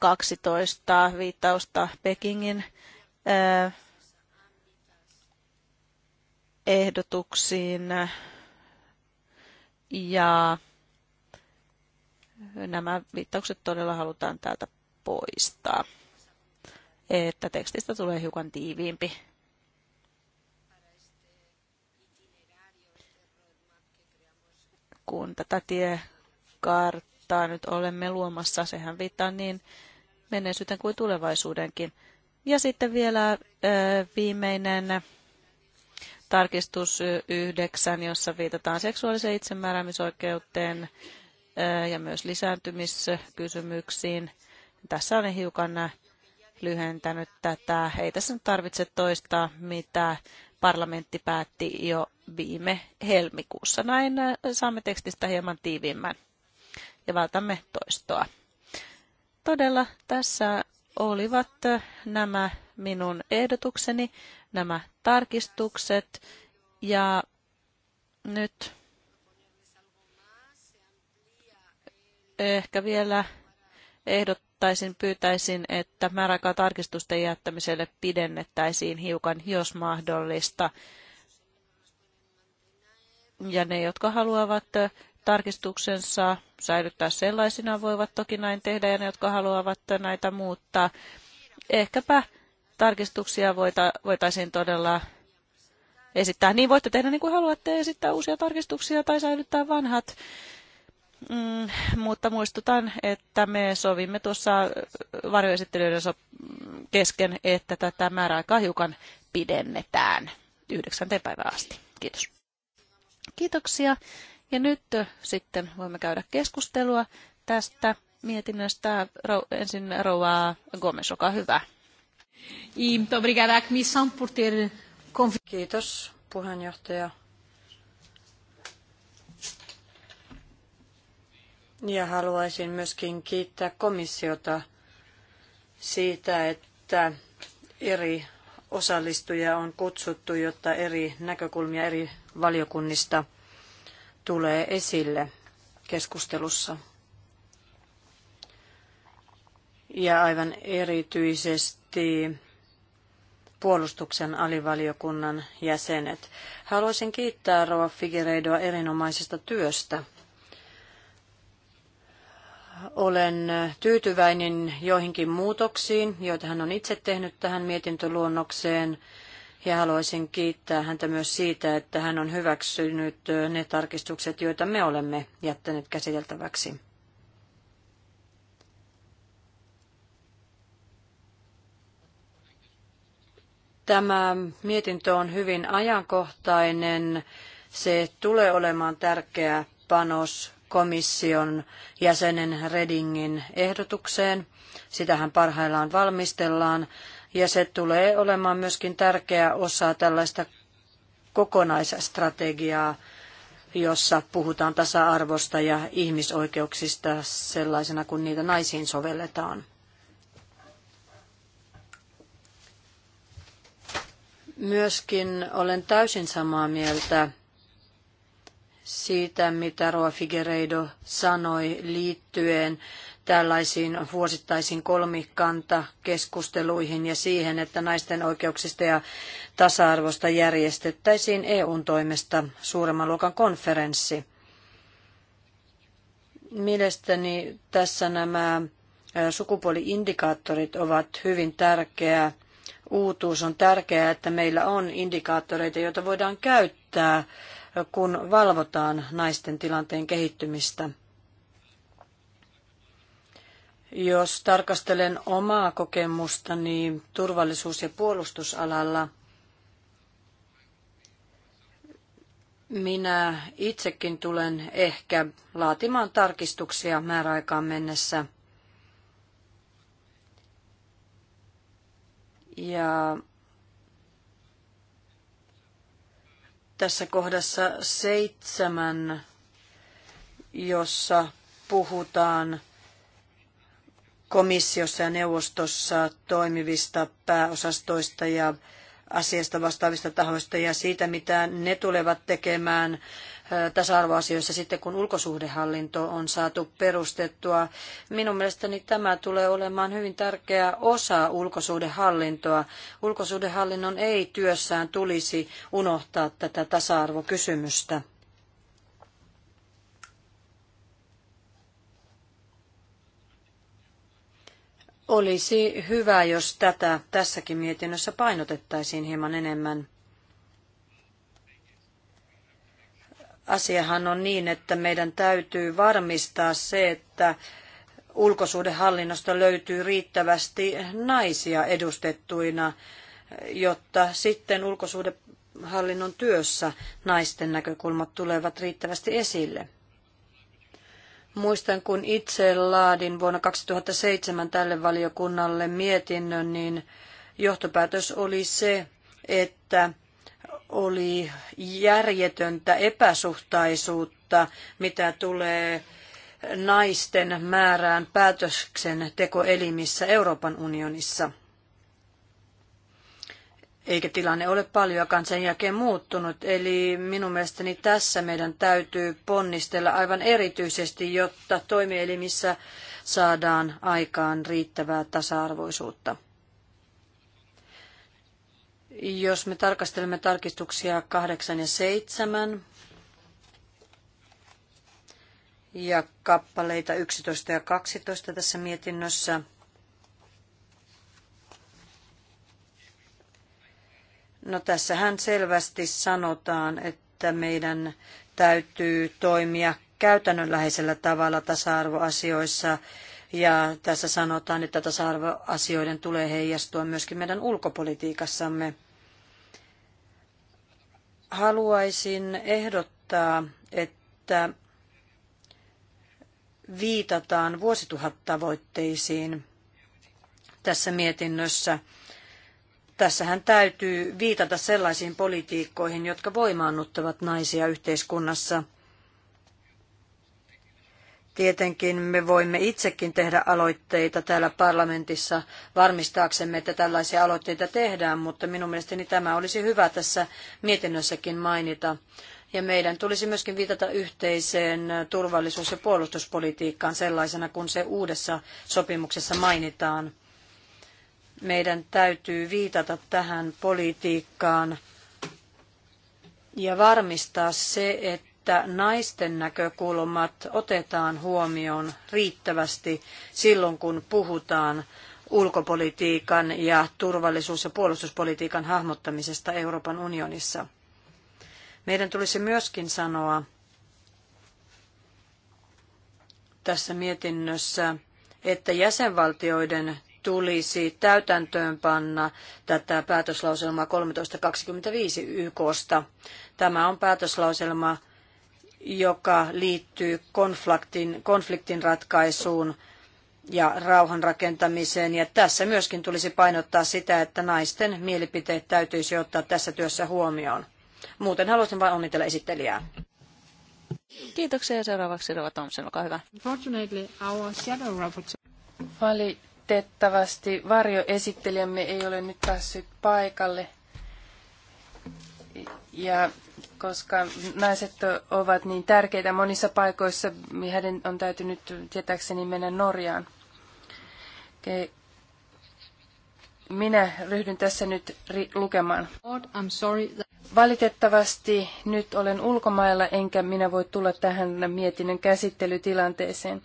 12 viittausta Pekingin eh, ehdotuksiin. Ja nämä viittaukset todella halutaan täältä poistaa, että tekstistä tulee hiukan tiiviimpi. Kun tätä tiekarttaa nyt olemme luomassa, sehän viittaa niin menneisyyteen kuin tulevaisuudenkin. Ja sitten vielä viimeinen tarkistus yhdeksän, jossa viitataan seksuaaliseen itsemääräämisoikeuteen ja myös lisääntymiskysymyksiin. Tässä on hiukan lyhentänyt tätä. Ei tässä nyt tarvitse toistaa, mitä parlamentti päätti jo viime helmikuussa. Näin saamme tekstistä hieman tiiviimmän ja vältämme toistoa. Todella tässä olivat nämä minun ehdotukseni nämä tarkistukset ja nyt ehkä vielä ehdottaisin, pyytäisin, että määräaikaa tarkistusten jättämiselle pidennettäisiin hiukan, jos mahdollista. Ja ne, jotka haluavat tarkistuksensa säilyttää sellaisina, voivat toki näin tehdä, ja ne, jotka haluavat näitä muuttaa, ehkäpä tarkistuksia voita, voitaisiin todella esittää. Niin voitte tehdä niin kuin haluatte, esittää uusia tarkistuksia tai säilyttää vanhat. Mm, mutta muistutan, että me sovimme tuossa varjoesittelyiden kesken, että tätä määräaikaa hiukan pidennetään yhdeksänteen päivään asti. Kiitos. Kiitoksia. Ja nyt sitten voimme käydä keskustelua tästä mietinnöstä. Ensin Rouva Gomes, olkaa hyvä. E Kiitos puheenjohtaja. Ja haluaisin myöskin kiittää komissiota siitä, että eri osallistujia on kutsuttu, jotta eri näkökulmia eri valiokunnista tulee esille keskustelussa. Ja aivan erityisesti erityisesti puolustuksen alivaliokunnan jäsenet. Haluaisin kiittää Rova Figereidoa erinomaisesta työstä. Olen tyytyväinen joihinkin muutoksiin, joita hän on itse tehnyt tähän mietintöluonnokseen. Ja haluaisin kiittää häntä myös siitä, että hän on hyväksynyt ne tarkistukset, joita me olemme jättäneet käsiteltäväksi. Tämä mietintö on hyvin ajankohtainen. Se tulee olemaan tärkeä panos komission jäsenen Redingin ehdotukseen. Sitähän parhaillaan valmistellaan. Ja se tulee olemaan myöskin tärkeä osa tällaista kokonaisstrategiaa, jossa puhutaan tasa-arvosta ja ihmisoikeuksista sellaisena kuin niitä naisiin sovelletaan. Myöskin olen täysin samaa mieltä siitä, mitä Roa Figueiredo sanoi liittyen tällaisiin vuosittaisiin kolmikantakeskusteluihin ja siihen, että naisten oikeuksista ja tasa-arvosta järjestettäisiin EUn toimesta suuremman luokan konferenssi. Mielestäni tässä nämä sukupuoliindikaattorit ovat hyvin tärkeä uutuus on tärkeää, että meillä on indikaattoreita, joita voidaan käyttää, kun valvotaan naisten tilanteen kehittymistä. Jos tarkastelen omaa kokemustani niin turvallisuus- ja puolustusalalla, minä itsekin tulen ehkä laatimaan tarkistuksia määräaikaan mennessä Ja tässä kohdassa seitsemän, jossa puhutaan komissiossa ja neuvostossa toimivista pääosastoista ja asiasta vastaavista tahoista ja siitä, mitä ne tulevat tekemään tasa-arvoasioissa sitten, kun ulkosuhdehallinto on saatu perustettua. Minun mielestäni tämä tulee olemaan hyvin tärkeä osa ulkosuhdehallintoa. Ulkosuhdehallinnon ei työssään tulisi unohtaa tätä tasa-arvokysymystä. Olisi hyvä, jos tätä tässäkin mietinnössä painotettaisiin hieman enemmän. asiahan on niin, että meidän täytyy varmistaa se, että ulkosuhdehallinnosta löytyy riittävästi naisia edustettuina, jotta sitten ulkosuhdehallinnon työssä naisten näkökulmat tulevat riittävästi esille. Muistan, kun itse laadin vuonna 2007 tälle valiokunnalle mietinnön, niin johtopäätös oli se, että oli järjetöntä epäsuhtaisuutta, mitä tulee naisten määrään päätöksentekoelimissä Euroopan unionissa. Eikä tilanne ole paljonkaan sen jälkeen muuttunut, eli minun mielestäni tässä meidän täytyy ponnistella aivan erityisesti, jotta toimielimissä saadaan aikaan riittävää tasa-arvoisuutta. Jos me tarkastelemme tarkistuksia 8 ja 7 ja kappaleita 11 ja 12 tässä mietinnössä, No tässähän selvästi sanotaan, että meidän täytyy toimia käytännönläheisellä tavalla tasa-arvoasioissa. Ja tässä sanotaan, että tasa-arvoasioiden tulee heijastua myöskin meidän ulkopolitiikassamme haluaisin ehdottaa, että viitataan vuosituhattavoitteisiin tässä mietinnössä. Tässähän täytyy viitata sellaisiin politiikkoihin, jotka voimaannuttavat naisia yhteiskunnassa. Tietenkin me voimme itsekin tehdä aloitteita täällä parlamentissa varmistaaksemme, että tällaisia aloitteita tehdään, mutta minun mielestäni tämä olisi hyvä tässä mietinnössäkin mainita. Ja meidän tulisi myöskin viitata yhteiseen turvallisuus- ja puolustuspolitiikkaan sellaisena, kun se uudessa sopimuksessa mainitaan. Meidän täytyy viitata tähän politiikkaan ja varmistaa se, että että naisten näkökulmat otetaan huomioon riittävästi silloin, kun puhutaan ulkopolitiikan ja turvallisuus- ja puolustuspolitiikan hahmottamisesta Euroopan unionissa. Meidän tulisi myöskin sanoa tässä mietinnössä, että jäsenvaltioiden tulisi täytäntöönpanna tätä päätöslauselmaa 1325 YKsta. Tämä on päätöslauselma joka liittyy konfliktin, konfliktin ratkaisuun ja rauhan rakentamiseen. Ja tässä myöskin tulisi painottaa sitä, että naisten mielipiteet täytyisi ottaa tässä työssä huomioon. Muuten haluaisin vain onnitella esittelijää. Kiitoksia seuraavaksi Rova Thompson, olkaa hyvä. Valitettavasti varjoesittelijämme ei ole nyt päässyt paikalle. Ja koska naiset ovat niin tärkeitä monissa paikoissa, niin heidän on täytynyt tietääkseni mennä Norjaan. Minä ryhdyn tässä nyt lukemaan. Valitettavasti nyt olen ulkomailla, enkä minä voi tulla tähän mietinnön käsittelytilanteeseen.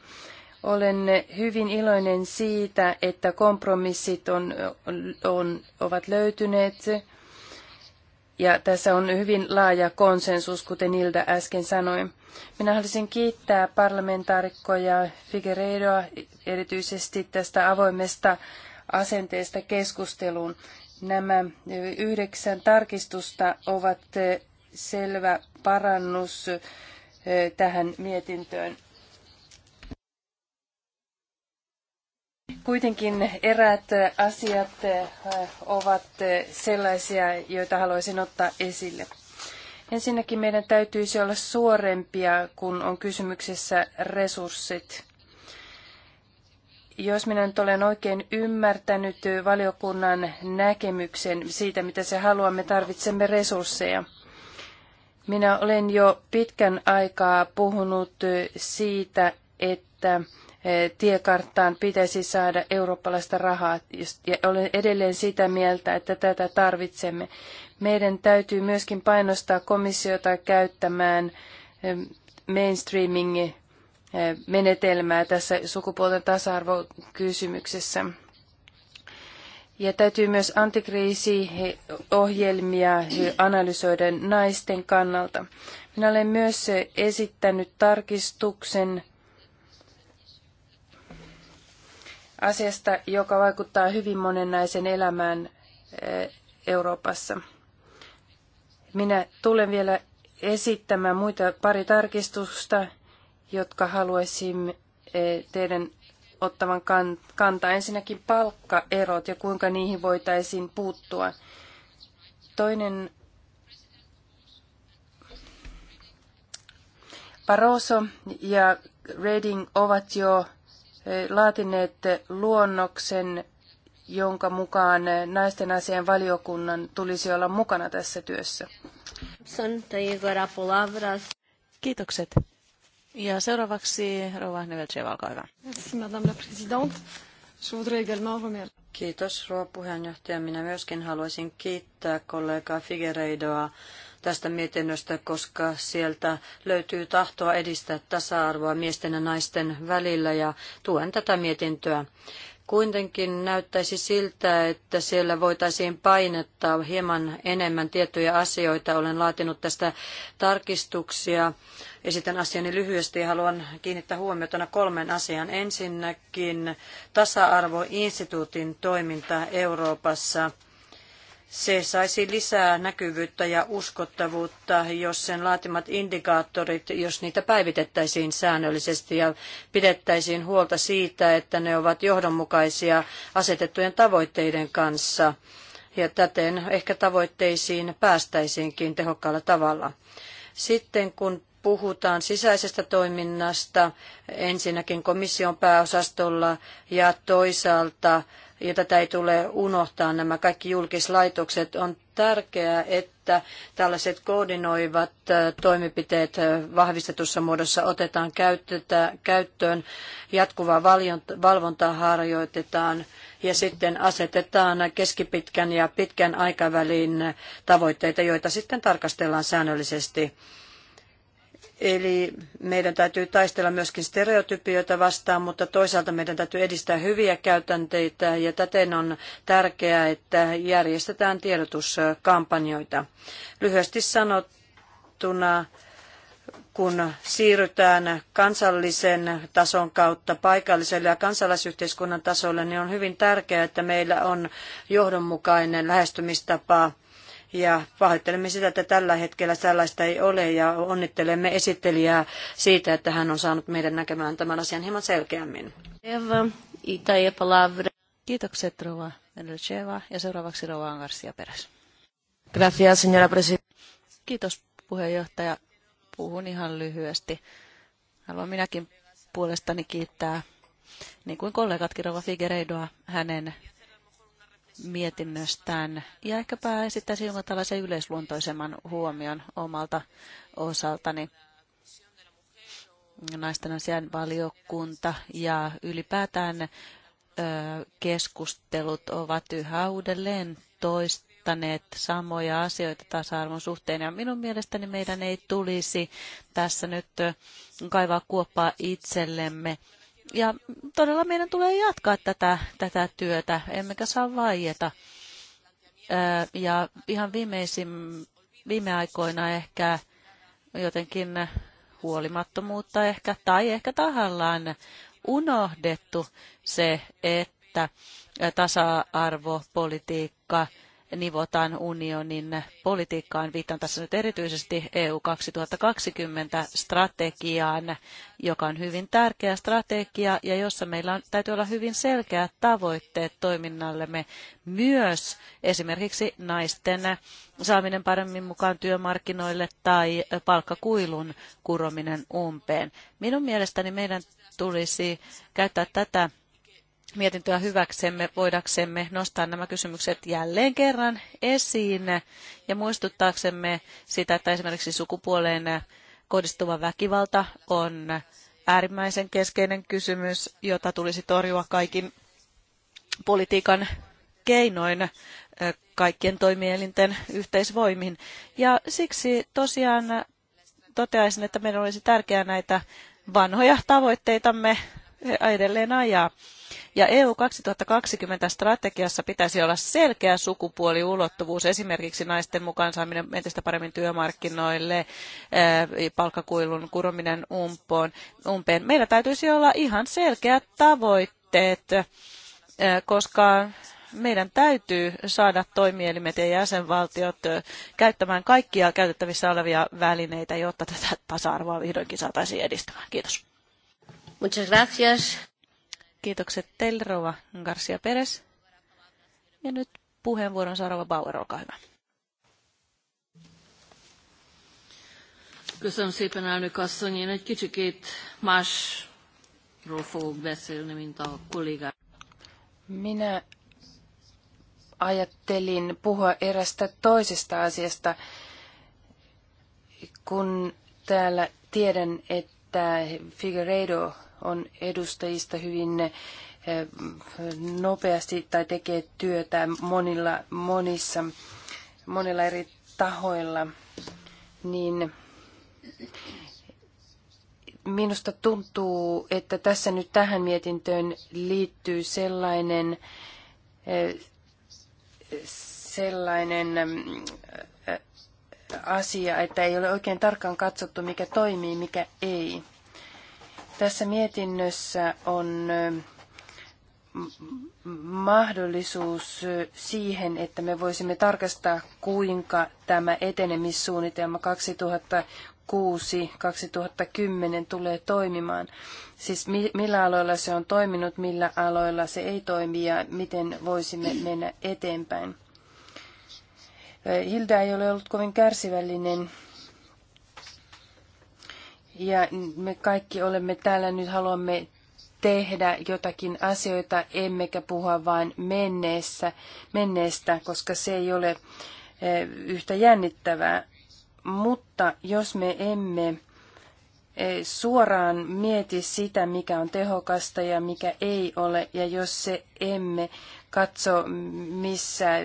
Olen hyvin iloinen siitä, että kompromissit on, on, ovat löytyneet ja tässä on hyvin laaja konsensus, kuten Ilda äsken sanoi. Minä haluaisin kiittää parlamentaarikkoja Figueiredoa erityisesti tästä avoimesta asenteesta keskusteluun. Nämä yhdeksän tarkistusta ovat selvä parannus eh, tähän mietintöön. Kuitenkin eräät asiat äh, ovat äh, sellaisia, joita haluaisin ottaa esille. Ensinnäkin meidän täytyisi olla suorempia, kun on kysymyksessä resurssit. Jos minä nyt olen oikein ymmärtänyt valiokunnan näkemyksen siitä, mitä se haluaa, me tarvitsemme resursseja. Minä olen jo pitkän aikaa puhunut siitä, että tiekarttaan pitäisi saada eurooppalaista rahaa. Ja olen edelleen sitä mieltä, että tätä tarvitsemme. Meidän täytyy myöskin painostaa komissiota käyttämään mainstreaming eh, menetelmää tässä sukupuolten tasa-arvokysymyksessä. Ja täytyy myös antikriisiohjelmia analysoida naisten kannalta. Minä olen myös eh, esittänyt tarkistuksen asiasta, joka vaikuttaa hyvin monennaisen elämään eh, Euroopassa. Minä tulen vielä esittämään muita pari tarkistusta, jotka haluaisin eh, teidän ottavan kantaa. Ensinnäkin palkkaerot ja kuinka niihin voitaisiin puuttua. Toinen Barroso ja Reding ovat jo laatineet luonnoksen, jonka mukaan naisten asian valiokunnan tulisi olla mukana tässä työssä. Kiitokset. Ja seuraavaksi Rova Neveltseva, olkaa hyvä. Madame la Présidente. Kiitos, rouva puheenjohtaja. Minä myöskin haluaisin kiittää kollegaa Figueiredoa tästä mietinnöstä, koska sieltä löytyy tahtoa edistää tasa-arvoa miesten ja naisten välillä ja tuen tätä mietintöä. Kuitenkin näyttäisi siltä, että siellä voitaisiin painettaa hieman enemmän tiettyjä asioita. Olen laatinut tästä tarkistuksia. Esitän asiani lyhyesti ja haluan kiinnittää huomiota kolmen asian. Ensinnäkin tasa-arvoinstituutin toiminta Euroopassa – se saisi lisää näkyvyyttä ja uskottavuutta, jos sen laatimat indikaattorit, jos niitä päivitettäisiin säännöllisesti ja pidettäisiin huolta siitä, että ne ovat johdonmukaisia asetettujen tavoitteiden kanssa. Ja täten ehkä tavoitteisiin päästäisiinkin tehokkaalla tavalla. Sitten kun puhutaan sisäisestä toiminnasta ensinnäkin komission pääosastolla ja toisaalta ja tätä ei tule unohtaa, nämä kaikki julkislaitokset, on tärkeää, että tällaiset koordinoivat äh, toimenpiteet äh, vahvistetussa muodossa otetaan käyttöön, jatkuvaa valvontaa harjoitetaan ja sitten asetetaan keskipitkän ja pitkän aikavälin tavoitteita, joita sitten tarkastellaan säännöllisesti. Eli meidän täytyy taistella myöskin stereotypioita vastaan, mutta toisaalta meidän täytyy edistää hyviä käytänteitä ja täten on tärkeää, että järjestetään tiedotuskampanjoita. Lyhyesti sanottuna, kun siirrytään kansallisen tason kautta paikalliselle ja kansalaisyhteiskunnan tasolle, niin on hyvin tärkeää, että meillä on johdonmukainen lähestymistapa – ja pahoittelemme sitä, että tällä hetkellä sellaista ei ole ja onnittelemme esittelijää siitä, että hän on saanut meidän näkemään tämän asian hieman selkeämmin. Kiitokset Rova Mendelcheva ja seuraavaksi Rova Angarsia Peräs. Gracias, señora Kiitos puheenjohtaja. Puhun ihan lyhyesti. Haluan minäkin puolestani kiittää, niin kuin kollegatkin Rova Figueiredoa, hänen mietinnöstään ja ehkäpä esittäisin jonkun tällaisen yleisluontoisemman huomion omalta osaltani. Naisten asian valiokunta ja ylipäätään keskustelut ovat yhä uudelleen toistaneet samoja asioita tasa-arvon suhteen. Ja minun mielestäni meidän ei tulisi tässä nyt kaivaa kuoppaa itsellemme ja todella meidän tulee jatkaa tätä, tätä työtä, emmekä saa vaieta. Ja ihan viimeisin, viime aikoina ehkä jotenkin huolimattomuutta ehkä tai ehkä tahallaan unohdettu se, että tasa-arvopolitiikka – nivotaan unionin politiikkaan. Viittaan tässä nyt erityisesti EU 2020 strategiaan, joka on hyvin tärkeä strategia ja jossa meillä on, täytyy olla hyvin selkeät tavoitteet toiminnallemme myös esimerkiksi naisten saaminen paremmin mukaan työmarkkinoille tai palkkakuilun kurominen umpeen. Minun mielestäni meidän tulisi käyttää tätä mietintöä hyväksemme, voidaksemme nostaa nämä kysymykset jälleen kerran esiin ja muistuttaaksemme sitä, että esimerkiksi sukupuoleen kohdistuva väkivalta on äärimmäisen keskeinen kysymys, jota tulisi torjua kaikin politiikan keinoin kaikkien toimielinten yhteisvoimin. Ja siksi tosiaan toteaisin, että meidän olisi tärkeää näitä vanhoja tavoitteitamme edelleen ajaa. Ja EU 2020 strategiassa pitäisi olla selkeä sukupuoliulottuvuus, esimerkiksi naisten mukaan saaminen entistä paremmin työmarkkinoille, eh, palkkakuilun kurominen umpoon, umpeen. Meillä täytyisi olla ihan selkeät tavoitteet, eh, koska meidän täytyy saada toimielimet ja jäsenvaltiot eh, käyttämään kaikkia käytettävissä olevia välineitä, jotta tätä tasa-arvoa vihdoinkin saataisiin edistämään. Kiitos. Muchas gracias. Kiitokset teille, Rova Garcia Perez. Ja nyt puheenvuoron saa Bauer, olkaa hyvä. Köszönöm szépen, elnök asszony. Én egy kicsikét másról fogok beszélni, mint a kollégák. Minä ajattelin puhua erästä toisesta asiasta, kun täällä tiedän, että Figueiredo on edustajista hyvin eh, nopeasti tai tekee työtä monilla, monissa, monilla eri tahoilla, niin minusta tuntuu, että tässä nyt tähän mietintöön liittyy sellainen, eh, sellainen eh, asia, että ei ole oikein tarkkaan katsottu, mikä toimii, mikä ei. Tässä mietinnössä on mm, mm, mahdollisuus siihen, että me voisimme tarkastaa, kuinka tämä etenemissuunnitelma 2006-2010 tulee toimimaan. Siis millä aloilla se on toiminut, millä aloilla se ei toimi ja miten voisimme mennä eteenpäin. Hilda ei ole ollut kovin kärsivällinen ja me kaikki olemme täällä nyt haluamme tehdä jotakin asioita, emmekä puhua vain menneessä, menneestä, koska se ei ole eh, yhtä jännittävää. Mutta jos me emme eh, suoraan mieti sitä, mikä on tehokasta ja mikä ei ole, ja jos se emme katso, missä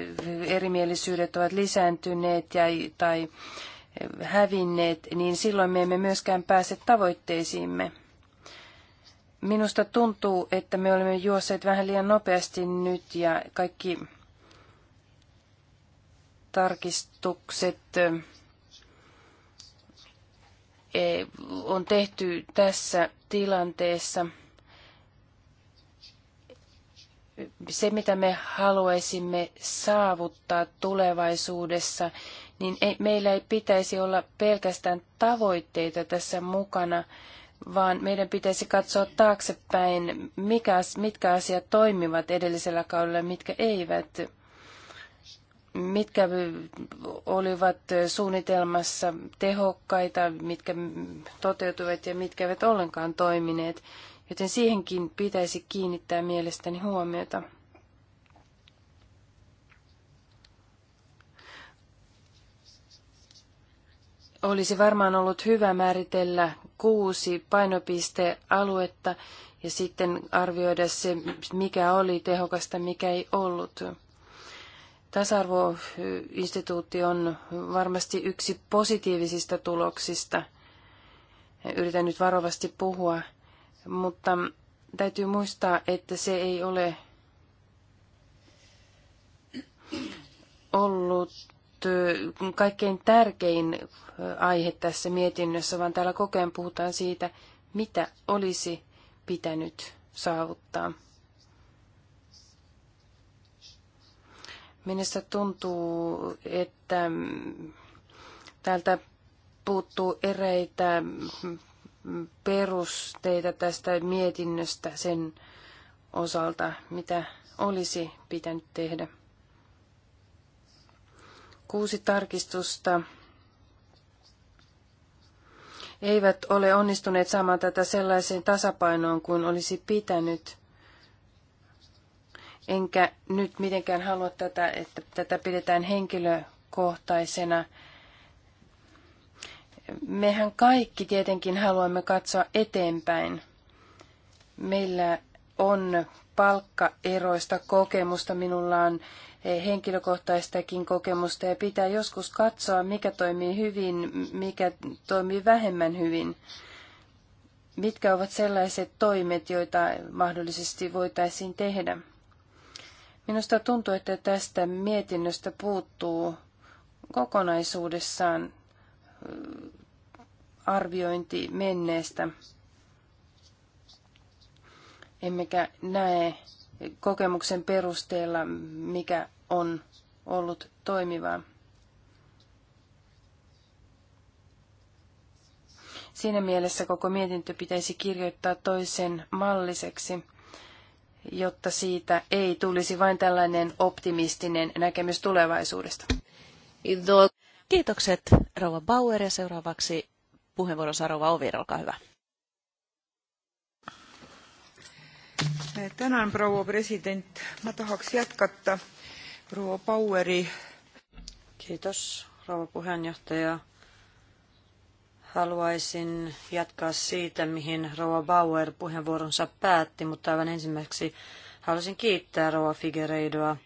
erimielisyydet ovat lisääntyneet ja, tai hävinneet, niin silloin me emme myöskään pääse tavoitteisiimme. Minusta tuntuu, että me olemme juosseet vähän liian nopeasti nyt ja kaikki tarkistukset eh, on tehty tässä tilanteessa. Se, mitä me haluaisimme saavuttaa tulevaisuudessa, niin ei, meillä ei pitäisi olla pelkästään tavoitteita tässä mukana, vaan meidän pitäisi katsoa taaksepäin, mikä, mitkä asiat toimivat edellisellä kaudella ja mitkä eivät. Mitkä olivat suunnitelmassa tehokkaita, mitkä toteutuivat ja mitkä eivät ollenkaan toimineet. Joten siihenkin pitäisi kiinnittää mielestäni huomiota. olisi varmaan ollut hyvä määritellä kuusi painopistealuetta ja sitten arvioida se, mikä oli tehokasta, mikä ei ollut. Tasa-arvoinstituutti on varmasti yksi positiivisista tuloksista. Yritän nyt varovasti puhua, mutta täytyy muistaa, että se ei ole ollut kaikkein tärkein aihe tässä mietinnössä, vaan täällä kokeen puhutaan siitä, mitä olisi pitänyt saavuttaa. Minusta tuntuu, että täältä puuttuu eräitä perusteita tästä mietinnöstä sen osalta, mitä olisi pitänyt tehdä kuusi tarkistusta eivät ole onnistuneet saamaan tätä sellaiseen tasapainoon kuin olisi pitänyt. Enkä nyt mitenkään halua tätä, että tätä pidetään henkilökohtaisena. Mehän kaikki tietenkin haluamme katsoa eteenpäin. Meillä on palkkaeroista kokemusta. Minulla on henkilökohtaistakin kokemusta ja pitää joskus katsoa, mikä toimii hyvin, mikä toimii vähemmän hyvin. Mitkä ovat sellaiset toimet, joita mahdollisesti voitaisiin tehdä? Minusta tuntuu, että tästä mietinnöstä puuttuu kokonaisuudessaan arviointi menneestä. Emmekä näe kokemuksen perusteella, mikä on ollut toimivaa. Siinä mielessä koko mietintö pitäisi kirjoittaa toisen malliseksi, jotta siitä ei tulisi vain tällainen optimistinen näkemys tulevaisuudesta. Kiitokset Rova Bauer ja seuraavaksi puheenvuoron saa Rova Ovir, olkaa hyvä. Tänään, rouva president. Mä tahaks jatkata Ruo Poweri. Kiitos, rouva puheenjohtaja. Haluaisin jatkaa siitä, mihin Rouva Bauer puheenvuoronsa päätti, mutta aivan ensimmäiseksi haluaisin kiittää Rouva Figereidoa,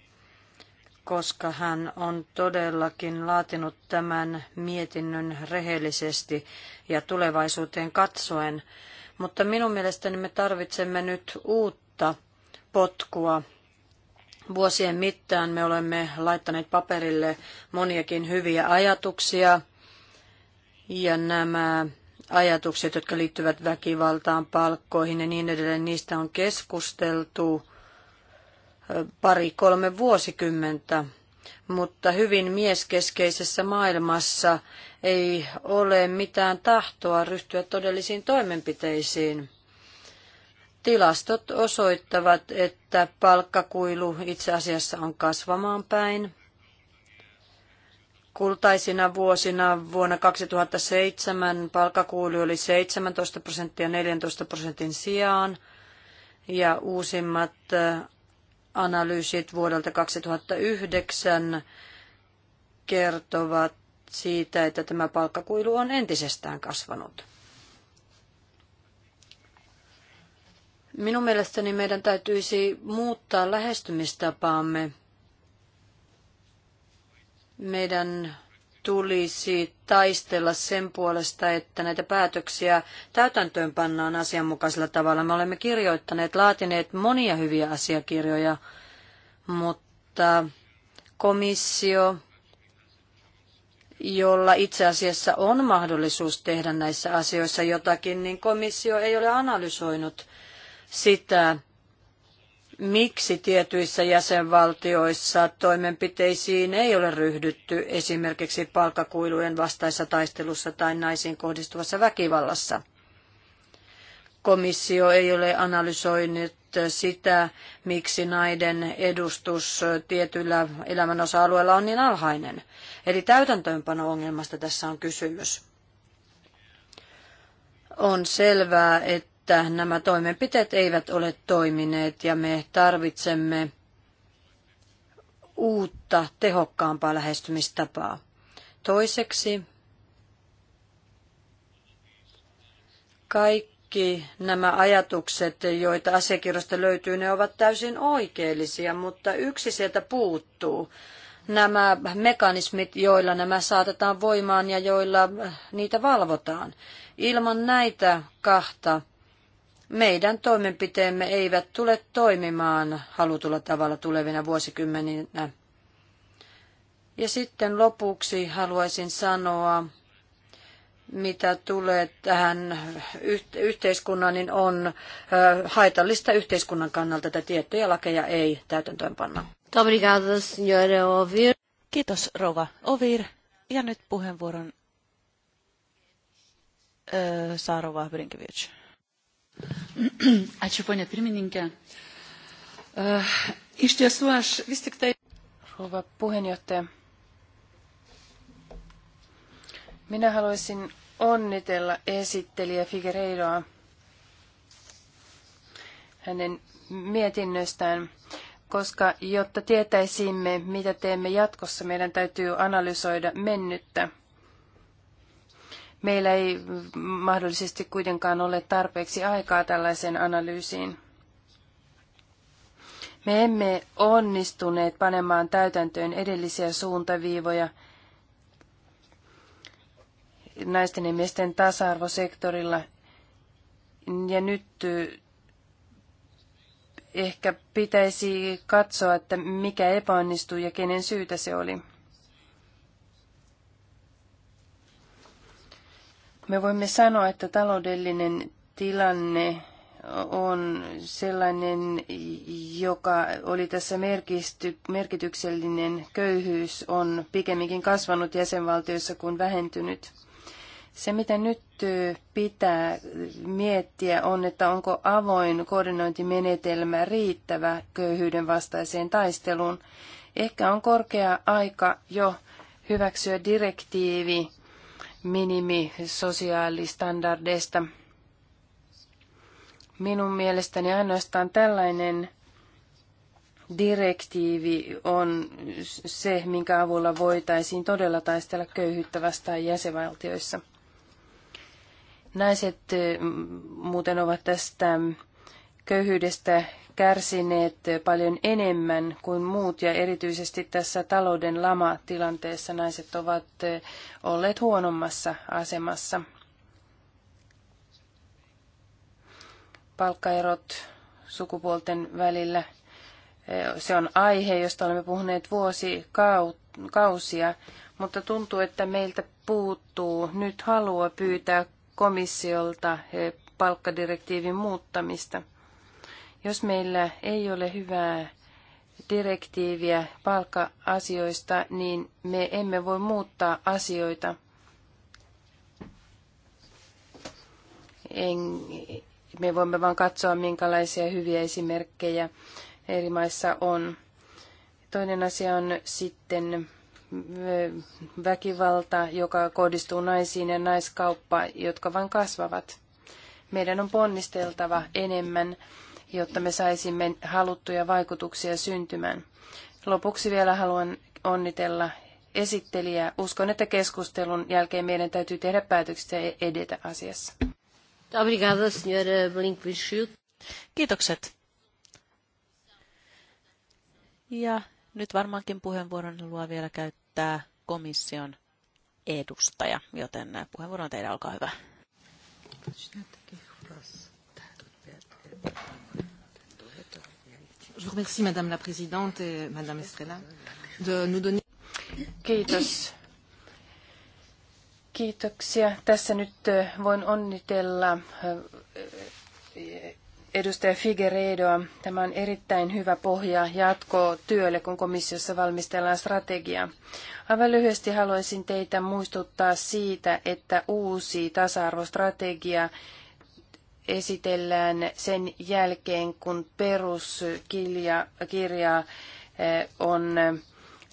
koska hän on todellakin laatinut tämän mietinnön rehellisesti ja tulevaisuuteen katsoen. Mutta minun mielestäni me tarvitsemme nyt uutta potkua Vuosien mittaan me olemme laittaneet paperille moniakin hyviä ajatuksia ja nämä ajatukset, jotka liittyvät väkivaltaan, palkkoihin ja niin edelleen, niistä on keskusteltu pari-kolme vuosikymmentä, mutta hyvin mieskeskeisessä maailmassa ei ole mitään tahtoa ryhtyä todellisiin toimenpiteisiin. Tilastot osoittavat, että palkkakuilu itse asiassa on kasvamaan päin. Kultaisina vuosina vuonna 2007 palkkakuilu oli 17 prosenttia 14 prosentin sijaan ja uusimmat äh, analyysit vuodelta 2009 kertovat siitä, että tämä palkkakuilu on entisestään kasvanut. Minun mielestäni meidän täytyisi muuttaa lähestymistapaamme. Meidän tulisi taistella sen puolesta, että näitä päätöksiä täytäntöön pannaan asianmukaisella tavalla. Me olemme kirjoittaneet, laatineet monia hyviä asiakirjoja, mutta komissio, jolla itse asiassa on mahdollisuus tehdä näissä asioissa jotakin, niin komissio ei ole analysoinut sitä, miksi tietyissä jäsenvaltioissa toimenpiteisiin ei ole ryhdytty esimerkiksi palkkakuilujen vastaisessa taistelussa tai naisiin kohdistuvassa väkivallassa. Komissio ei ole analysoinut sitä, miksi naiden edustus tietyillä elämänosa-alueilla on niin alhainen. Eli täytäntöönpano-ongelmasta tässä on kysymys. On selvää, että että nämä toimenpiteet eivät ole toimineet ja me tarvitsemme uutta, tehokkaampaa lähestymistapaa. Toiseksi kaikki nämä ajatukset, joita asiakirjoista löytyy, ne ovat täysin oikeellisia, mutta yksi sieltä puuttuu. Nämä mekanismit, joilla nämä saatetaan voimaan ja joilla niitä valvotaan. Ilman näitä kahta meidän toimenpiteemme eivät tule toimimaan halutulla tavalla tulevina vuosikymmeninä. Ja sitten lopuksi haluaisin sanoa, mitä tulee tähän yhteiskunnan, niin on haitallista yhteiskunnan kannalta, että tiettyjä lakeja ei täytäntöönpanna. Kiitos Rova Ovir. Ja nyt puheenvuoron Saarova Brinkevic. Ačiū, ponė pirmininkė. Eh, iš tiesų, aš vis tik tai... Minä haluaisin onnitella esittelijä Figueiredoa hänen mietinnöstään, koska jotta tietäisimme, mitä teemme jatkossa, meidän täytyy analysoida mennyttä meillä ei mahdollisesti kuitenkaan ole tarpeeksi aikaa tällaiseen analyysiin. Me emme onnistuneet panemaan täytäntöön edellisiä suuntaviivoja naisten ja miesten tasa-arvosektorilla. Ja nyt ehkä pitäisi katsoa, että mikä epäonnistui ja kenen syytä se oli. Me voimme sanoa, että taloudellinen tilanne on sellainen, joka oli tässä merkisty, merkityksellinen. Köyhyys on pikemminkin kasvanut jäsenvaltioissa kuin vähentynyt. Se, mitä nyt pitää miettiä, on, että onko avoin koordinointimenetelmä riittävä köyhyyden vastaiseen taisteluun. Ehkä on korkea aika jo hyväksyä direktiivi, minimisosiaalistandardeista. Minun mielestäni ainoastaan tällainen direktiivi on se, minkä avulla voitaisiin todella taistella köyhyyttä vastaan jäsenvaltioissa. Naiset mm, muuten ovat tästä köyhyydestä kärsineet paljon enemmän kuin muut ja erityisesti tässä talouden lama-tilanteessa naiset ovat eh, olleet huonommassa asemassa. Palkkaerot sukupuolten välillä, eh, se on aihe, josta olemme puhuneet vuosikausia, mutta tuntuu, että meiltä puuttuu nyt halua pyytää komissiolta eh, palkkadirektiivin muuttamista – jos meillä ei ole hyvää direktiiviä palkka-asioista, niin me emme voi muuttaa asioita. En, me voimme vain katsoa, minkälaisia hyviä esimerkkejä eri maissa on. Toinen asia on sitten väkivalta, joka kohdistuu naisiin ja naiskauppa, jotka vain kasvavat. Meidän on ponnisteltava enemmän jotta me saisimme haluttuja vaikutuksia syntymään. Lopuksi vielä haluan onnitella esittelijää. Uskon, että keskustelun jälkeen meidän täytyy tehdä päätöksiä ja edetä asiassa. Kiitokset. Ja nyt varmaankin puheenvuoron luo vielä käyttää komission edustaja, joten puheenvuoro on teidän, olkaa hyvä. Kiitos. Je remercie, Madame la Présidente et Madame Estrella, de nous donner... Kiitos. Kiitoksia. Tässä nyt voin onnitella edustaja Figueredoa. Tämä on erittäin hyvä pohja jatko työlle, kun komissiossa valmistellaan strategiaa. Aivan lyhyesti haluaisin teitä muistuttaa siitä, että uusi tasa-arvostrategia esitellään sen jälkeen, kun peruskirja eh, on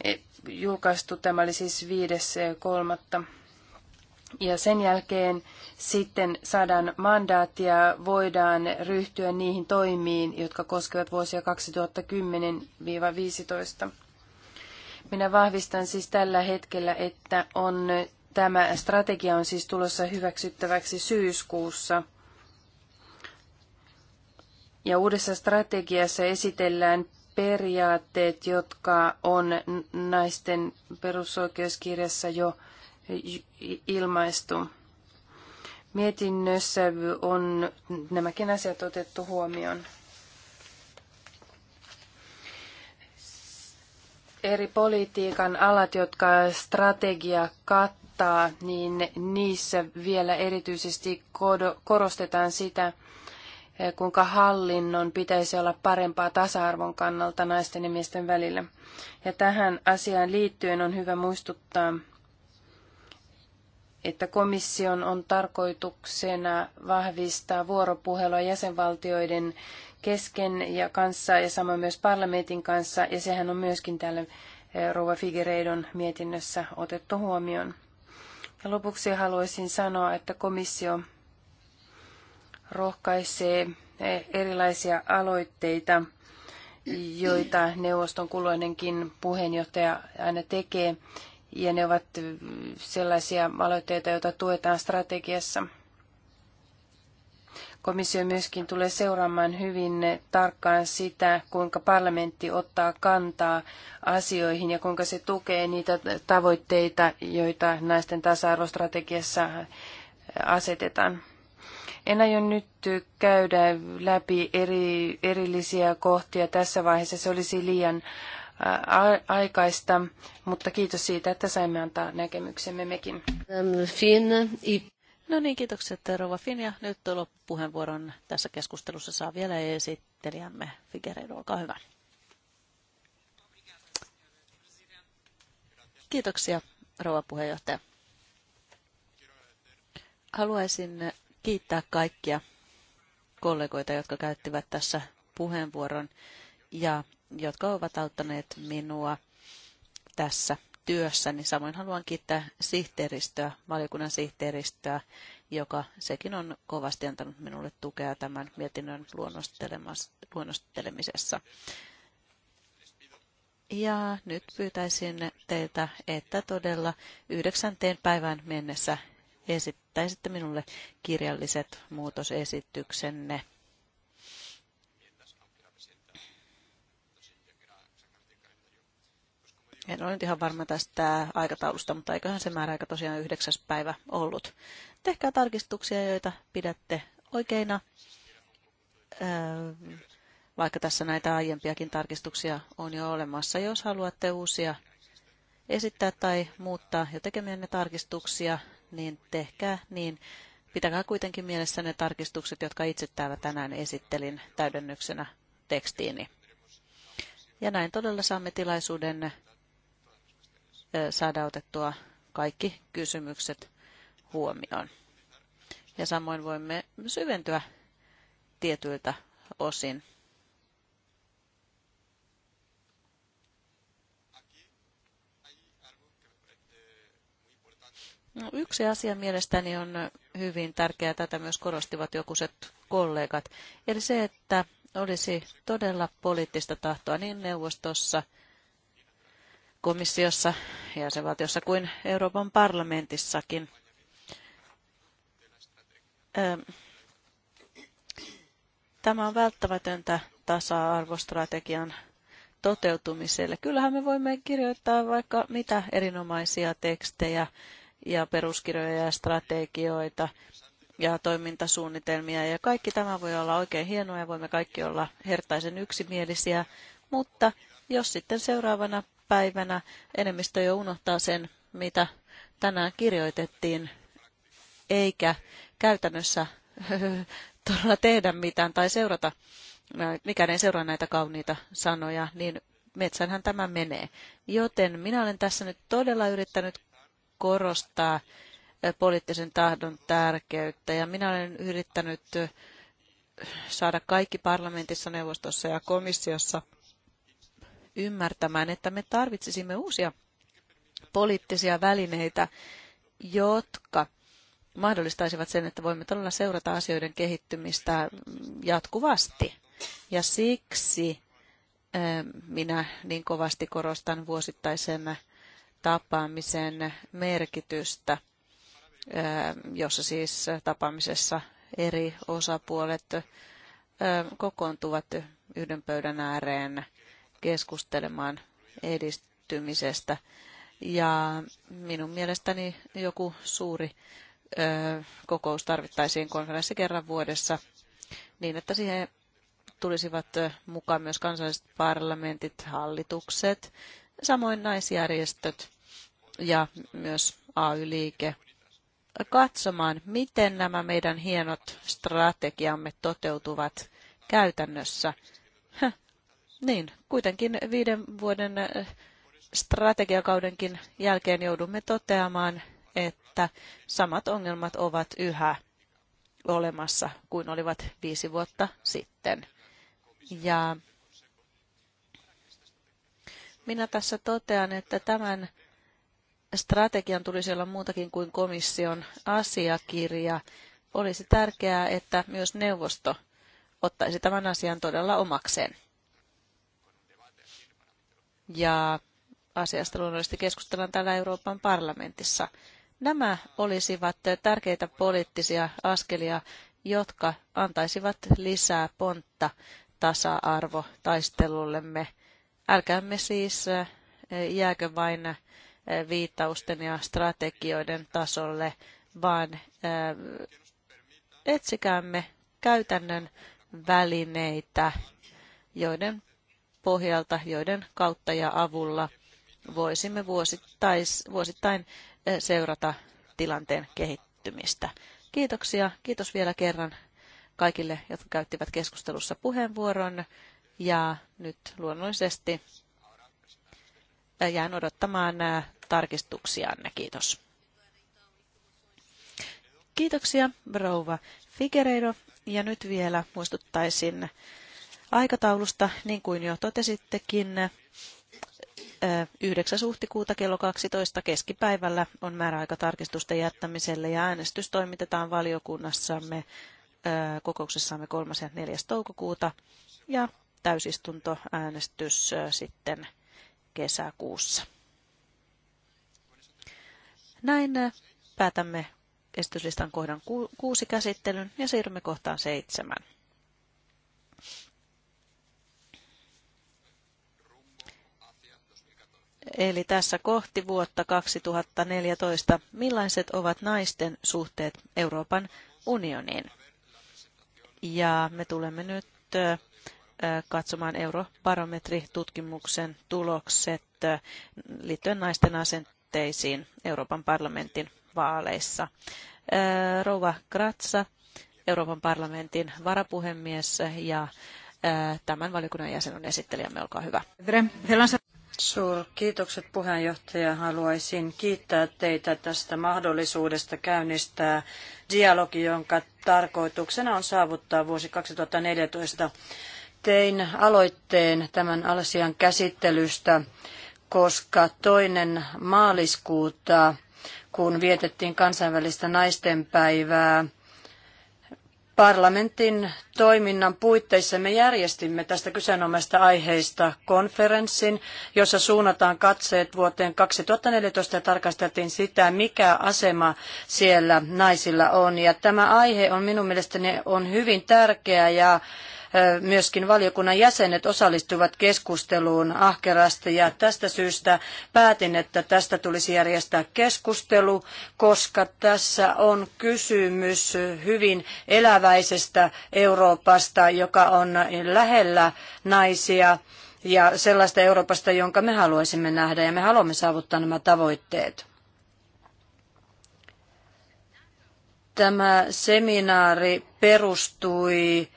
eh, julkaistu. Tämä oli siis 5.3. Eh, ja sen jälkeen sitten saadaan mandaatia, voidaan ryhtyä niihin toimiin, jotka koskevat vuosia 2010-2015. Minä vahvistan siis tällä hetkellä, että on, tämä strategia on siis tulossa hyväksyttäväksi syyskuussa – ja uudessa strategiassa esitellään periaatteet, jotka on naisten perusoikeuskirjassa jo ilmaistu. Mietinnössä on nämäkin asiat otettu huomioon. Eri politiikan alat, jotka strategia kattaa, niin niissä vielä erityisesti korostetaan sitä, Eh, kuinka hallinnon pitäisi olla parempaa tasa-arvon kannalta naisten ja miesten välillä. Ja tähän asiaan liittyen on hyvä muistuttaa, että komission on tarkoituksena vahvistaa vuoropuhelua jäsenvaltioiden kesken ja kanssa ja samoin myös parlamentin kanssa, ja sehän on myöskin täällä eh, Rova Figereidon mietinnössä otettu huomioon. Ja lopuksi haluaisin sanoa, että komissio rohkaisee e, erilaisia aloitteita, joita neuvoston kuluinenkin puheenjohtaja aina tekee. Ja ne ovat sellaisia aloitteita, joita tuetaan strategiassa. Komissio myöskin tulee seuraamaan hyvin tarkkaan sitä, kuinka parlamentti ottaa kantaa asioihin ja kuinka se tukee niitä tavoitteita, joita naisten tasa-arvostrategiassa asetetaan. En aio nyt käydä läpi eri, erillisiä kohtia tässä vaiheessa, se olisi liian aikaista, mutta kiitos siitä, että saimme antaa näkemyksemme mekin. Ähm, no niin, kiitokset Rova Finn ja nyt loppupuheenvuoron tässä keskustelussa saa vielä esittelijämme Figeredo, olkaa hyvä. Kiitoksia, rouva puheenjohtaja. Haluaisin kiittää kaikkia kollegoita, jotka käyttivät tässä puheenvuoron ja jotka ovat auttaneet minua tässä työssä. Niin Samoin haluan kiittää sihteeristöä, valiokunnan sihteeristöä, joka sekin on kovasti antanut minulle tukea tämän mietinnön luonnostelemisessa. Ja nyt pyytäisin teiltä, että todella yhdeksänteen päivään mennessä esittäisitte minulle kirjalliset muutosesityksenne. En ole nyt ihan varma tästä aikataulusta, mutta eiköhän se määräaika tosiaan yhdeksäs päivä ollut. Tehkää tarkistuksia, joita pidätte oikeina. Öö, vaikka tässä näitä aiempiakin tarkistuksia on jo olemassa, jos haluatte uusia esittää tai muuttaa jo tekemienne tarkistuksia, niin tehkää niin. Pitäkää kuitenkin mielessä ne tarkistukset, jotka itse täällä tänään esittelin täydennyksenä tekstiini. Ja näin todella saamme tilaisuuden saada otettua kaikki kysymykset huomioon. Ja samoin voimme syventyä tietyiltä osin No, yksi asia mielestäni on hyvin tärkeä, tätä myös korostivat jokuset kollegat, eli se, että olisi todella poliittista tahtoa niin neuvostossa, komissiossa, jäsenvaltiossa kuin Euroopan parlamentissakin. Tämä on välttämätöntä tasa-arvostrategian toteutumiselle. Kyllähän me voimme kirjoittaa vaikka mitä erinomaisia tekstejä ja peruskirjoja ja strategioita ja toimintasuunnitelmia. Ja kaikki tämä voi olla oikein hienoa ja voimme kaikki olla hertaisen yksimielisiä, mutta jos sitten seuraavana päivänä enemmistö jo unohtaa sen, mitä tänään kirjoitettiin, eikä käytännössä todella tehdä mitään tai seurata, mikään ei seuraa näitä kauniita sanoja, niin metsänhän tämä menee. Joten minä olen tässä nyt todella yrittänyt korostaa poliittisen tahdon tärkeyttä. Ja minä olen yrittänyt saada kaikki parlamentissa, neuvostossa ja komissiossa ymmärtämään, että me tarvitsisimme uusia poliittisia välineitä, jotka mahdollistaisivat sen, että voimme todella seurata asioiden kehittymistä jatkuvasti. Ja siksi minä niin kovasti korostan vuosittaisen tapaamisen merkitystä, jossa siis tapaamisessa eri osapuolet kokoontuvat yhden pöydän ääreen keskustelemaan edistymisestä. Ja minun mielestäni joku suuri kokous tarvittaisiin konferenssi kerran vuodessa niin, että siihen tulisivat mukaan myös kansalliset parlamentit, hallitukset, samoin naisjärjestöt ja myös AY-liike katsomaan, miten nämä meidän hienot strategiamme toteutuvat käytännössä. niin, kuitenkin viiden vuoden äh, strategiakaudenkin jälkeen joudumme toteamaan, että samat ongelmat ovat yhä olemassa kuin olivat viisi vuotta sitten. Ja minä tässä totean, että tämän strategian tulisi olla muutakin kuin komission asiakirja. Olisi tärkeää, että myös neuvosto ottaisi tämän asian todella omakseen. Ja asiasta luonnollisesti keskustellaan täällä Euroopan parlamentissa. Nämä olisivat tärkeitä poliittisia askelia, jotka antaisivat lisää pontta tasa-arvo taistelullemme. Älkäämme siis eh, jääkö vain viittausten ja strategioiden tasolle, vaan etsikäämme käytännön välineitä, joiden pohjalta, joiden kautta ja avulla voisimme vuosittain seurata tilanteen kehittymistä. Kiitoksia. Kiitos vielä kerran kaikille, jotka käyttivät keskustelussa puheenvuoron. Ja nyt luonnollisesti Äh, jään odottamaan äh, tarkistuksianne. Kiitos. Kiitoksia, rouva Figereiro. Ja nyt vielä muistuttaisin aikataulusta, niin kuin jo totesittekin. 9. Äh, huhtikuuta kello 12 keskipäivällä on määräaika tarkistusten jättämiselle ja äänestys toimitetaan valiokunnassamme kokouksessamme 3. ja 4. toukokuuta ja täysistuntoäänestys sitten kesäkuussa. Näin äh, päätämme esityslistan kohdan kuusi käsittelyn ja siirrymme kohtaan seitsemän. Eli tässä kohti vuotta 2014, millaiset ovat naisten suhteet Euroopan unioniin? Ja me tulemme nyt äh, katsomaan eurobarometritutkimuksen tulokset liittyen naisten asenteisiin Euroopan parlamentin vaaleissa. Rouva Kratsa, Euroopan parlamentin varapuhemies ja tämän valiokunnan jäsen on esittelijämme. Olkaa hyvä. Suur kiitokset puheenjohtaja. Haluaisin kiittää teitä tästä mahdollisuudesta käynnistää dialogi, jonka tarkoituksena on saavuttaa vuosi 2014 tein aloitteen tämän asian käsittelystä, koska toinen maaliskuuta, kun vietettiin kansainvälistä naistenpäivää, parlamentin toiminnan puitteissa me järjestimme tästä kyseenomaista aiheesta konferenssin, jossa suunnataan katseet vuoteen 2014 ja tarkasteltiin sitä, mikä asema siellä naisilla on. Ja tämä aihe on minun mielestäni on hyvin tärkeä ja myöskin valiokunnan jäsenet osallistuivat keskusteluun ahkerasti ja tästä syystä päätin, että tästä tulisi järjestää keskustelu, koska tässä on kysymys hyvin eläväisestä Euroopasta, joka on lähellä naisia ja sellaista Euroopasta, jonka me haluaisimme nähdä ja me haluamme saavuttaa nämä tavoitteet. Tämä seminaari perustui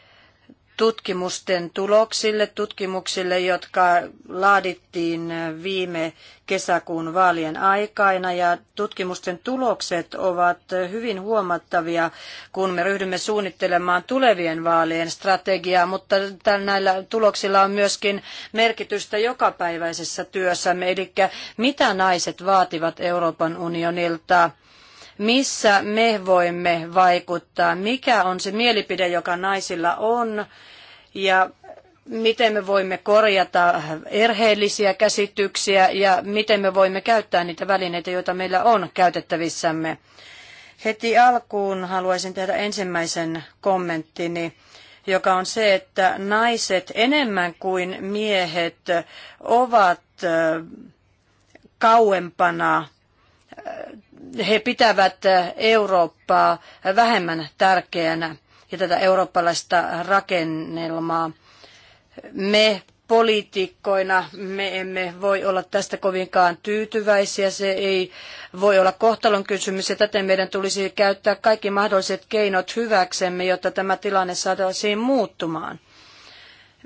tutkimusten tuloksille, tutkimuksille, jotka laadittiin viime kesäkuun vaalien aikaina. Ja tutkimusten tulokset ovat hyvin huomattavia, kun me ryhdymme suunnittelemaan tulevien vaalien strategiaa, mutta näillä tuloksilla on myöskin merkitystä jokapäiväisessä työssämme, eli mitä naiset vaativat Euroopan unionilta missä me voimme vaikuttaa, mikä on se mielipide, joka naisilla on ja miten me voimme korjata erheellisiä käsityksiä ja miten me voimme käyttää niitä välineitä, joita meillä on käytettävissämme. Heti alkuun haluaisin tehdä ensimmäisen kommenttini joka on se, että naiset enemmän kuin miehet ovat kauempana he pitävät eh, Eurooppaa vähemmän tärkeänä ja tätä eurooppalaista rakennelmaa. Me poliitikkoina me emme voi olla tästä kovinkaan tyytyväisiä. Se ei voi olla kohtalon kysymys ja täten meidän tulisi käyttää kaikki mahdolliset keinot hyväksemme, jotta tämä tilanne saataisiin muuttumaan.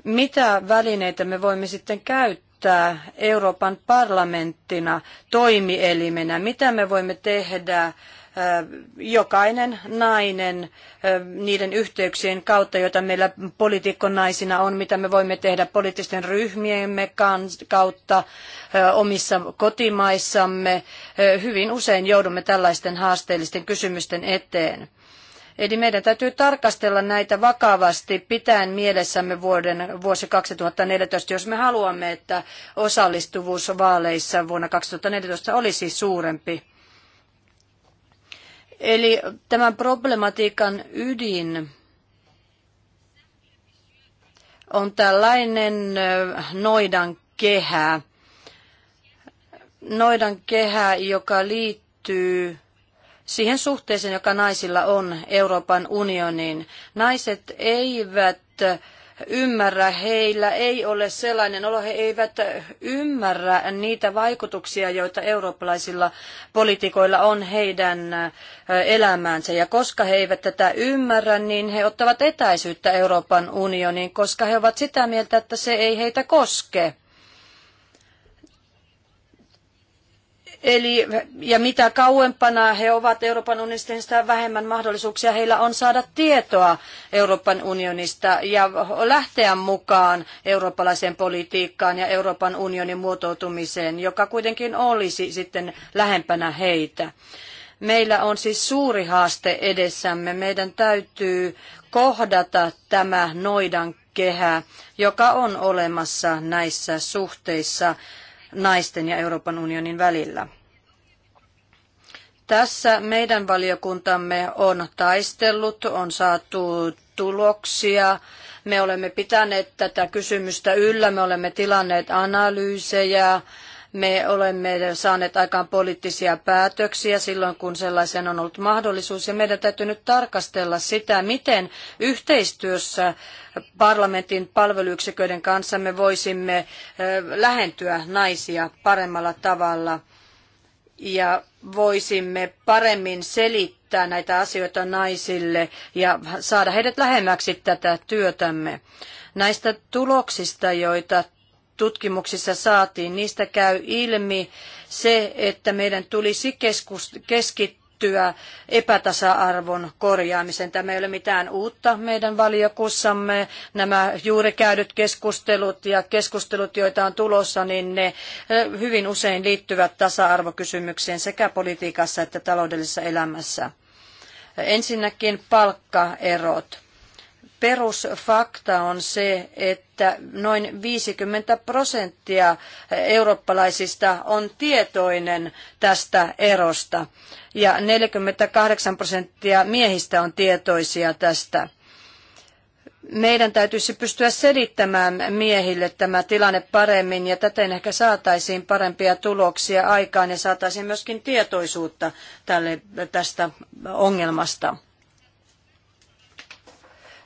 Mitä välineitä me voimme sitten käyttää? että Euroopan parlamenttina toimielimenä, mitä me voimme tehdä jokainen nainen niiden yhteyksien kautta, joita meillä poliitikkonaisina on, mitä me voimme tehdä poliittisten ryhmiemme kautta omissa kotimaissamme. Hyvin usein joudumme tällaisten haasteellisten kysymysten eteen. Eli meidän täytyy tarkastella näitä vakavasti pitäen mielessämme vuoden, vuosi 2014, jos me haluamme, että osallistuvuus vaaleissa vuonna 2014 olisi suurempi. Eli tämän problematiikan ydin on tällainen äh, noidan kehä, noidan kehä, joka liittyy siihen suhteeseen, joka naisilla on Euroopan unioniin. Naiset eivät ymmärrä, heillä ei ole sellainen olo, he eivät ymmärrä niitä vaikutuksia, joita eurooppalaisilla poliitikoilla on heidän eh, elämäänsä. Ja koska he eivät tätä ymmärrä, niin he ottavat etäisyyttä Euroopan unioniin, koska he ovat sitä mieltä, että se ei heitä koske. Eli ja mitä kauempana he ovat Euroopan unionista, niin sitä vähemmän mahdollisuuksia heillä on saada tietoa Euroopan unionista ja lähteä mukaan eurooppalaiseen politiikkaan ja Euroopan unionin muotoutumiseen, joka kuitenkin olisi sitten lähempänä heitä. Meillä on siis suuri haaste edessämme. Meidän täytyy kohdata tämä noidan kehä, joka on olemassa näissä suhteissa naisten ja Euroopan unionin välillä. Tässä meidän valiokuntamme on taistellut, on saatu tuloksia. Me olemme pitäneet tätä kysymystä yllä, me olemme tilanneet analyysejä, me olemme saaneet aikaan poliittisia päätöksiä silloin, kun sellaisen on ollut mahdollisuus. Ja meidän täytyy nyt tarkastella sitä, miten yhteistyössä parlamentin palveluyksiköiden kanssa me voisimme lähentyä naisia paremmalla tavalla ja voisimme paremmin selittää näitä asioita naisille ja saada heidät lähemmäksi tätä työtämme. Näistä tuloksista, joita tutkimuksissa saatiin, niistä käy ilmi se, että meidän tulisi keskittyä epätasa-arvon korjaamiseen. Tämä ei ole mitään uutta meidän valiokussamme. Nämä juuri käydyt keskustelut ja keskustelut, joita on tulossa, niin ne hyvin usein liittyvät tasa-arvokysymykseen sekä politiikassa että taloudellisessa elämässä. Ensinnäkin palkkaerot Perusfakta on se, että noin 50 prosenttia eurooppalaisista on tietoinen tästä erosta ja 48 prosenttia miehistä on tietoisia tästä meidän täytyisi pystyä selittämään miehille tämä tilanne paremmin ja täten ehkä saataisiin parempia tuloksia aikaan ja saataisiin myöskin tietoisuutta tälle, tästä ongelmasta.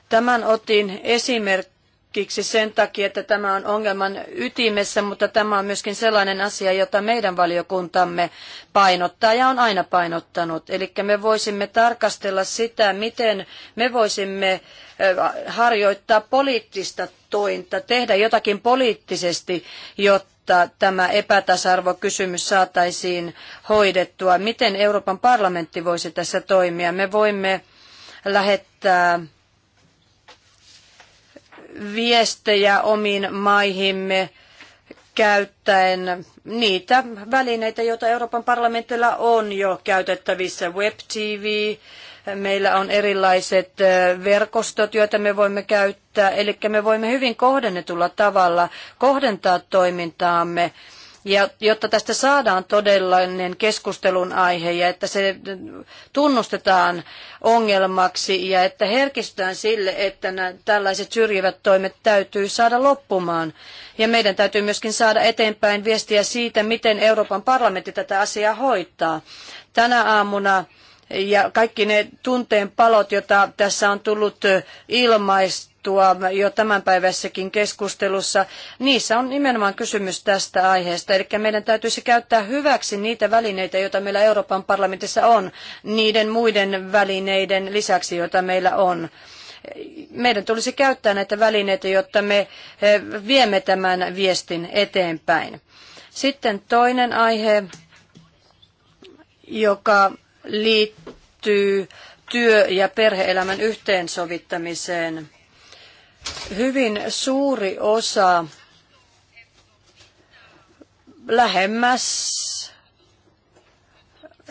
Tämän otin esimerkiksi sen takia, että tämä on ongelman ytimessä, mutta tämä on myöskin sellainen asia, jota meidän valiokuntamme painottaa ja on aina painottanut. Eli me voisimme tarkastella sitä, miten me voisimme äh, harjoittaa poliittista tointa, tehdä jotakin poliittisesti, jotta tämä epätasa-arvokysymys saataisiin hoidettua. Miten Euroopan parlamentti voisi tässä toimia? Me voimme lähettää viestejä omiin maihimme käyttäen niitä välineitä, joita Euroopan parlamentilla on jo käytettävissä. Web TV, meillä on erilaiset verkostot, joita me voimme käyttää, eli me voimme hyvin kohdennetulla tavalla kohdentaa toimintaamme ja jotta tästä saadaan todellinen keskustelun aihe ja että se tunnustetaan ongelmaksi ja että herkistytään sille, että nämä tällaiset syrjivät toimet täytyy saada loppumaan. Ja meidän täytyy myöskin saada eteenpäin viestiä siitä, miten Euroopan parlamentti tätä asiaa hoitaa. Tänä aamuna ja kaikki ne tunteen palot, joita tässä on tullut ilmaista, mainittua jo tämänpäiväisessäkin keskustelussa, niissä on nimenomaan kysymys tästä aiheesta. Eli meidän täytyisi käyttää hyväksi niitä välineitä, joita meillä Euroopan parlamentissa on, niiden muiden välineiden lisäksi, joita meillä on meidän tulisi käyttää näitä välineitä, jotta me eh, viemme tämän viestin eteenpäin. Sitten toinen aihe, joka liittyy työ- ja perheelämän yhteensovittamiseen hyvin suuri osa lähemmäs 70-72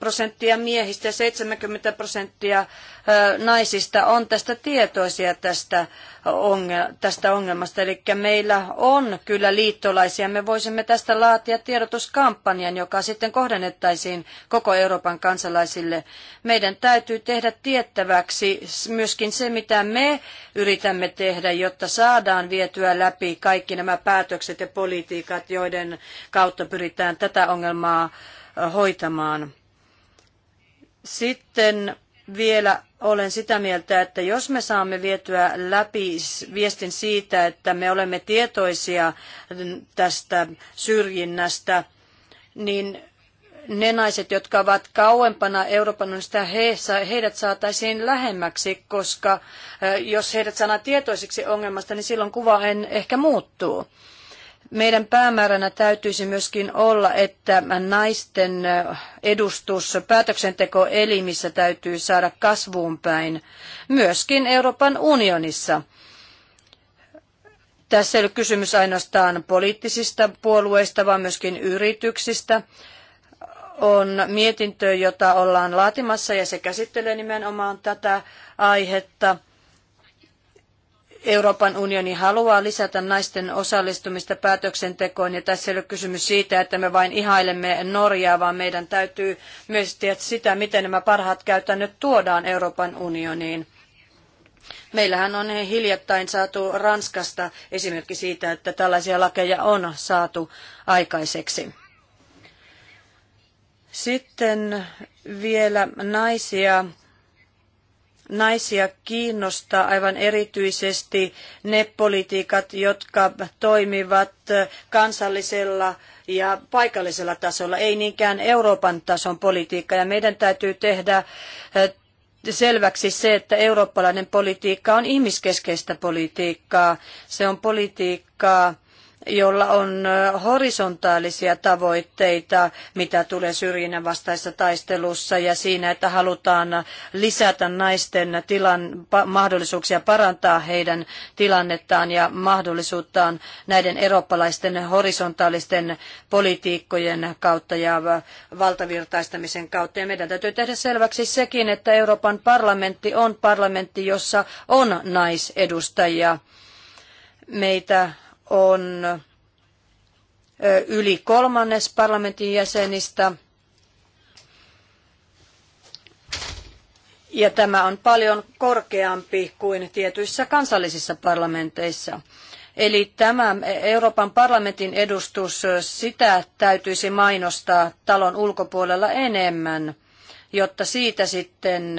prosenttia miehistä ja 70 prosenttia naisista on tästä tietoisia tästä, ongel- tästä ongelmasta. Eli meillä on kyllä liittolaisia. Me voisimme tästä laatia tiedotuskampanjan, joka sitten kohdennettaisiin koko Euroopan kansalaisille. Meidän täytyy tehdä tiettäväksi myöskin se, mitä me yritämme tehdä, jotta saadaan vietyä läpi kaikki nämä päätökset ja politiikat, joiden kautta pyritään tätä ongelmaa hoitamaan. Sitten vielä olen sitä mieltä, että jos me saamme vietyä läpi viestin siitä, että me olemme tietoisia tästä syrjinnästä, niin ne naiset, jotka ovat kauempana Euroopan unionista, he, heidät saataisiin lähemmäksi, koska jos heidät saadaan tietoisiksi ongelmasta, niin silloin kuva en ehkä muuttuu. Meidän päämääränä täytyisi myöskin olla, että naisten edustus päätöksentekoelimissä täytyy saada kasvuun päin, myöskin Euroopan unionissa. Tässä ei ole kysymys ainoastaan poliittisista puolueista, vaan myöskin yrityksistä. On mietintö, jota ollaan laatimassa ja se käsittelee nimenomaan tätä aihetta – Euroopan unioni haluaa lisätä naisten osallistumista päätöksentekoon ja tässä ei ole kysymys siitä, että me vain ihailemme Norjaa, vaan meidän täytyy myös tietää sitä, miten nämä parhaat käytännöt tuodaan Euroopan unioniin. Meillähän on hiljattain saatu Ranskasta esimerkki siitä, että tällaisia lakeja on saatu aikaiseksi. Sitten vielä naisia Naisia kiinnostaa aivan erityisesti ne politiikat, jotka toimivat kansallisella ja paikallisella tasolla, ei niinkään Euroopan tason politiikka. Ja meidän täytyy tehdä eh, selväksi se, että eurooppalainen politiikka on ihmiskeskeistä politiikkaa. Se on politiikkaa, jolla on horisontaalisia tavoitteita, mitä tulee syrjinnän vastaisessa taistelussa ja siinä, että halutaan lisätä naisten tilan, mahdollisuuksia parantaa heidän tilannettaan ja mahdollisuuttaan näiden eurooppalaisten horisontaalisten politiikkojen kautta ja valtavirtaistamisen kautta. Ja meidän täytyy tehdä selväksi sekin, että Euroopan parlamentti on parlamentti, jossa on naisedustajia meitä on yli kolmannes parlamentin jäsenistä. Ja tämä on paljon korkeampi kuin tietyissä kansallisissa parlamenteissa. Eli tämä Euroopan parlamentin edustus, sitä täytyisi mainostaa talon ulkopuolella enemmän, jotta siitä sitten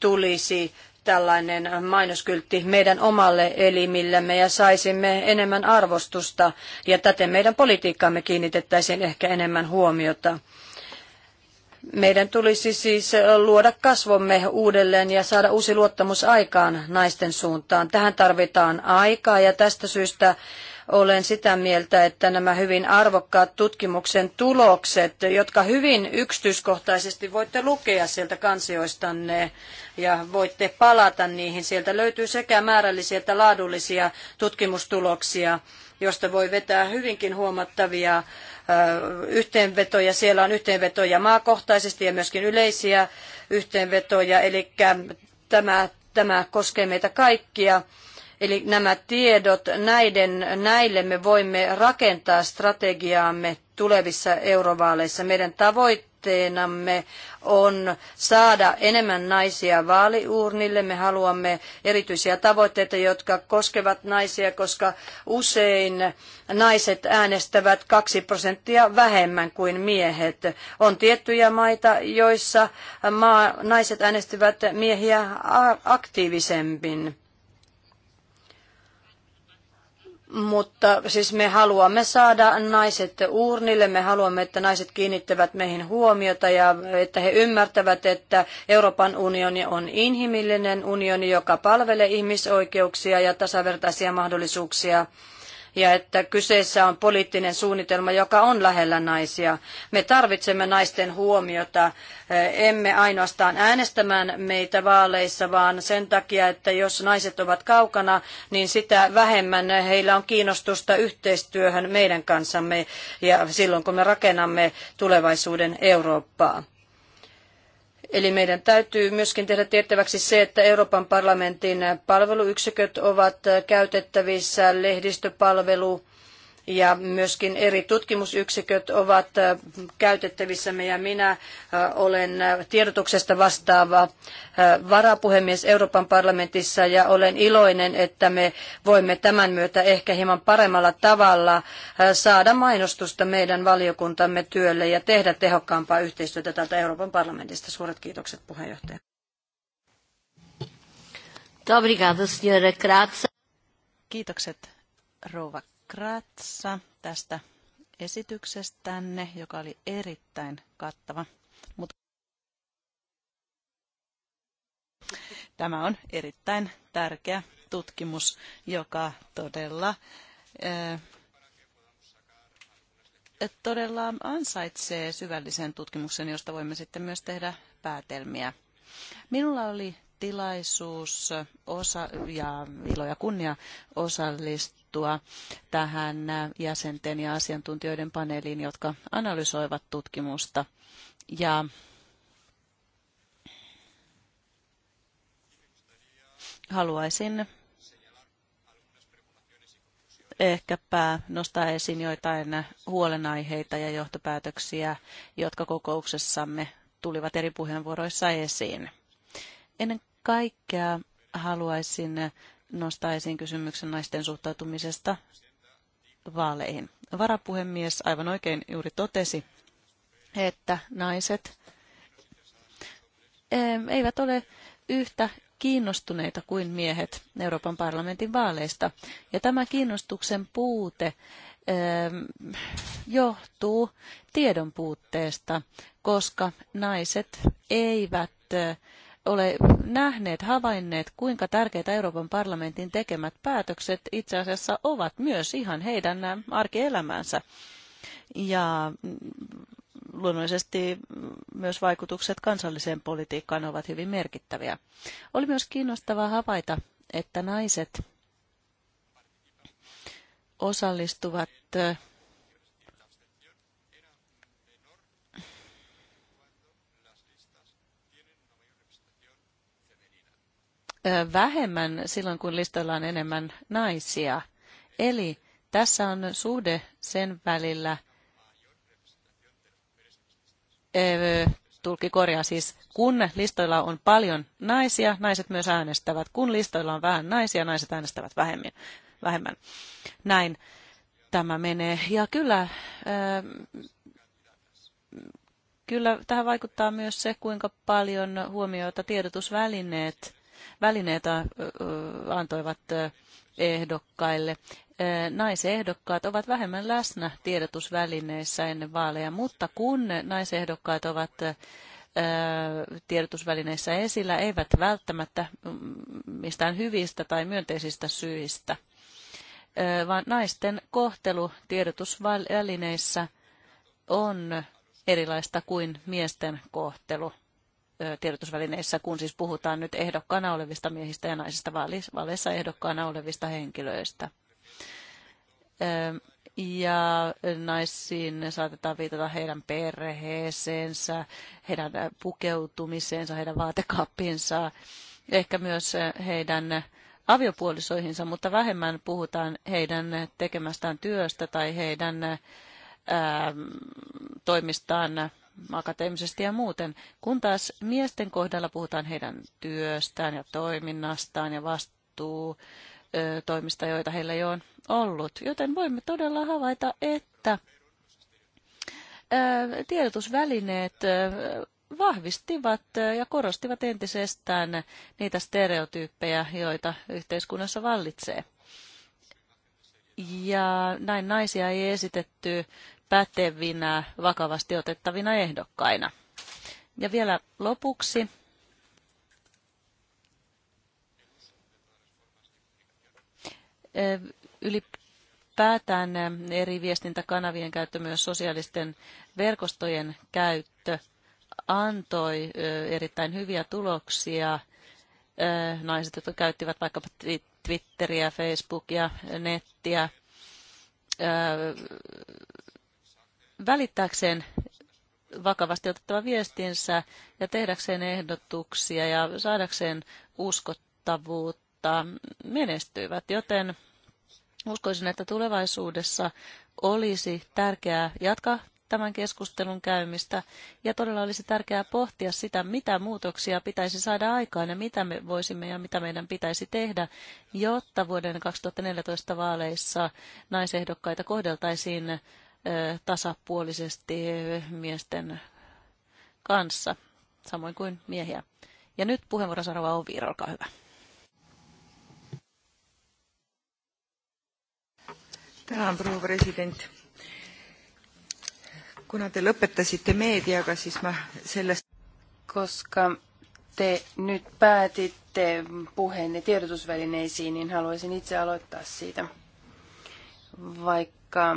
tulisi tällainen mainoskyltti meidän omalle elimillemme ja saisimme enemmän arvostusta ja täten meidän politiikkaamme kiinnitettäisiin ehkä enemmän huomiota. Meidän tulisi siis luoda kasvomme uudelleen ja saada uusi luottamus aikaan naisten suuntaan. Tähän tarvitaan aikaa ja tästä syystä olen sitä mieltä, että nämä hyvin arvokkaat tutkimuksen tulokset, jotka hyvin yksityiskohtaisesti voitte lukea sieltä kansioistanne ja voitte palata niihin, sieltä löytyy sekä määrällisiä että laadullisia tutkimustuloksia josta voi vetää hyvinkin huomattavia yhteenvetoja. Siellä on yhteenvetoja maakohtaisesti ja myöskin yleisiä yhteenvetoja, eli tämä, tämä koskee meitä kaikkia. Eli nämä tiedot, näiden, näille me voimme rakentaa strategiaamme tulevissa eurovaaleissa. Meidän tavoitteenamme on saada enemmän naisia vaaliuurnille. Me haluamme erityisiä tavoitteita, jotka koskevat naisia, koska usein naiset äänestävät kaksi prosenttia vähemmän kuin miehet. On tiettyjä maita, joissa naiset äänestävät miehiä aktiivisemmin mutta siis me haluamme saada naiset uurnille, me haluamme, että naiset kiinnittävät meihin huomiota ja että he ymmärtävät, että Euroopan unioni on inhimillinen unioni, joka palvelee ihmisoikeuksia ja tasavertaisia mahdollisuuksia ja että kyseessä on poliittinen suunnitelma, joka on lähellä naisia. Me tarvitsemme naisten huomiota, emme ainoastaan äänestämään meitä vaaleissa, vaan sen takia, että jos naiset ovat kaukana, niin sitä vähemmän heillä on kiinnostusta yhteistyöhön meidän kanssamme ja silloin kun me rakennamme tulevaisuuden Eurooppaa. Eli meidän täytyy myöskin tehdä tiettäväksi se, että Euroopan parlamentin palveluyksiköt ovat käytettävissä, lehdistöpalvelu, ja myöskin eri tutkimusyksiköt ovat äh, käytettävissämme ja minä äh, olen äh, tiedotuksesta vastaava varapuhemies Euroopan parlamentissa ja olen iloinen, että me voimme tämän myötä ehkä hieman paremmalla tavalla saada mainostusta meidän valiokuntamme työlle ja tehdä tehokkaampaa yhteistyötä täältä Euroopan parlamentista. Suuret kiitokset puheenjohtaja. Kiitokset, rouva Kratsa tästä esityksestänne, joka oli erittäin kattava. Mutta tämä on erittäin tärkeä tutkimus, joka todella, eh, eh, todella ansaitsee syvällisen tutkimuksen, josta voimme sitten myös tehdä päätelmiä. Minulla oli tilaisuus osa, ja ilo ja kunnia osallistua tähän jäsenten ja asiantuntijoiden paneeliin, jotka analysoivat tutkimusta. Ja haluaisin ehkäpä nostaa esiin joitain huolenaiheita ja johtopäätöksiä, jotka kokouksessamme tulivat eri puheenvuoroissa esiin. Ennen kaikkea haluaisin nostaa esiin kysymyksen naisten suhtautumisesta vaaleihin. Varapuhemies aivan oikein juuri totesi, että naiset eivät ole yhtä kiinnostuneita kuin miehet Euroopan parlamentin vaaleista. Ja tämä kiinnostuksen puute johtuu tiedon puutteesta, koska naiset eivät ole nähneet, havainneet, kuinka tärkeitä Euroopan parlamentin tekemät päätökset itse asiassa ovat myös ihan heidän arkielämäänsä. Ja luonnollisesti myös vaikutukset kansalliseen politiikkaan ovat hyvin merkittäviä. Oli myös kiinnostavaa havaita, että naiset osallistuvat vähemmän silloin, kun listoilla on enemmän naisia. Eli tässä on suhde sen välillä, tulki korjaa siis, kun listoilla on paljon naisia, naiset myös äänestävät. Kun listoilla on vähän naisia, naiset äänestävät vähemmän. vähemmän. Näin tämä menee. Ja kyllä, kyllä tähän vaikuttaa myös se, kuinka paljon huomiota tiedotusvälineet välineitä äh, äh, antoivat äh, ehdokkaille. Naisehdokkaat ovat vähemmän läsnä tiedotusvälineissä ennen vaaleja, mutta kun naisehdokkaat ovat tiedotusvälineissä esillä, eivät välttämättä mm, mistään hyvistä tai myönteisistä syistä, vaan naisten kohtelu tiedotusvälineissä on erilaista kuin miesten kohtelu tiedotusvälineissä, kun siis puhutaan nyt ehdokkaana olevista miehistä ja naisista, vaaleissa ehdokkaana olevista henkilöistä. Ja naisiin saatetaan viitata heidän perheeseensä, heidän pukeutumiseensa, heidän vaatekaappinsa, ehkä myös heidän aviopuolisoihinsa, mutta vähemmän puhutaan heidän tekemästään työstä tai heidän ää, toimistaan akateemisesti ja muuten, kun taas miesten kohdalla puhutaan heidän työstään ja toiminnastaan ja vastuu toimista, joita heillä jo on ollut. Joten voimme todella havaita, että tiedotusvälineet vahvistivat ja korostivat entisestään niitä stereotyyppejä, joita yhteiskunnassa vallitsee. Ja näin naisia ei esitetty pätevinä, vakavasti otettavina ehdokkaina. Ja vielä lopuksi ylipäätään eri viestintäkanavien käyttö, myös sosiaalisten verkostojen käyttö, antoi erittäin hyviä tuloksia. Naiset, jotka käyttivät vaikkapa Twitteriä, Facebookia, nettiä, välittääkseen vakavasti otettava viestinsä ja tehdäkseen ehdotuksia ja saadakseen uskottavuutta menestyivät, joten uskoisin, että tulevaisuudessa olisi tärkeää jatkaa tämän keskustelun käymistä ja todella olisi tärkeää pohtia sitä, mitä muutoksia pitäisi saada aikaan ja mitä me voisimme ja mitä meidän pitäisi tehdä, jotta vuoden 2014 vaaleissa naisehdokkaita kohdeltaisiin tasapuolisesti miesten kanssa, samoin kuin miehiä. Ja nyt puheenvuoro on Viira, olkaa hyvä. Tänään, proua president. Kuna te lõpetasite meediaga, siis mä sellest... Koska te nyt päätitte puheenne tiedotusvälineisiin, niin haluaisin itse aloittaa siitä. Vaikka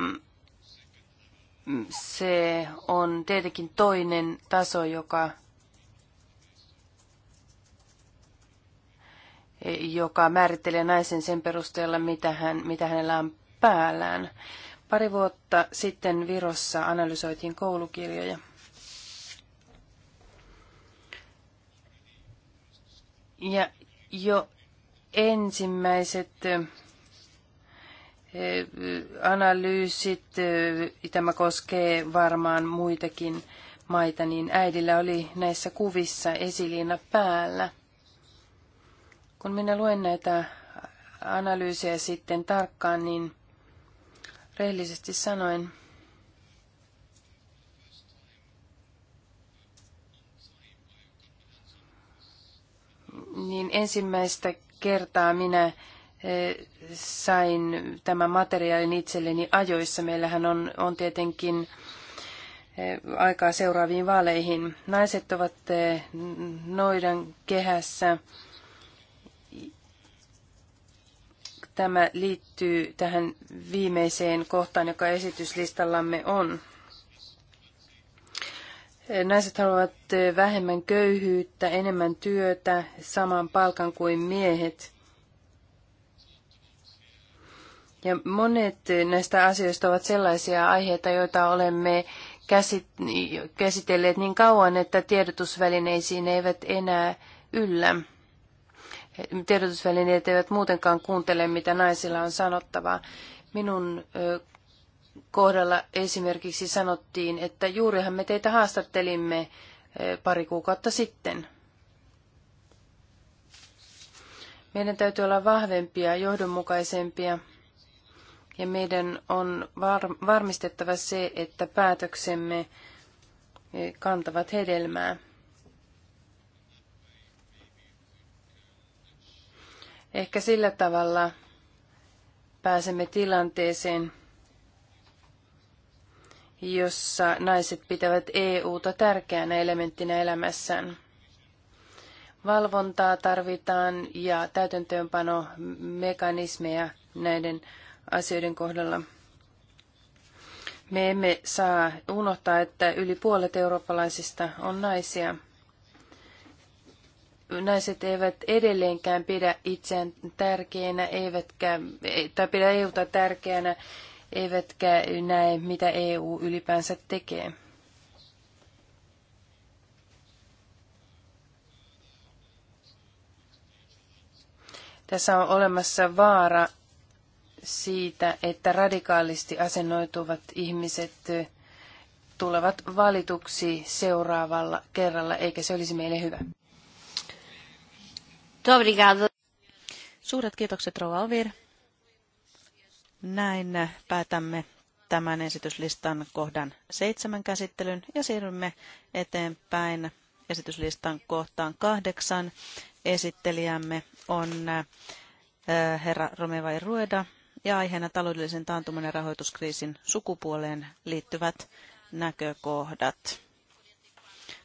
se on tietenkin toinen taso, joka, joka määrittelee naisen sen perusteella, mitä, hän, mitä hänellä on päällään. Pari vuotta sitten Virossa analysoitiin koulukirjoja. Ja jo ensimmäiset analyysit, eh, tämä koskee varmaan muitakin maita, niin äidillä oli näissä kuvissa esiliina päällä. Kun minä luen näitä analyysejä sitten tarkkaan, niin rehellisesti sanoen, niin ensimmäistä kertaa minä sain tämän materiaalin itselleni ajoissa. Meillähän on, on tietenkin eh, aikaa seuraaviin vaaleihin. Naiset ovat eh, noidan kehässä. Tämä liittyy tähän viimeiseen kohtaan, joka esityslistallamme on. Eh, naiset haluavat vähemmän köyhyyttä, enemmän työtä, saman palkan kuin miehet. Ja monet näistä asioista ovat sellaisia aiheita, joita olemme käsitelleet niin kauan, että tiedotusvälineisiin eivät enää yllä. Tiedotusvälineet eivät muutenkaan kuuntele, mitä naisilla on sanottavaa. Minun kohdalla esimerkiksi sanottiin, että juurihan me teitä haastattelimme pari kuukautta sitten. Meidän täytyy olla vahvempia, johdonmukaisempia ja meidän on var- varmistettava se, että päätöksemme e, kantavat hedelmää. Ehkä sillä tavalla pääsemme tilanteeseen, jossa naiset pitävät EUta tärkeänä elementtinä elämässään. Valvontaa tarvitaan ja täytäntöönpanomekanismeja näiden asioiden kohdalla. Me emme saa unohtaa, että yli puolet eurooppalaisista on naisia. Naiset eivät edelleenkään pidä itseään tärkeänä, eivätkä, tai pidä EUta tärkeänä, eivätkä näe, mitä EU ylipäänsä tekee. Tässä on olemassa vaara siitä, että radikaalisti asennoituvat ihmiset tulevat valituksi seuraavalla kerralla, eikä se olisi meille hyvä. Suuret kiitokset, Rova Alvir. Näin päätämme tämän esityslistan kohdan seitsemän käsittelyn ja siirrymme eteenpäin esityslistan kohtaan kahdeksan. Esittelijämme on herra Romeva Rueda, ja aiheena taloudellisen taantuman ja rahoituskriisin sukupuoleen liittyvät näkökohdat.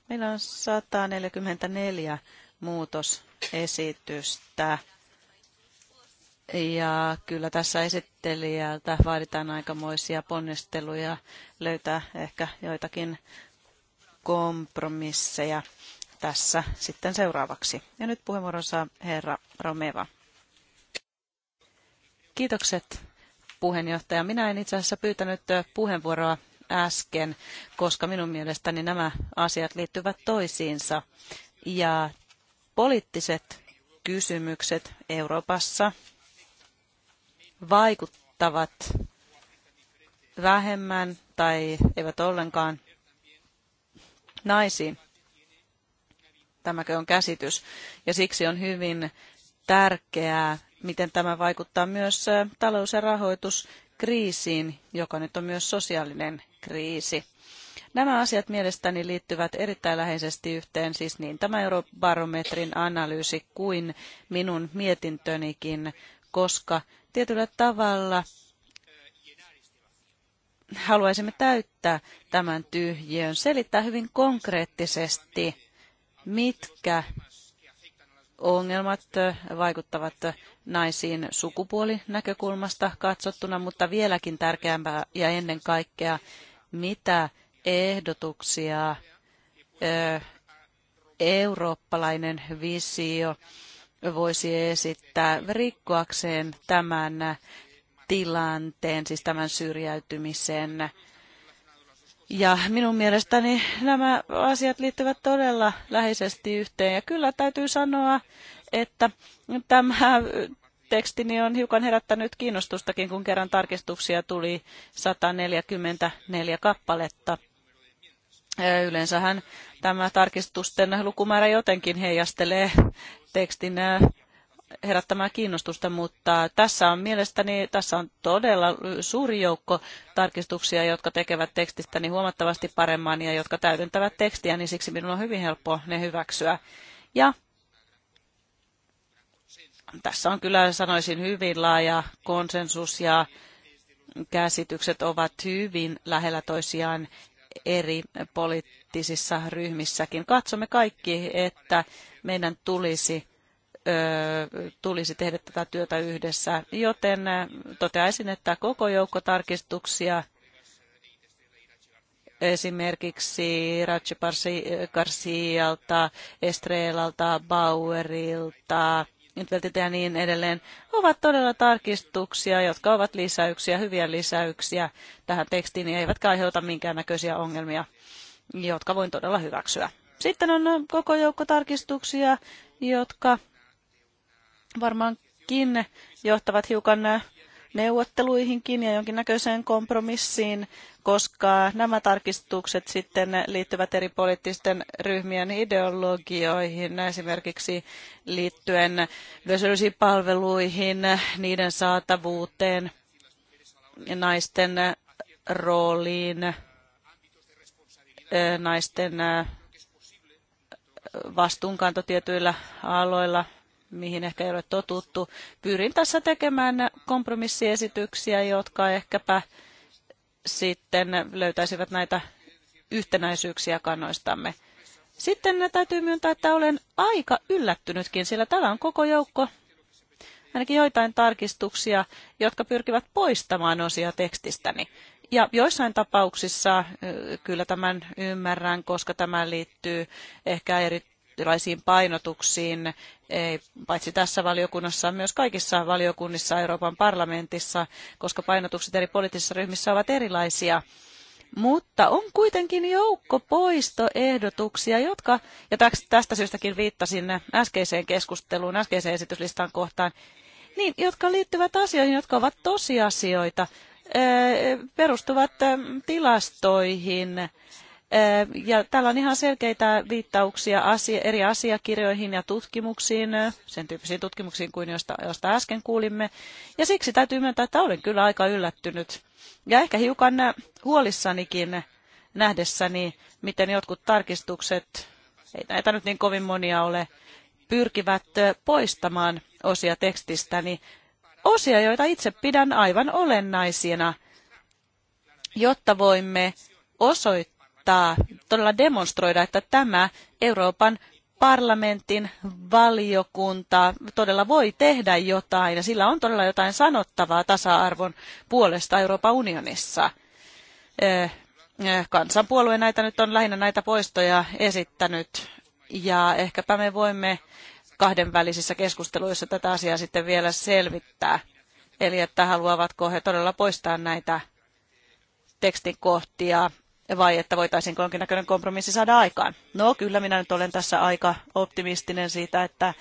Meillä on 144 muutosesitystä. Ja kyllä tässä esittelijältä vaaditaan aikamoisia ponnisteluja löytää ehkä joitakin kompromisseja tässä sitten seuraavaksi. Ja nyt puheenvuoron saa herra Romeva. Kiitokset puheenjohtaja. Minä en itse asiassa pyytänyt puheenvuoroa äsken, koska minun mielestäni nämä asiat liittyvät toisiinsa. Ja poliittiset kysymykset Euroopassa vaikuttavat vähemmän tai eivät ollenkaan naisiin. Tämäkö on käsitys? Ja siksi on hyvin tärkeää miten tämä vaikuttaa myös talous- ja rahoituskriisiin, joka nyt on myös sosiaalinen kriisi. Nämä asiat mielestäni liittyvät erittäin läheisesti yhteen, siis niin tämä eurobarometrin analyysi kuin minun mietintönikin, koska tietyllä tavalla haluaisimme täyttää tämän tyhjiön, selittää hyvin konkreettisesti, mitkä ongelmat vaikuttavat naisiin sukupuolinäkökulmasta katsottuna, mutta vieläkin tärkeämpää ja ennen kaikkea, mitä ehdotuksia eurooppalainen visio voisi esittää rikkoakseen tämän tilanteen, siis tämän syrjäytymisen ja minun mielestäni nämä asiat liittyvät todella läheisesti yhteen. Ja kyllä täytyy sanoa, että tämä tekstini on hiukan herättänyt kiinnostustakin, kun kerran tarkistuksia tuli 144 kappaletta. Yleensähän tämä tarkistusten lukumäärä jotenkin heijastelee tekstin herättämään kiinnostusta, mutta tässä on mielestäni tässä on todella suuri joukko tarkistuksia, jotka tekevät tekstistäni niin huomattavasti paremman ja jotka täydentävät tekstiä, niin siksi minun on hyvin helppo ne hyväksyä. Ja tässä on kyllä sanoisin hyvin laaja konsensus ja käsitykset ovat hyvin lähellä toisiaan eri poliittisissa ryhmissäkin. Katsomme kaikki, että meidän tulisi tulisi tehdä tätä työtä yhdessä, joten toteaisin, että koko joukko tarkistuksia esimerkiksi Ratsi Garcialta, Estrelalta, Bauerilta, Intveltiltä ja niin edelleen, ovat todella tarkistuksia, jotka ovat lisäyksiä, hyviä lisäyksiä tähän tekstiin, eivätkä aiheuta minkäännäköisiä ongelmia, jotka voin todella hyväksyä. Sitten on koko joukko tarkistuksia, jotka varmaankin johtavat hiukan neuvotteluihinkin ja jonkinnäköiseen kompromissiin, koska nämä tarkistukset sitten liittyvät eri poliittisten ryhmien ideologioihin, esimerkiksi liittyen yleisöllisiin palveluihin, niiden saatavuuteen, naisten rooliin, naisten vastuunkanto tietyillä aloilla mihin ehkä ei ole totuttu. Pyrin tässä tekemään kompromissiesityksiä, jotka ehkäpä sitten löytäisivät näitä yhtenäisyyksiä kannoistamme. Sitten täytyy myöntää, että olen aika yllättynytkin, sillä täällä on koko joukko ainakin joitain tarkistuksia, jotka pyrkivät poistamaan osia tekstistäni. Ja joissain tapauksissa kyllä tämän ymmärrän, koska tämä liittyy ehkä eri erilaisiin painotuksiin, e, paitsi tässä valiokunnassa, myös kaikissa valiokunnissa Euroopan parlamentissa, koska painotukset eri poliittisissa ryhmissä ovat erilaisia. Mutta on kuitenkin joukko poistoehdotuksia, jotka, ja tästä syystäkin viittasin äskeiseen keskusteluun, äskeiseen esityslistan kohtaan, niin, jotka liittyvät asioihin, jotka ovat tosiasioita, e, perustuvat e, tilastoihin, ja täällä on ihan selkeitä viittauksia asia, eri asiakirjoihin ja tutkimuksiin, sen tyyppisiin tutkimuksiin kuin josta, josta äsken kuulimme. Ja siksi täytyy myöntää, että olen kyllä aika yllättynyt ja ehkä hiukan huolissanikin nähdessäni, miten jotkut tarkistukset, ei näitä nyt niin kovin monia ole, pyrkivät poistamaan osia tekstistäni, osia, joita itse pidän aivan olennaisina, jotta voimme osoittaa, kannattaa todella demonstroida, että tämä Euroopan parlamentin valiokunta todella voi tehdä jotain ja sillä on todella jotain sanottavaa tasa-arvon puolesta Euroopan unionissa. Kansanpuolue näitä nyt on lähinnä näitä poistoja esittänyt ja ehkäpä me voimme kahdenvälisissä keskusteluissa tätä asiaa sitten vielä selvittää. Eli että haluavatko he todella poistaa näitä tekstin kohtia vai että voitaisiin jonkinnäköinen kompromissi saada aikaan? No kyllä minä nyt olen tässä aika optimistinen siitä, että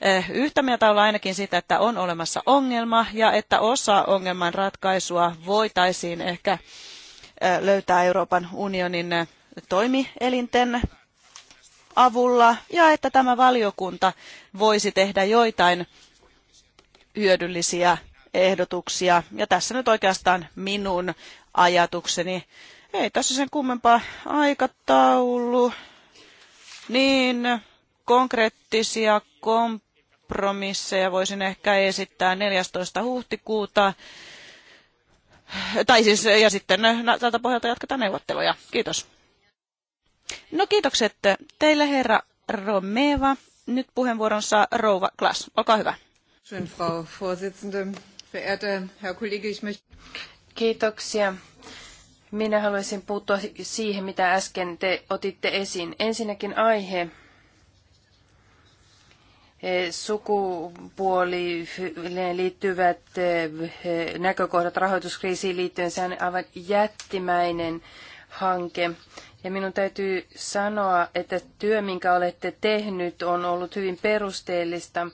eh, Yhtä mieltä ollaan ainakin siitä, että on olemassa ongelma ja että osa ongelman ratkaisua voitaisiin ehkä eh, löytää Euroopan unionin eh, toimielinten avulla ja että tämä valiokunta voisi tehdä joitain hyödyllisiä ehdotuksia. Ja tässä nyt oikeastaan minun ajatukseni ei tässä sen kummempaa aikataulu. Niin konkreettisia kompromisseja voisin ehkä esittää 14. huhtikuuta. Tai siis, ja sitten tältä pohjalta jatketaan neuvotteluja. Kiitos. No kiitokset teille herra Romeva. Nyt puheenvuoronsa Rouva Klas. Olkaa hyvä. Kiitoksia minä haluaisin puuttua siihen, mitä äsken te otitte esiin. Ensinnäkin aihe eh, sukupuoleen eh, liittyvät eh, näkökohdat rahoituskriisiin liittyen, se on aivan jättimäinen hanke. Ja minun täytyy sanoa, että työ, minkä olette tehnyt, on ollut hyvin perusteellista.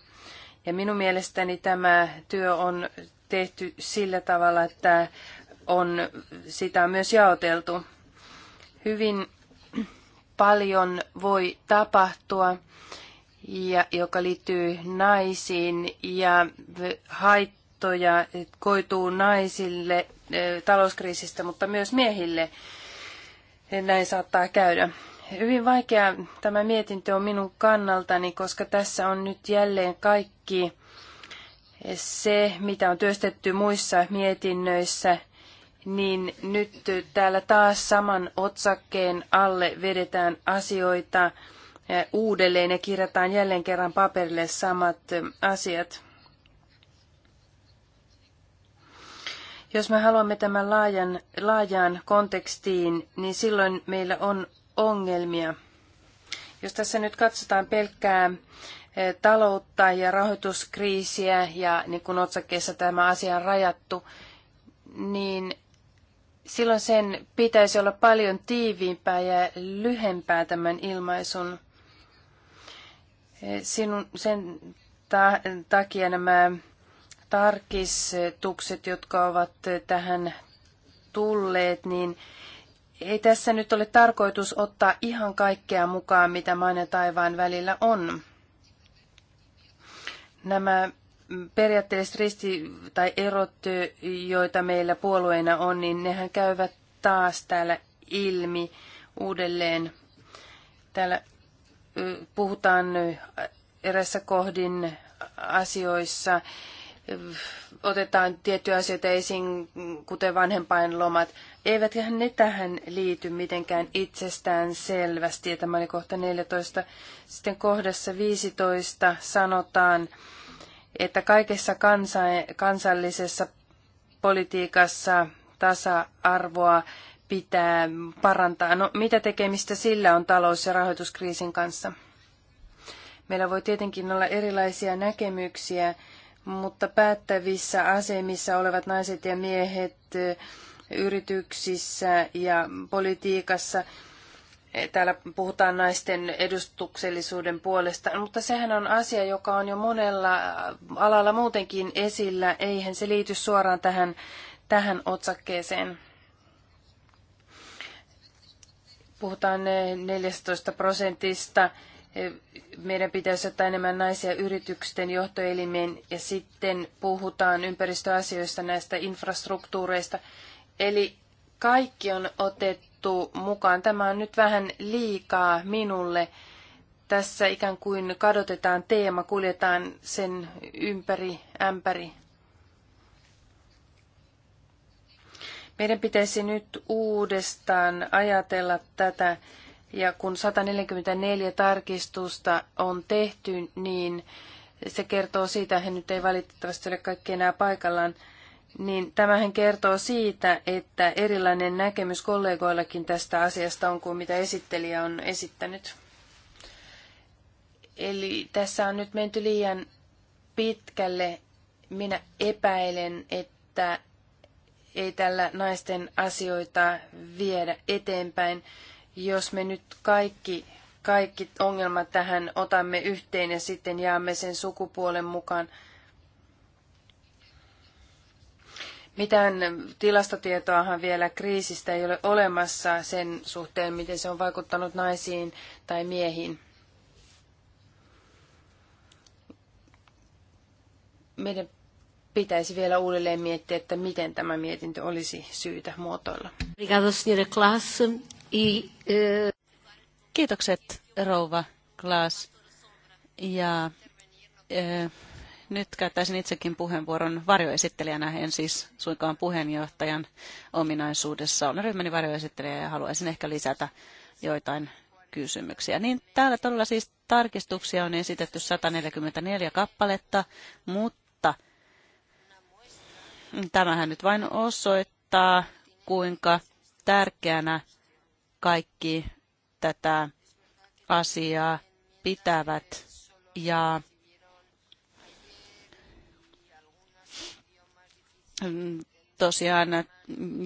Ja minun mielestäni tämä työ on tehty sillä tavalla, että on sitä myös jaoteltu. Hyvin paljon voi tapahtua, ja, joka liittyy naisiin ja haittoja koituu naisille eh, talouskriisistä, mutta myös miehille näin saattaa käydä. Hyvin vaikea tämä mietintö on minun kannaltani, koska tässä on nyt jälleen kaikki se, mitä on työstetty muissa mietinnöissä – niin nyt täällä taas saman otsakkeen alle vedetään asioita eh, uudelleen ja kirjataan jälleen kerran paperille samat eh, asiat. Jos me haluamme tämän laajan, laajaan kontekstiin, niin silloin meillä on ongelmia. Jos tässä nyt katsotaan pelkkää eh, taloutta ja rahoituskriisiä ja niin kuin otsakkeessa tämä asia on rajattu, niin silloin sen pitäisi olla paljon tiiviimpää ja lyhempää tämän ilmaisun. Sinun, sen ta- takia nämä tarkistukset, jotka ovat tähän tulleet, niin ei tässä nyt ole tarkoitus ottaa ihan kaikkea mukaan, mitä maan ja taivaan välillä on. Nämä periaatteessa risti- tai erot, joita meillä puolueina on, niin nehän käyvät taas täällä ilmi uudelleen. Täällä puhutaan erässä kohdin asioissa, otetaan tiettyjä asioita esiin, kuten vanhempainlomat. Eivät ne tähän liity mitenkään itsestään selvästi. tämä oli kohta 14. Sitten kohdassa 15 sanotaan, että kaikessa kansa, kansallisessa politiikassa tasa-arvoa pitää parantaa. No, mitä tekemistä sillä on talous- ja rahoituskriisin kanssa? Meillä voi tietenkin olla erilaisia näkemyksiä, mutta päättävissä asemissa olevat naiset ja miehet yrityksissä ja politiikassa – Täällä puhutaan naisten edustuksellisuuden puolesta, mutta sehän on asia, joka on jo monella alalla muutenkin esillä. Eihän se liity suoraan tähän, tähän otsakkeeseen. Puhutaan 14 prosentista. Meidän pitäisi ottaa enemmän naisia yritysten johtoelimeen ja sitten puhutaan ympäristöasioista näistä infrastruktuureista. Eli kaikki on otettu otettu mukaan. Tämä on nyt vähän liikaa minulle. Tässä ikään kuin kadotetaan teema, kuljetaan sen ympäri ämpäri. Meidän pitäisi nyt uudestaan ajatella tätä, ja kun 144 tarkistusta on tehty, niin se kertoo siitä, että hän nyt ei valitettavasti ole kaikki enää paikallaan niin tämähän kertoo siitä, että erilainen näkemys kollegoillakin tästä asiasta on kuin mitä esittelijä on esittänyt. Eli tässä on nyt menty liian pitkälle. Minä epäilen, että ei tällä naisten asioita viedä eteenpäin, jos me nyt kaikki, kaikki ongelmat tähän otamme yhteen ja sitten jaamme sen sukupuolen mukaan – Mitään tilastotietoahan vielä kriisistä ei ole olemassa sen suhteen, miten se on vaikuttanut naisiin tai miehiin. Meidän pitäisi vielä uudelleen miettiä, että miten tämä mietintö olisi syytä muotoilla. E, e, Kiitokset, rouva Klaas. Ja äh, nyt käyttäisin itsekin puheenvuoron varjoesittelijänä, en siis suinkaan puheenjohtajan ominaisuudessa. Olen ryhmäni varjoesittelijä ja haluaisin ehkä lisätä joitain kysymyksiä. Niin täällä todella siis tarkistuksia on esitetty 144 kappaletta, mutta tämähän nyt vain osoittaa, kuinka tärkeänä kaikki tätä asiaa pitävät ja Tosiaan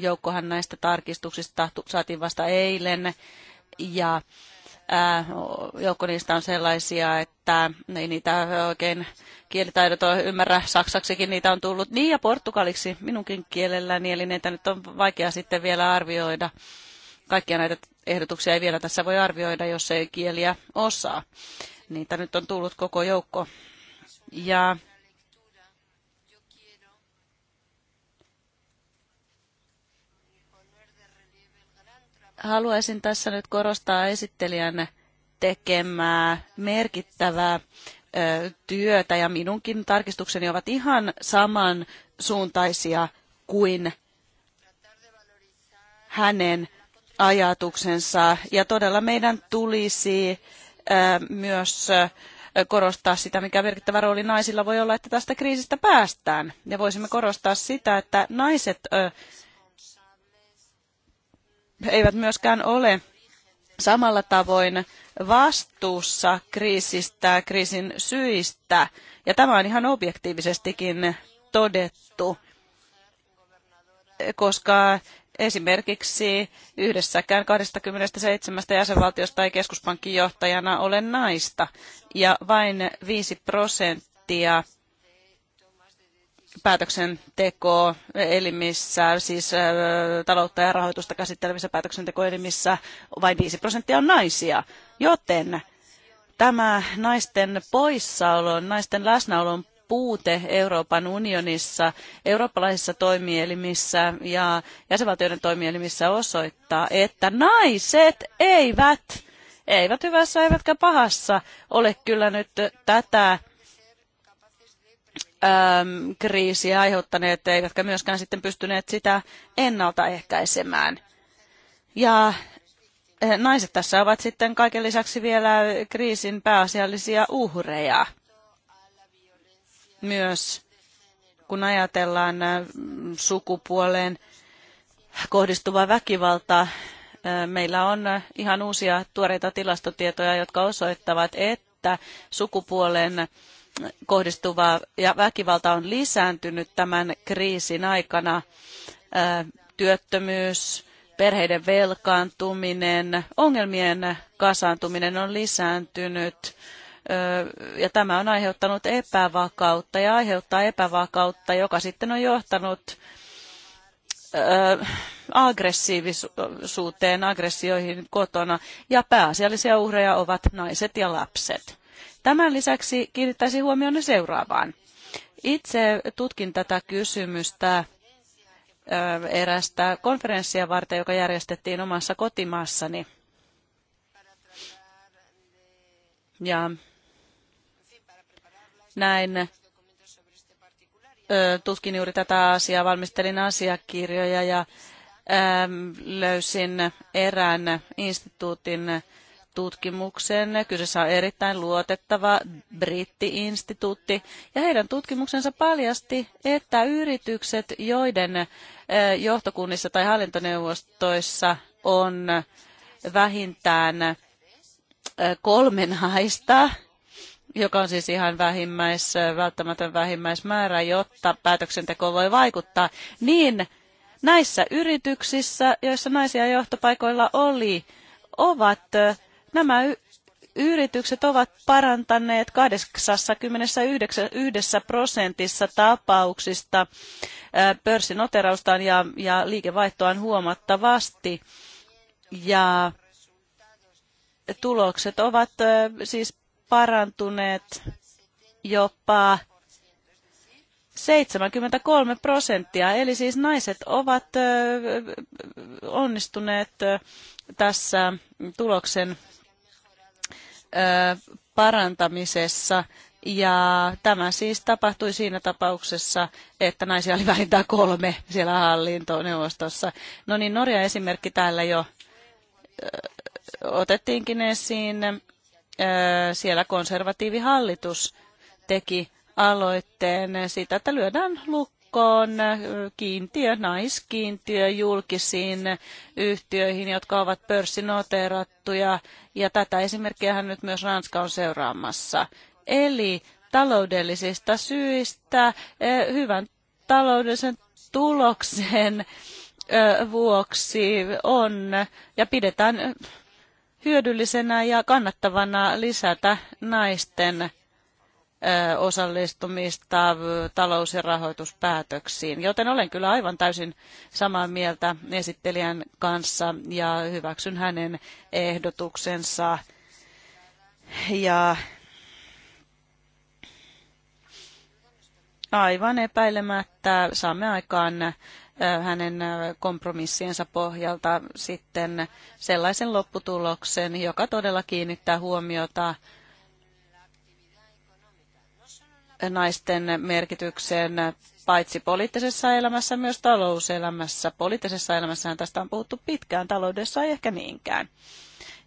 joukkohan näistä tarkistuksista saatiin vasta eilen ja joukko niistä on sellaisia, että ei niitä oikein on ymmärrä. Saksaksikin niitä on tullut niin ja portugaliksi minunkin kielelläni, eli niitä nyt on vaikea sitten vielä arvioida. Kaikkia näitä ehdotuksia ei vielä tässä voi arvioida, jos ei kieliä osaa. Niitä nyt on tullut koko joukko. Ja haluaisin tässä nyt korostaa esittelijän tekemää merkittävää työtä ja minunkin tarkistukseni ovat ihan saman suuntaisia kuin hänen ajatuksensa. Ja todella meidän tulisi myös korostaa sitä, mikä merkittävä rooli naisilla voi olla, että tästä kriisistä päästään. Ja voisimme korostaa sitä, että naiset eivät myöskään ole samalla tavoin vastuussa kriisistä, kriisin syistä. Ja tämä on ihan objektiivisestikin todettu, koska esimerkiksi yhdessäkään 27 jäsenvaltiosta ei keskuspankin johtajana ole naista ja vain 5 prosenttia päätöksentekoelimissä, siis äh, taloutta ja rahoitusta käsittelevissä päätöksentekoelimissä vain 5 prosenttia on naisia, joten tämä naisten poissaolo, naisten läsnäolon puute Euroopan unionissa, eurooppalaisissa toimielimissä ja jäsenvaltioiden toimielimissä osoittaa, että naiset eivät, eivät hyvässä eivätkä pahassa ole kyllä nyt tätä Ähm, kriisiä aiheuttaneet, eivätkä myöskään sitten pystyneet sitä ennaltaehkäisemään. Ja eh, naiset tässä ovat sitten kaiken lisäksi vielä kriisin pääasiallisia uhreja. Myös kun ajatellaan eh, sukupuoleen kohdistuvaa väkivaltaa, eh, meillä on ihan uusia tuoreita tilastotietoja, jotka osoittavat, että sukupuolen kohdistuvaa ja väkivalta on lisääntynyt tämän kriisin aikana. Työttömyys, perheiden velkaantuminen, ongelmien kasaantuminen on lisääntynyt ja tämä on aiheuttanut epävakautta ja aiheuttaa epävakautta, joka sitten on johtanut aggressiivisuuteen, aggressioihin kotona ja pääasiallisia uhreja ovat naiset ja lapset. Tämän lisäksi kiinnittäisin huomioon seuraavaan. Itse tutkin tätä kysymystä erästä konferenssia varten, joka järjestettiin omassa kotimaassani. Ja näin tutkin juuri tätä asiaa, valmistelin asiakirjoja ja löysin erään instituutin tutkimuksen. Kyseessä on erittäin luotettava brittiinstituutti ja heidän tutkimuksensa paljasti, että yritykset, joiden eh, johtokunnissa tai hallintoneuvostoissa on vähintään eh, kolme naista, joka on siis ihan vähimmäis, eh, välttämätön vähimmäismäärä, jotta päätöksenteko voi vaikuttaa, niin näissä yrityksissä, joissa naisia johtopaikoilla oli, ovat Nämä yritykset ovat parantaneet 89 prosentissa tapauksista pörssinoteraustaan ja, ja liikevaihtoaan huomattavasti. Ja tulokset ovat siis parantuneet jopa 73 prosenttia, eli siis naiset ovat onnistuneet tässä tuloksen parantamisessa. Ja tämä siis tapahtui siinä tapauksessa, että naisia oli vähintään kolme siellä hallintoneuvostossa. No niin, Norja esimerkki täällä jo otettiinkin esiin. Siellä konservatiivihallitus teki aloitteen siitä, että lyödään lukkoon joukkoon kiintiö, naiskiintiö julkisiin yhtiöihin, jotka ovat pörssinoteerattuja. Ja tätä hän nyt myös Ranska on seuraamassa. Eli taloudellisista syistä e, hyvän taloudellisen tuloksen e, vuoksi on ja pidetään hyödyllisenä ja kannattavana lisätä naisten osallistumista talous- ja rahoituspäätöksiin. Joten olen kyllä aivan täysin samaa mieltä esittelijän kanssa ja hyväksyn hänen ehdotuksensa. Ja aivan epäilemättä saamme aikaan hänen kompromissiensa pohjalta sitten sellaisen lopputuloksen, joka todella kiinnittää huomiota naisten merkitykseen paitsi poliittisessa elämässä, myös talouselämässä. Poliittisessa elämässähän tästä on puhuttu pitkään, taloudessa ei ehkä niinkään.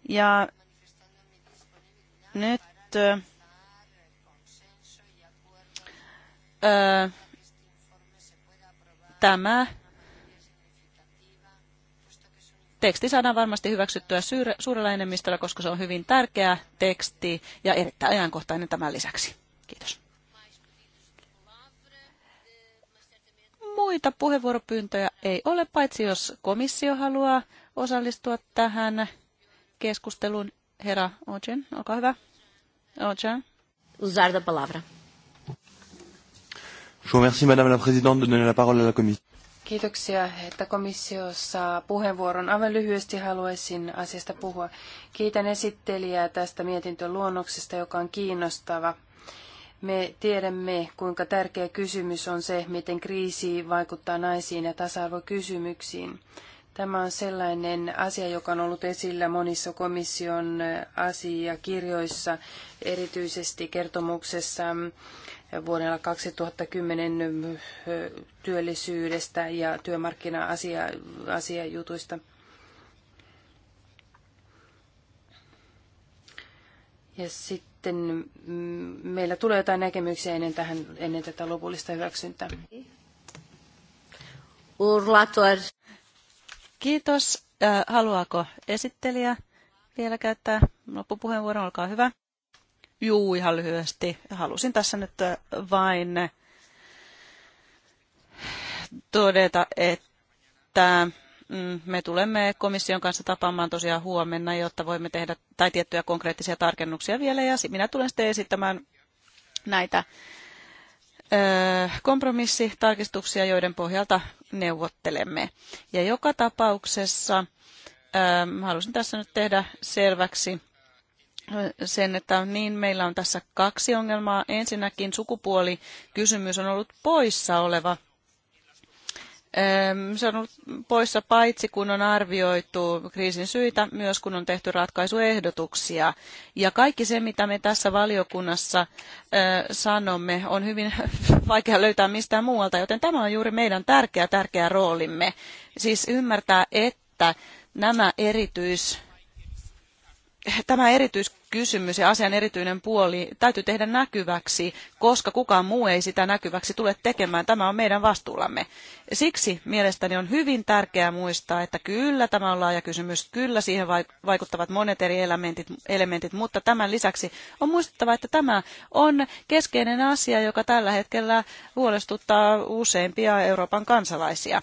Ja nyt öö, tämä teksti saadaan varmasti hyväksyttyä suurella enemmistöllä, koska se on hyvin tärkeä teksti ja erittäin ajankohtainen tämän lisäksi. Kiitos. Muita puheenvuoropyyntöjä ei ole, paitsi jos komissio haluaa osallistua tähän keskusteluun. Herra Ojen, olkaa hyvä. Ojen. Usar da palavra. Je vous remercie, Madame la Présidente, de donner la parole à la Commission. Kiitoksia, että komissio saa puheenvuoron. Aivan lyhyesti haluaisin asiasta puhua. Kiitän esittelijää tästä mietintöluonnoksesta, joka on kiinnostava. Me tiedämme, kuinka tärkeä kysymys on se, miten kriisi vaikuttaa naisiin ja tasa-arvokysymyksiin. Tämä on sellainen asia, joka on ollut esillä monissa komission asiakirjoissa, erityisesti kertomuksessa vuodella 2010 työllisyydestä ja työmarkkina-asiajutuista. Ja sitten sitten mm, meillä tulee jotain näkemyksiä ennen, tähän, ennen tätä lopullista hyväksyntää. Urlator. Kiitos. Haluaako esittelijä vielä käyttää loppupuheenvuoron? Olkaa hyvä. Juu, ihan lyhyesti. Halusin tässä nyt vain todeta, että Mm, me tulemme komission kanssa tapaamaan tosiaan huomenna, jotta voimme tehdä tai tiettyjä konkreettisia tarkennuksia vielä. Ja minä tulen sitten esittämään näitä kompromissitarkistuksia, joiden pohjalta neuvottelemme. Ja joka tapauksessa halusin tässä nyt tehdä selväksi sen, että niin meillä on tässä kaksi ongelmaa. Ensinnäkin sukupuolikysymys on ollut poissa oleva se on ollut poissa paitsi kun on arvioitu kriisin syitä, myös kun on tehty ratkaisuehdotuksia. Ja kaikki se, mitä me tässä valiokunnassa eh, sanomme, on hyvin vaikea löytää mistään muualta, joten tämä on juuri meidän tärkeä, tärkeä roolimme. Siis ymmärtää, että nämä erityis, tämä erityis kysymys ja asian erityinen puoli täytyy tehdä näkyväksi, koska kukaan muu ei sitä näkyväksi tule tekemään. Tämä on meidän vastuullamme. Siksi mielestäni on hyvin tärkeää muistaa, että kyllä tämä on laaja kysymys, kyllä siihen vaikuttavat monet eri elementit, elementit mutta tämän lisäksi on muistettava, että tämä on keskeinen asia, joka tällä hetkellä huolestuttaa useimpia Euroopan kansalaisia.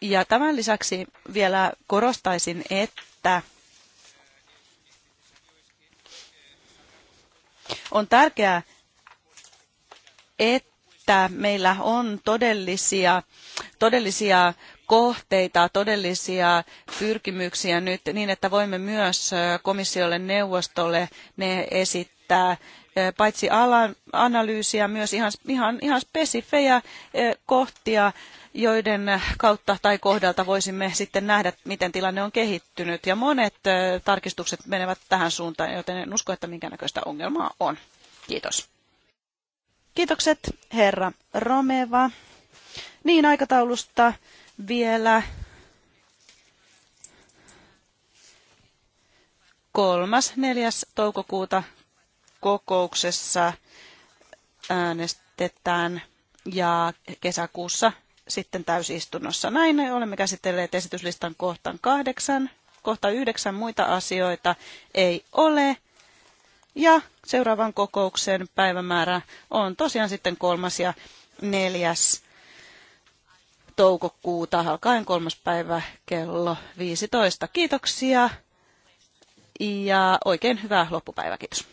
Ja tämän lisäksi vielä korostaisin, että On tärkeää, että meillä on todellisia, todellisia kohteita, todellisia pyrkimyksiä nyt niin, että voimme myös komissiolle neuvostolle ne esittää paitsi alan analyysiä, myös ihan, ihan, ihan spesifejä kohtia, joiden kautta tai kohdalta voisimme sitten nähdä, miten tilanne on kehittynyt. Ja monet tarkistukset menevät tähän suuntaan, joten en usko, että näköistä ongelmaa on. Kiitos. Kiitokset, herra Romeva. Niin, aikataulusta vielä kolmas neljäs toukokuuta kokouksessa äänestetään ja kesäkuussa sitten täysistunnossa. Näin olemme käsitelleet esityslistan kohtaan kahdeksan. Kohta yhdeksän muita asioita ei ole. Ja seuraavan kokouksen päivämäärä on tosiaan sitten kolmas ja neljäs toukokuuta alkaen kolmas päivä kello 15. Kiitoksia ja oikein hyvää loppupäivää. Kiitos.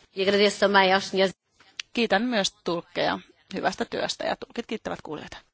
Kiitän myös tulkkeja hyvästä työstä ja tulkit kiittävät kuulijoita.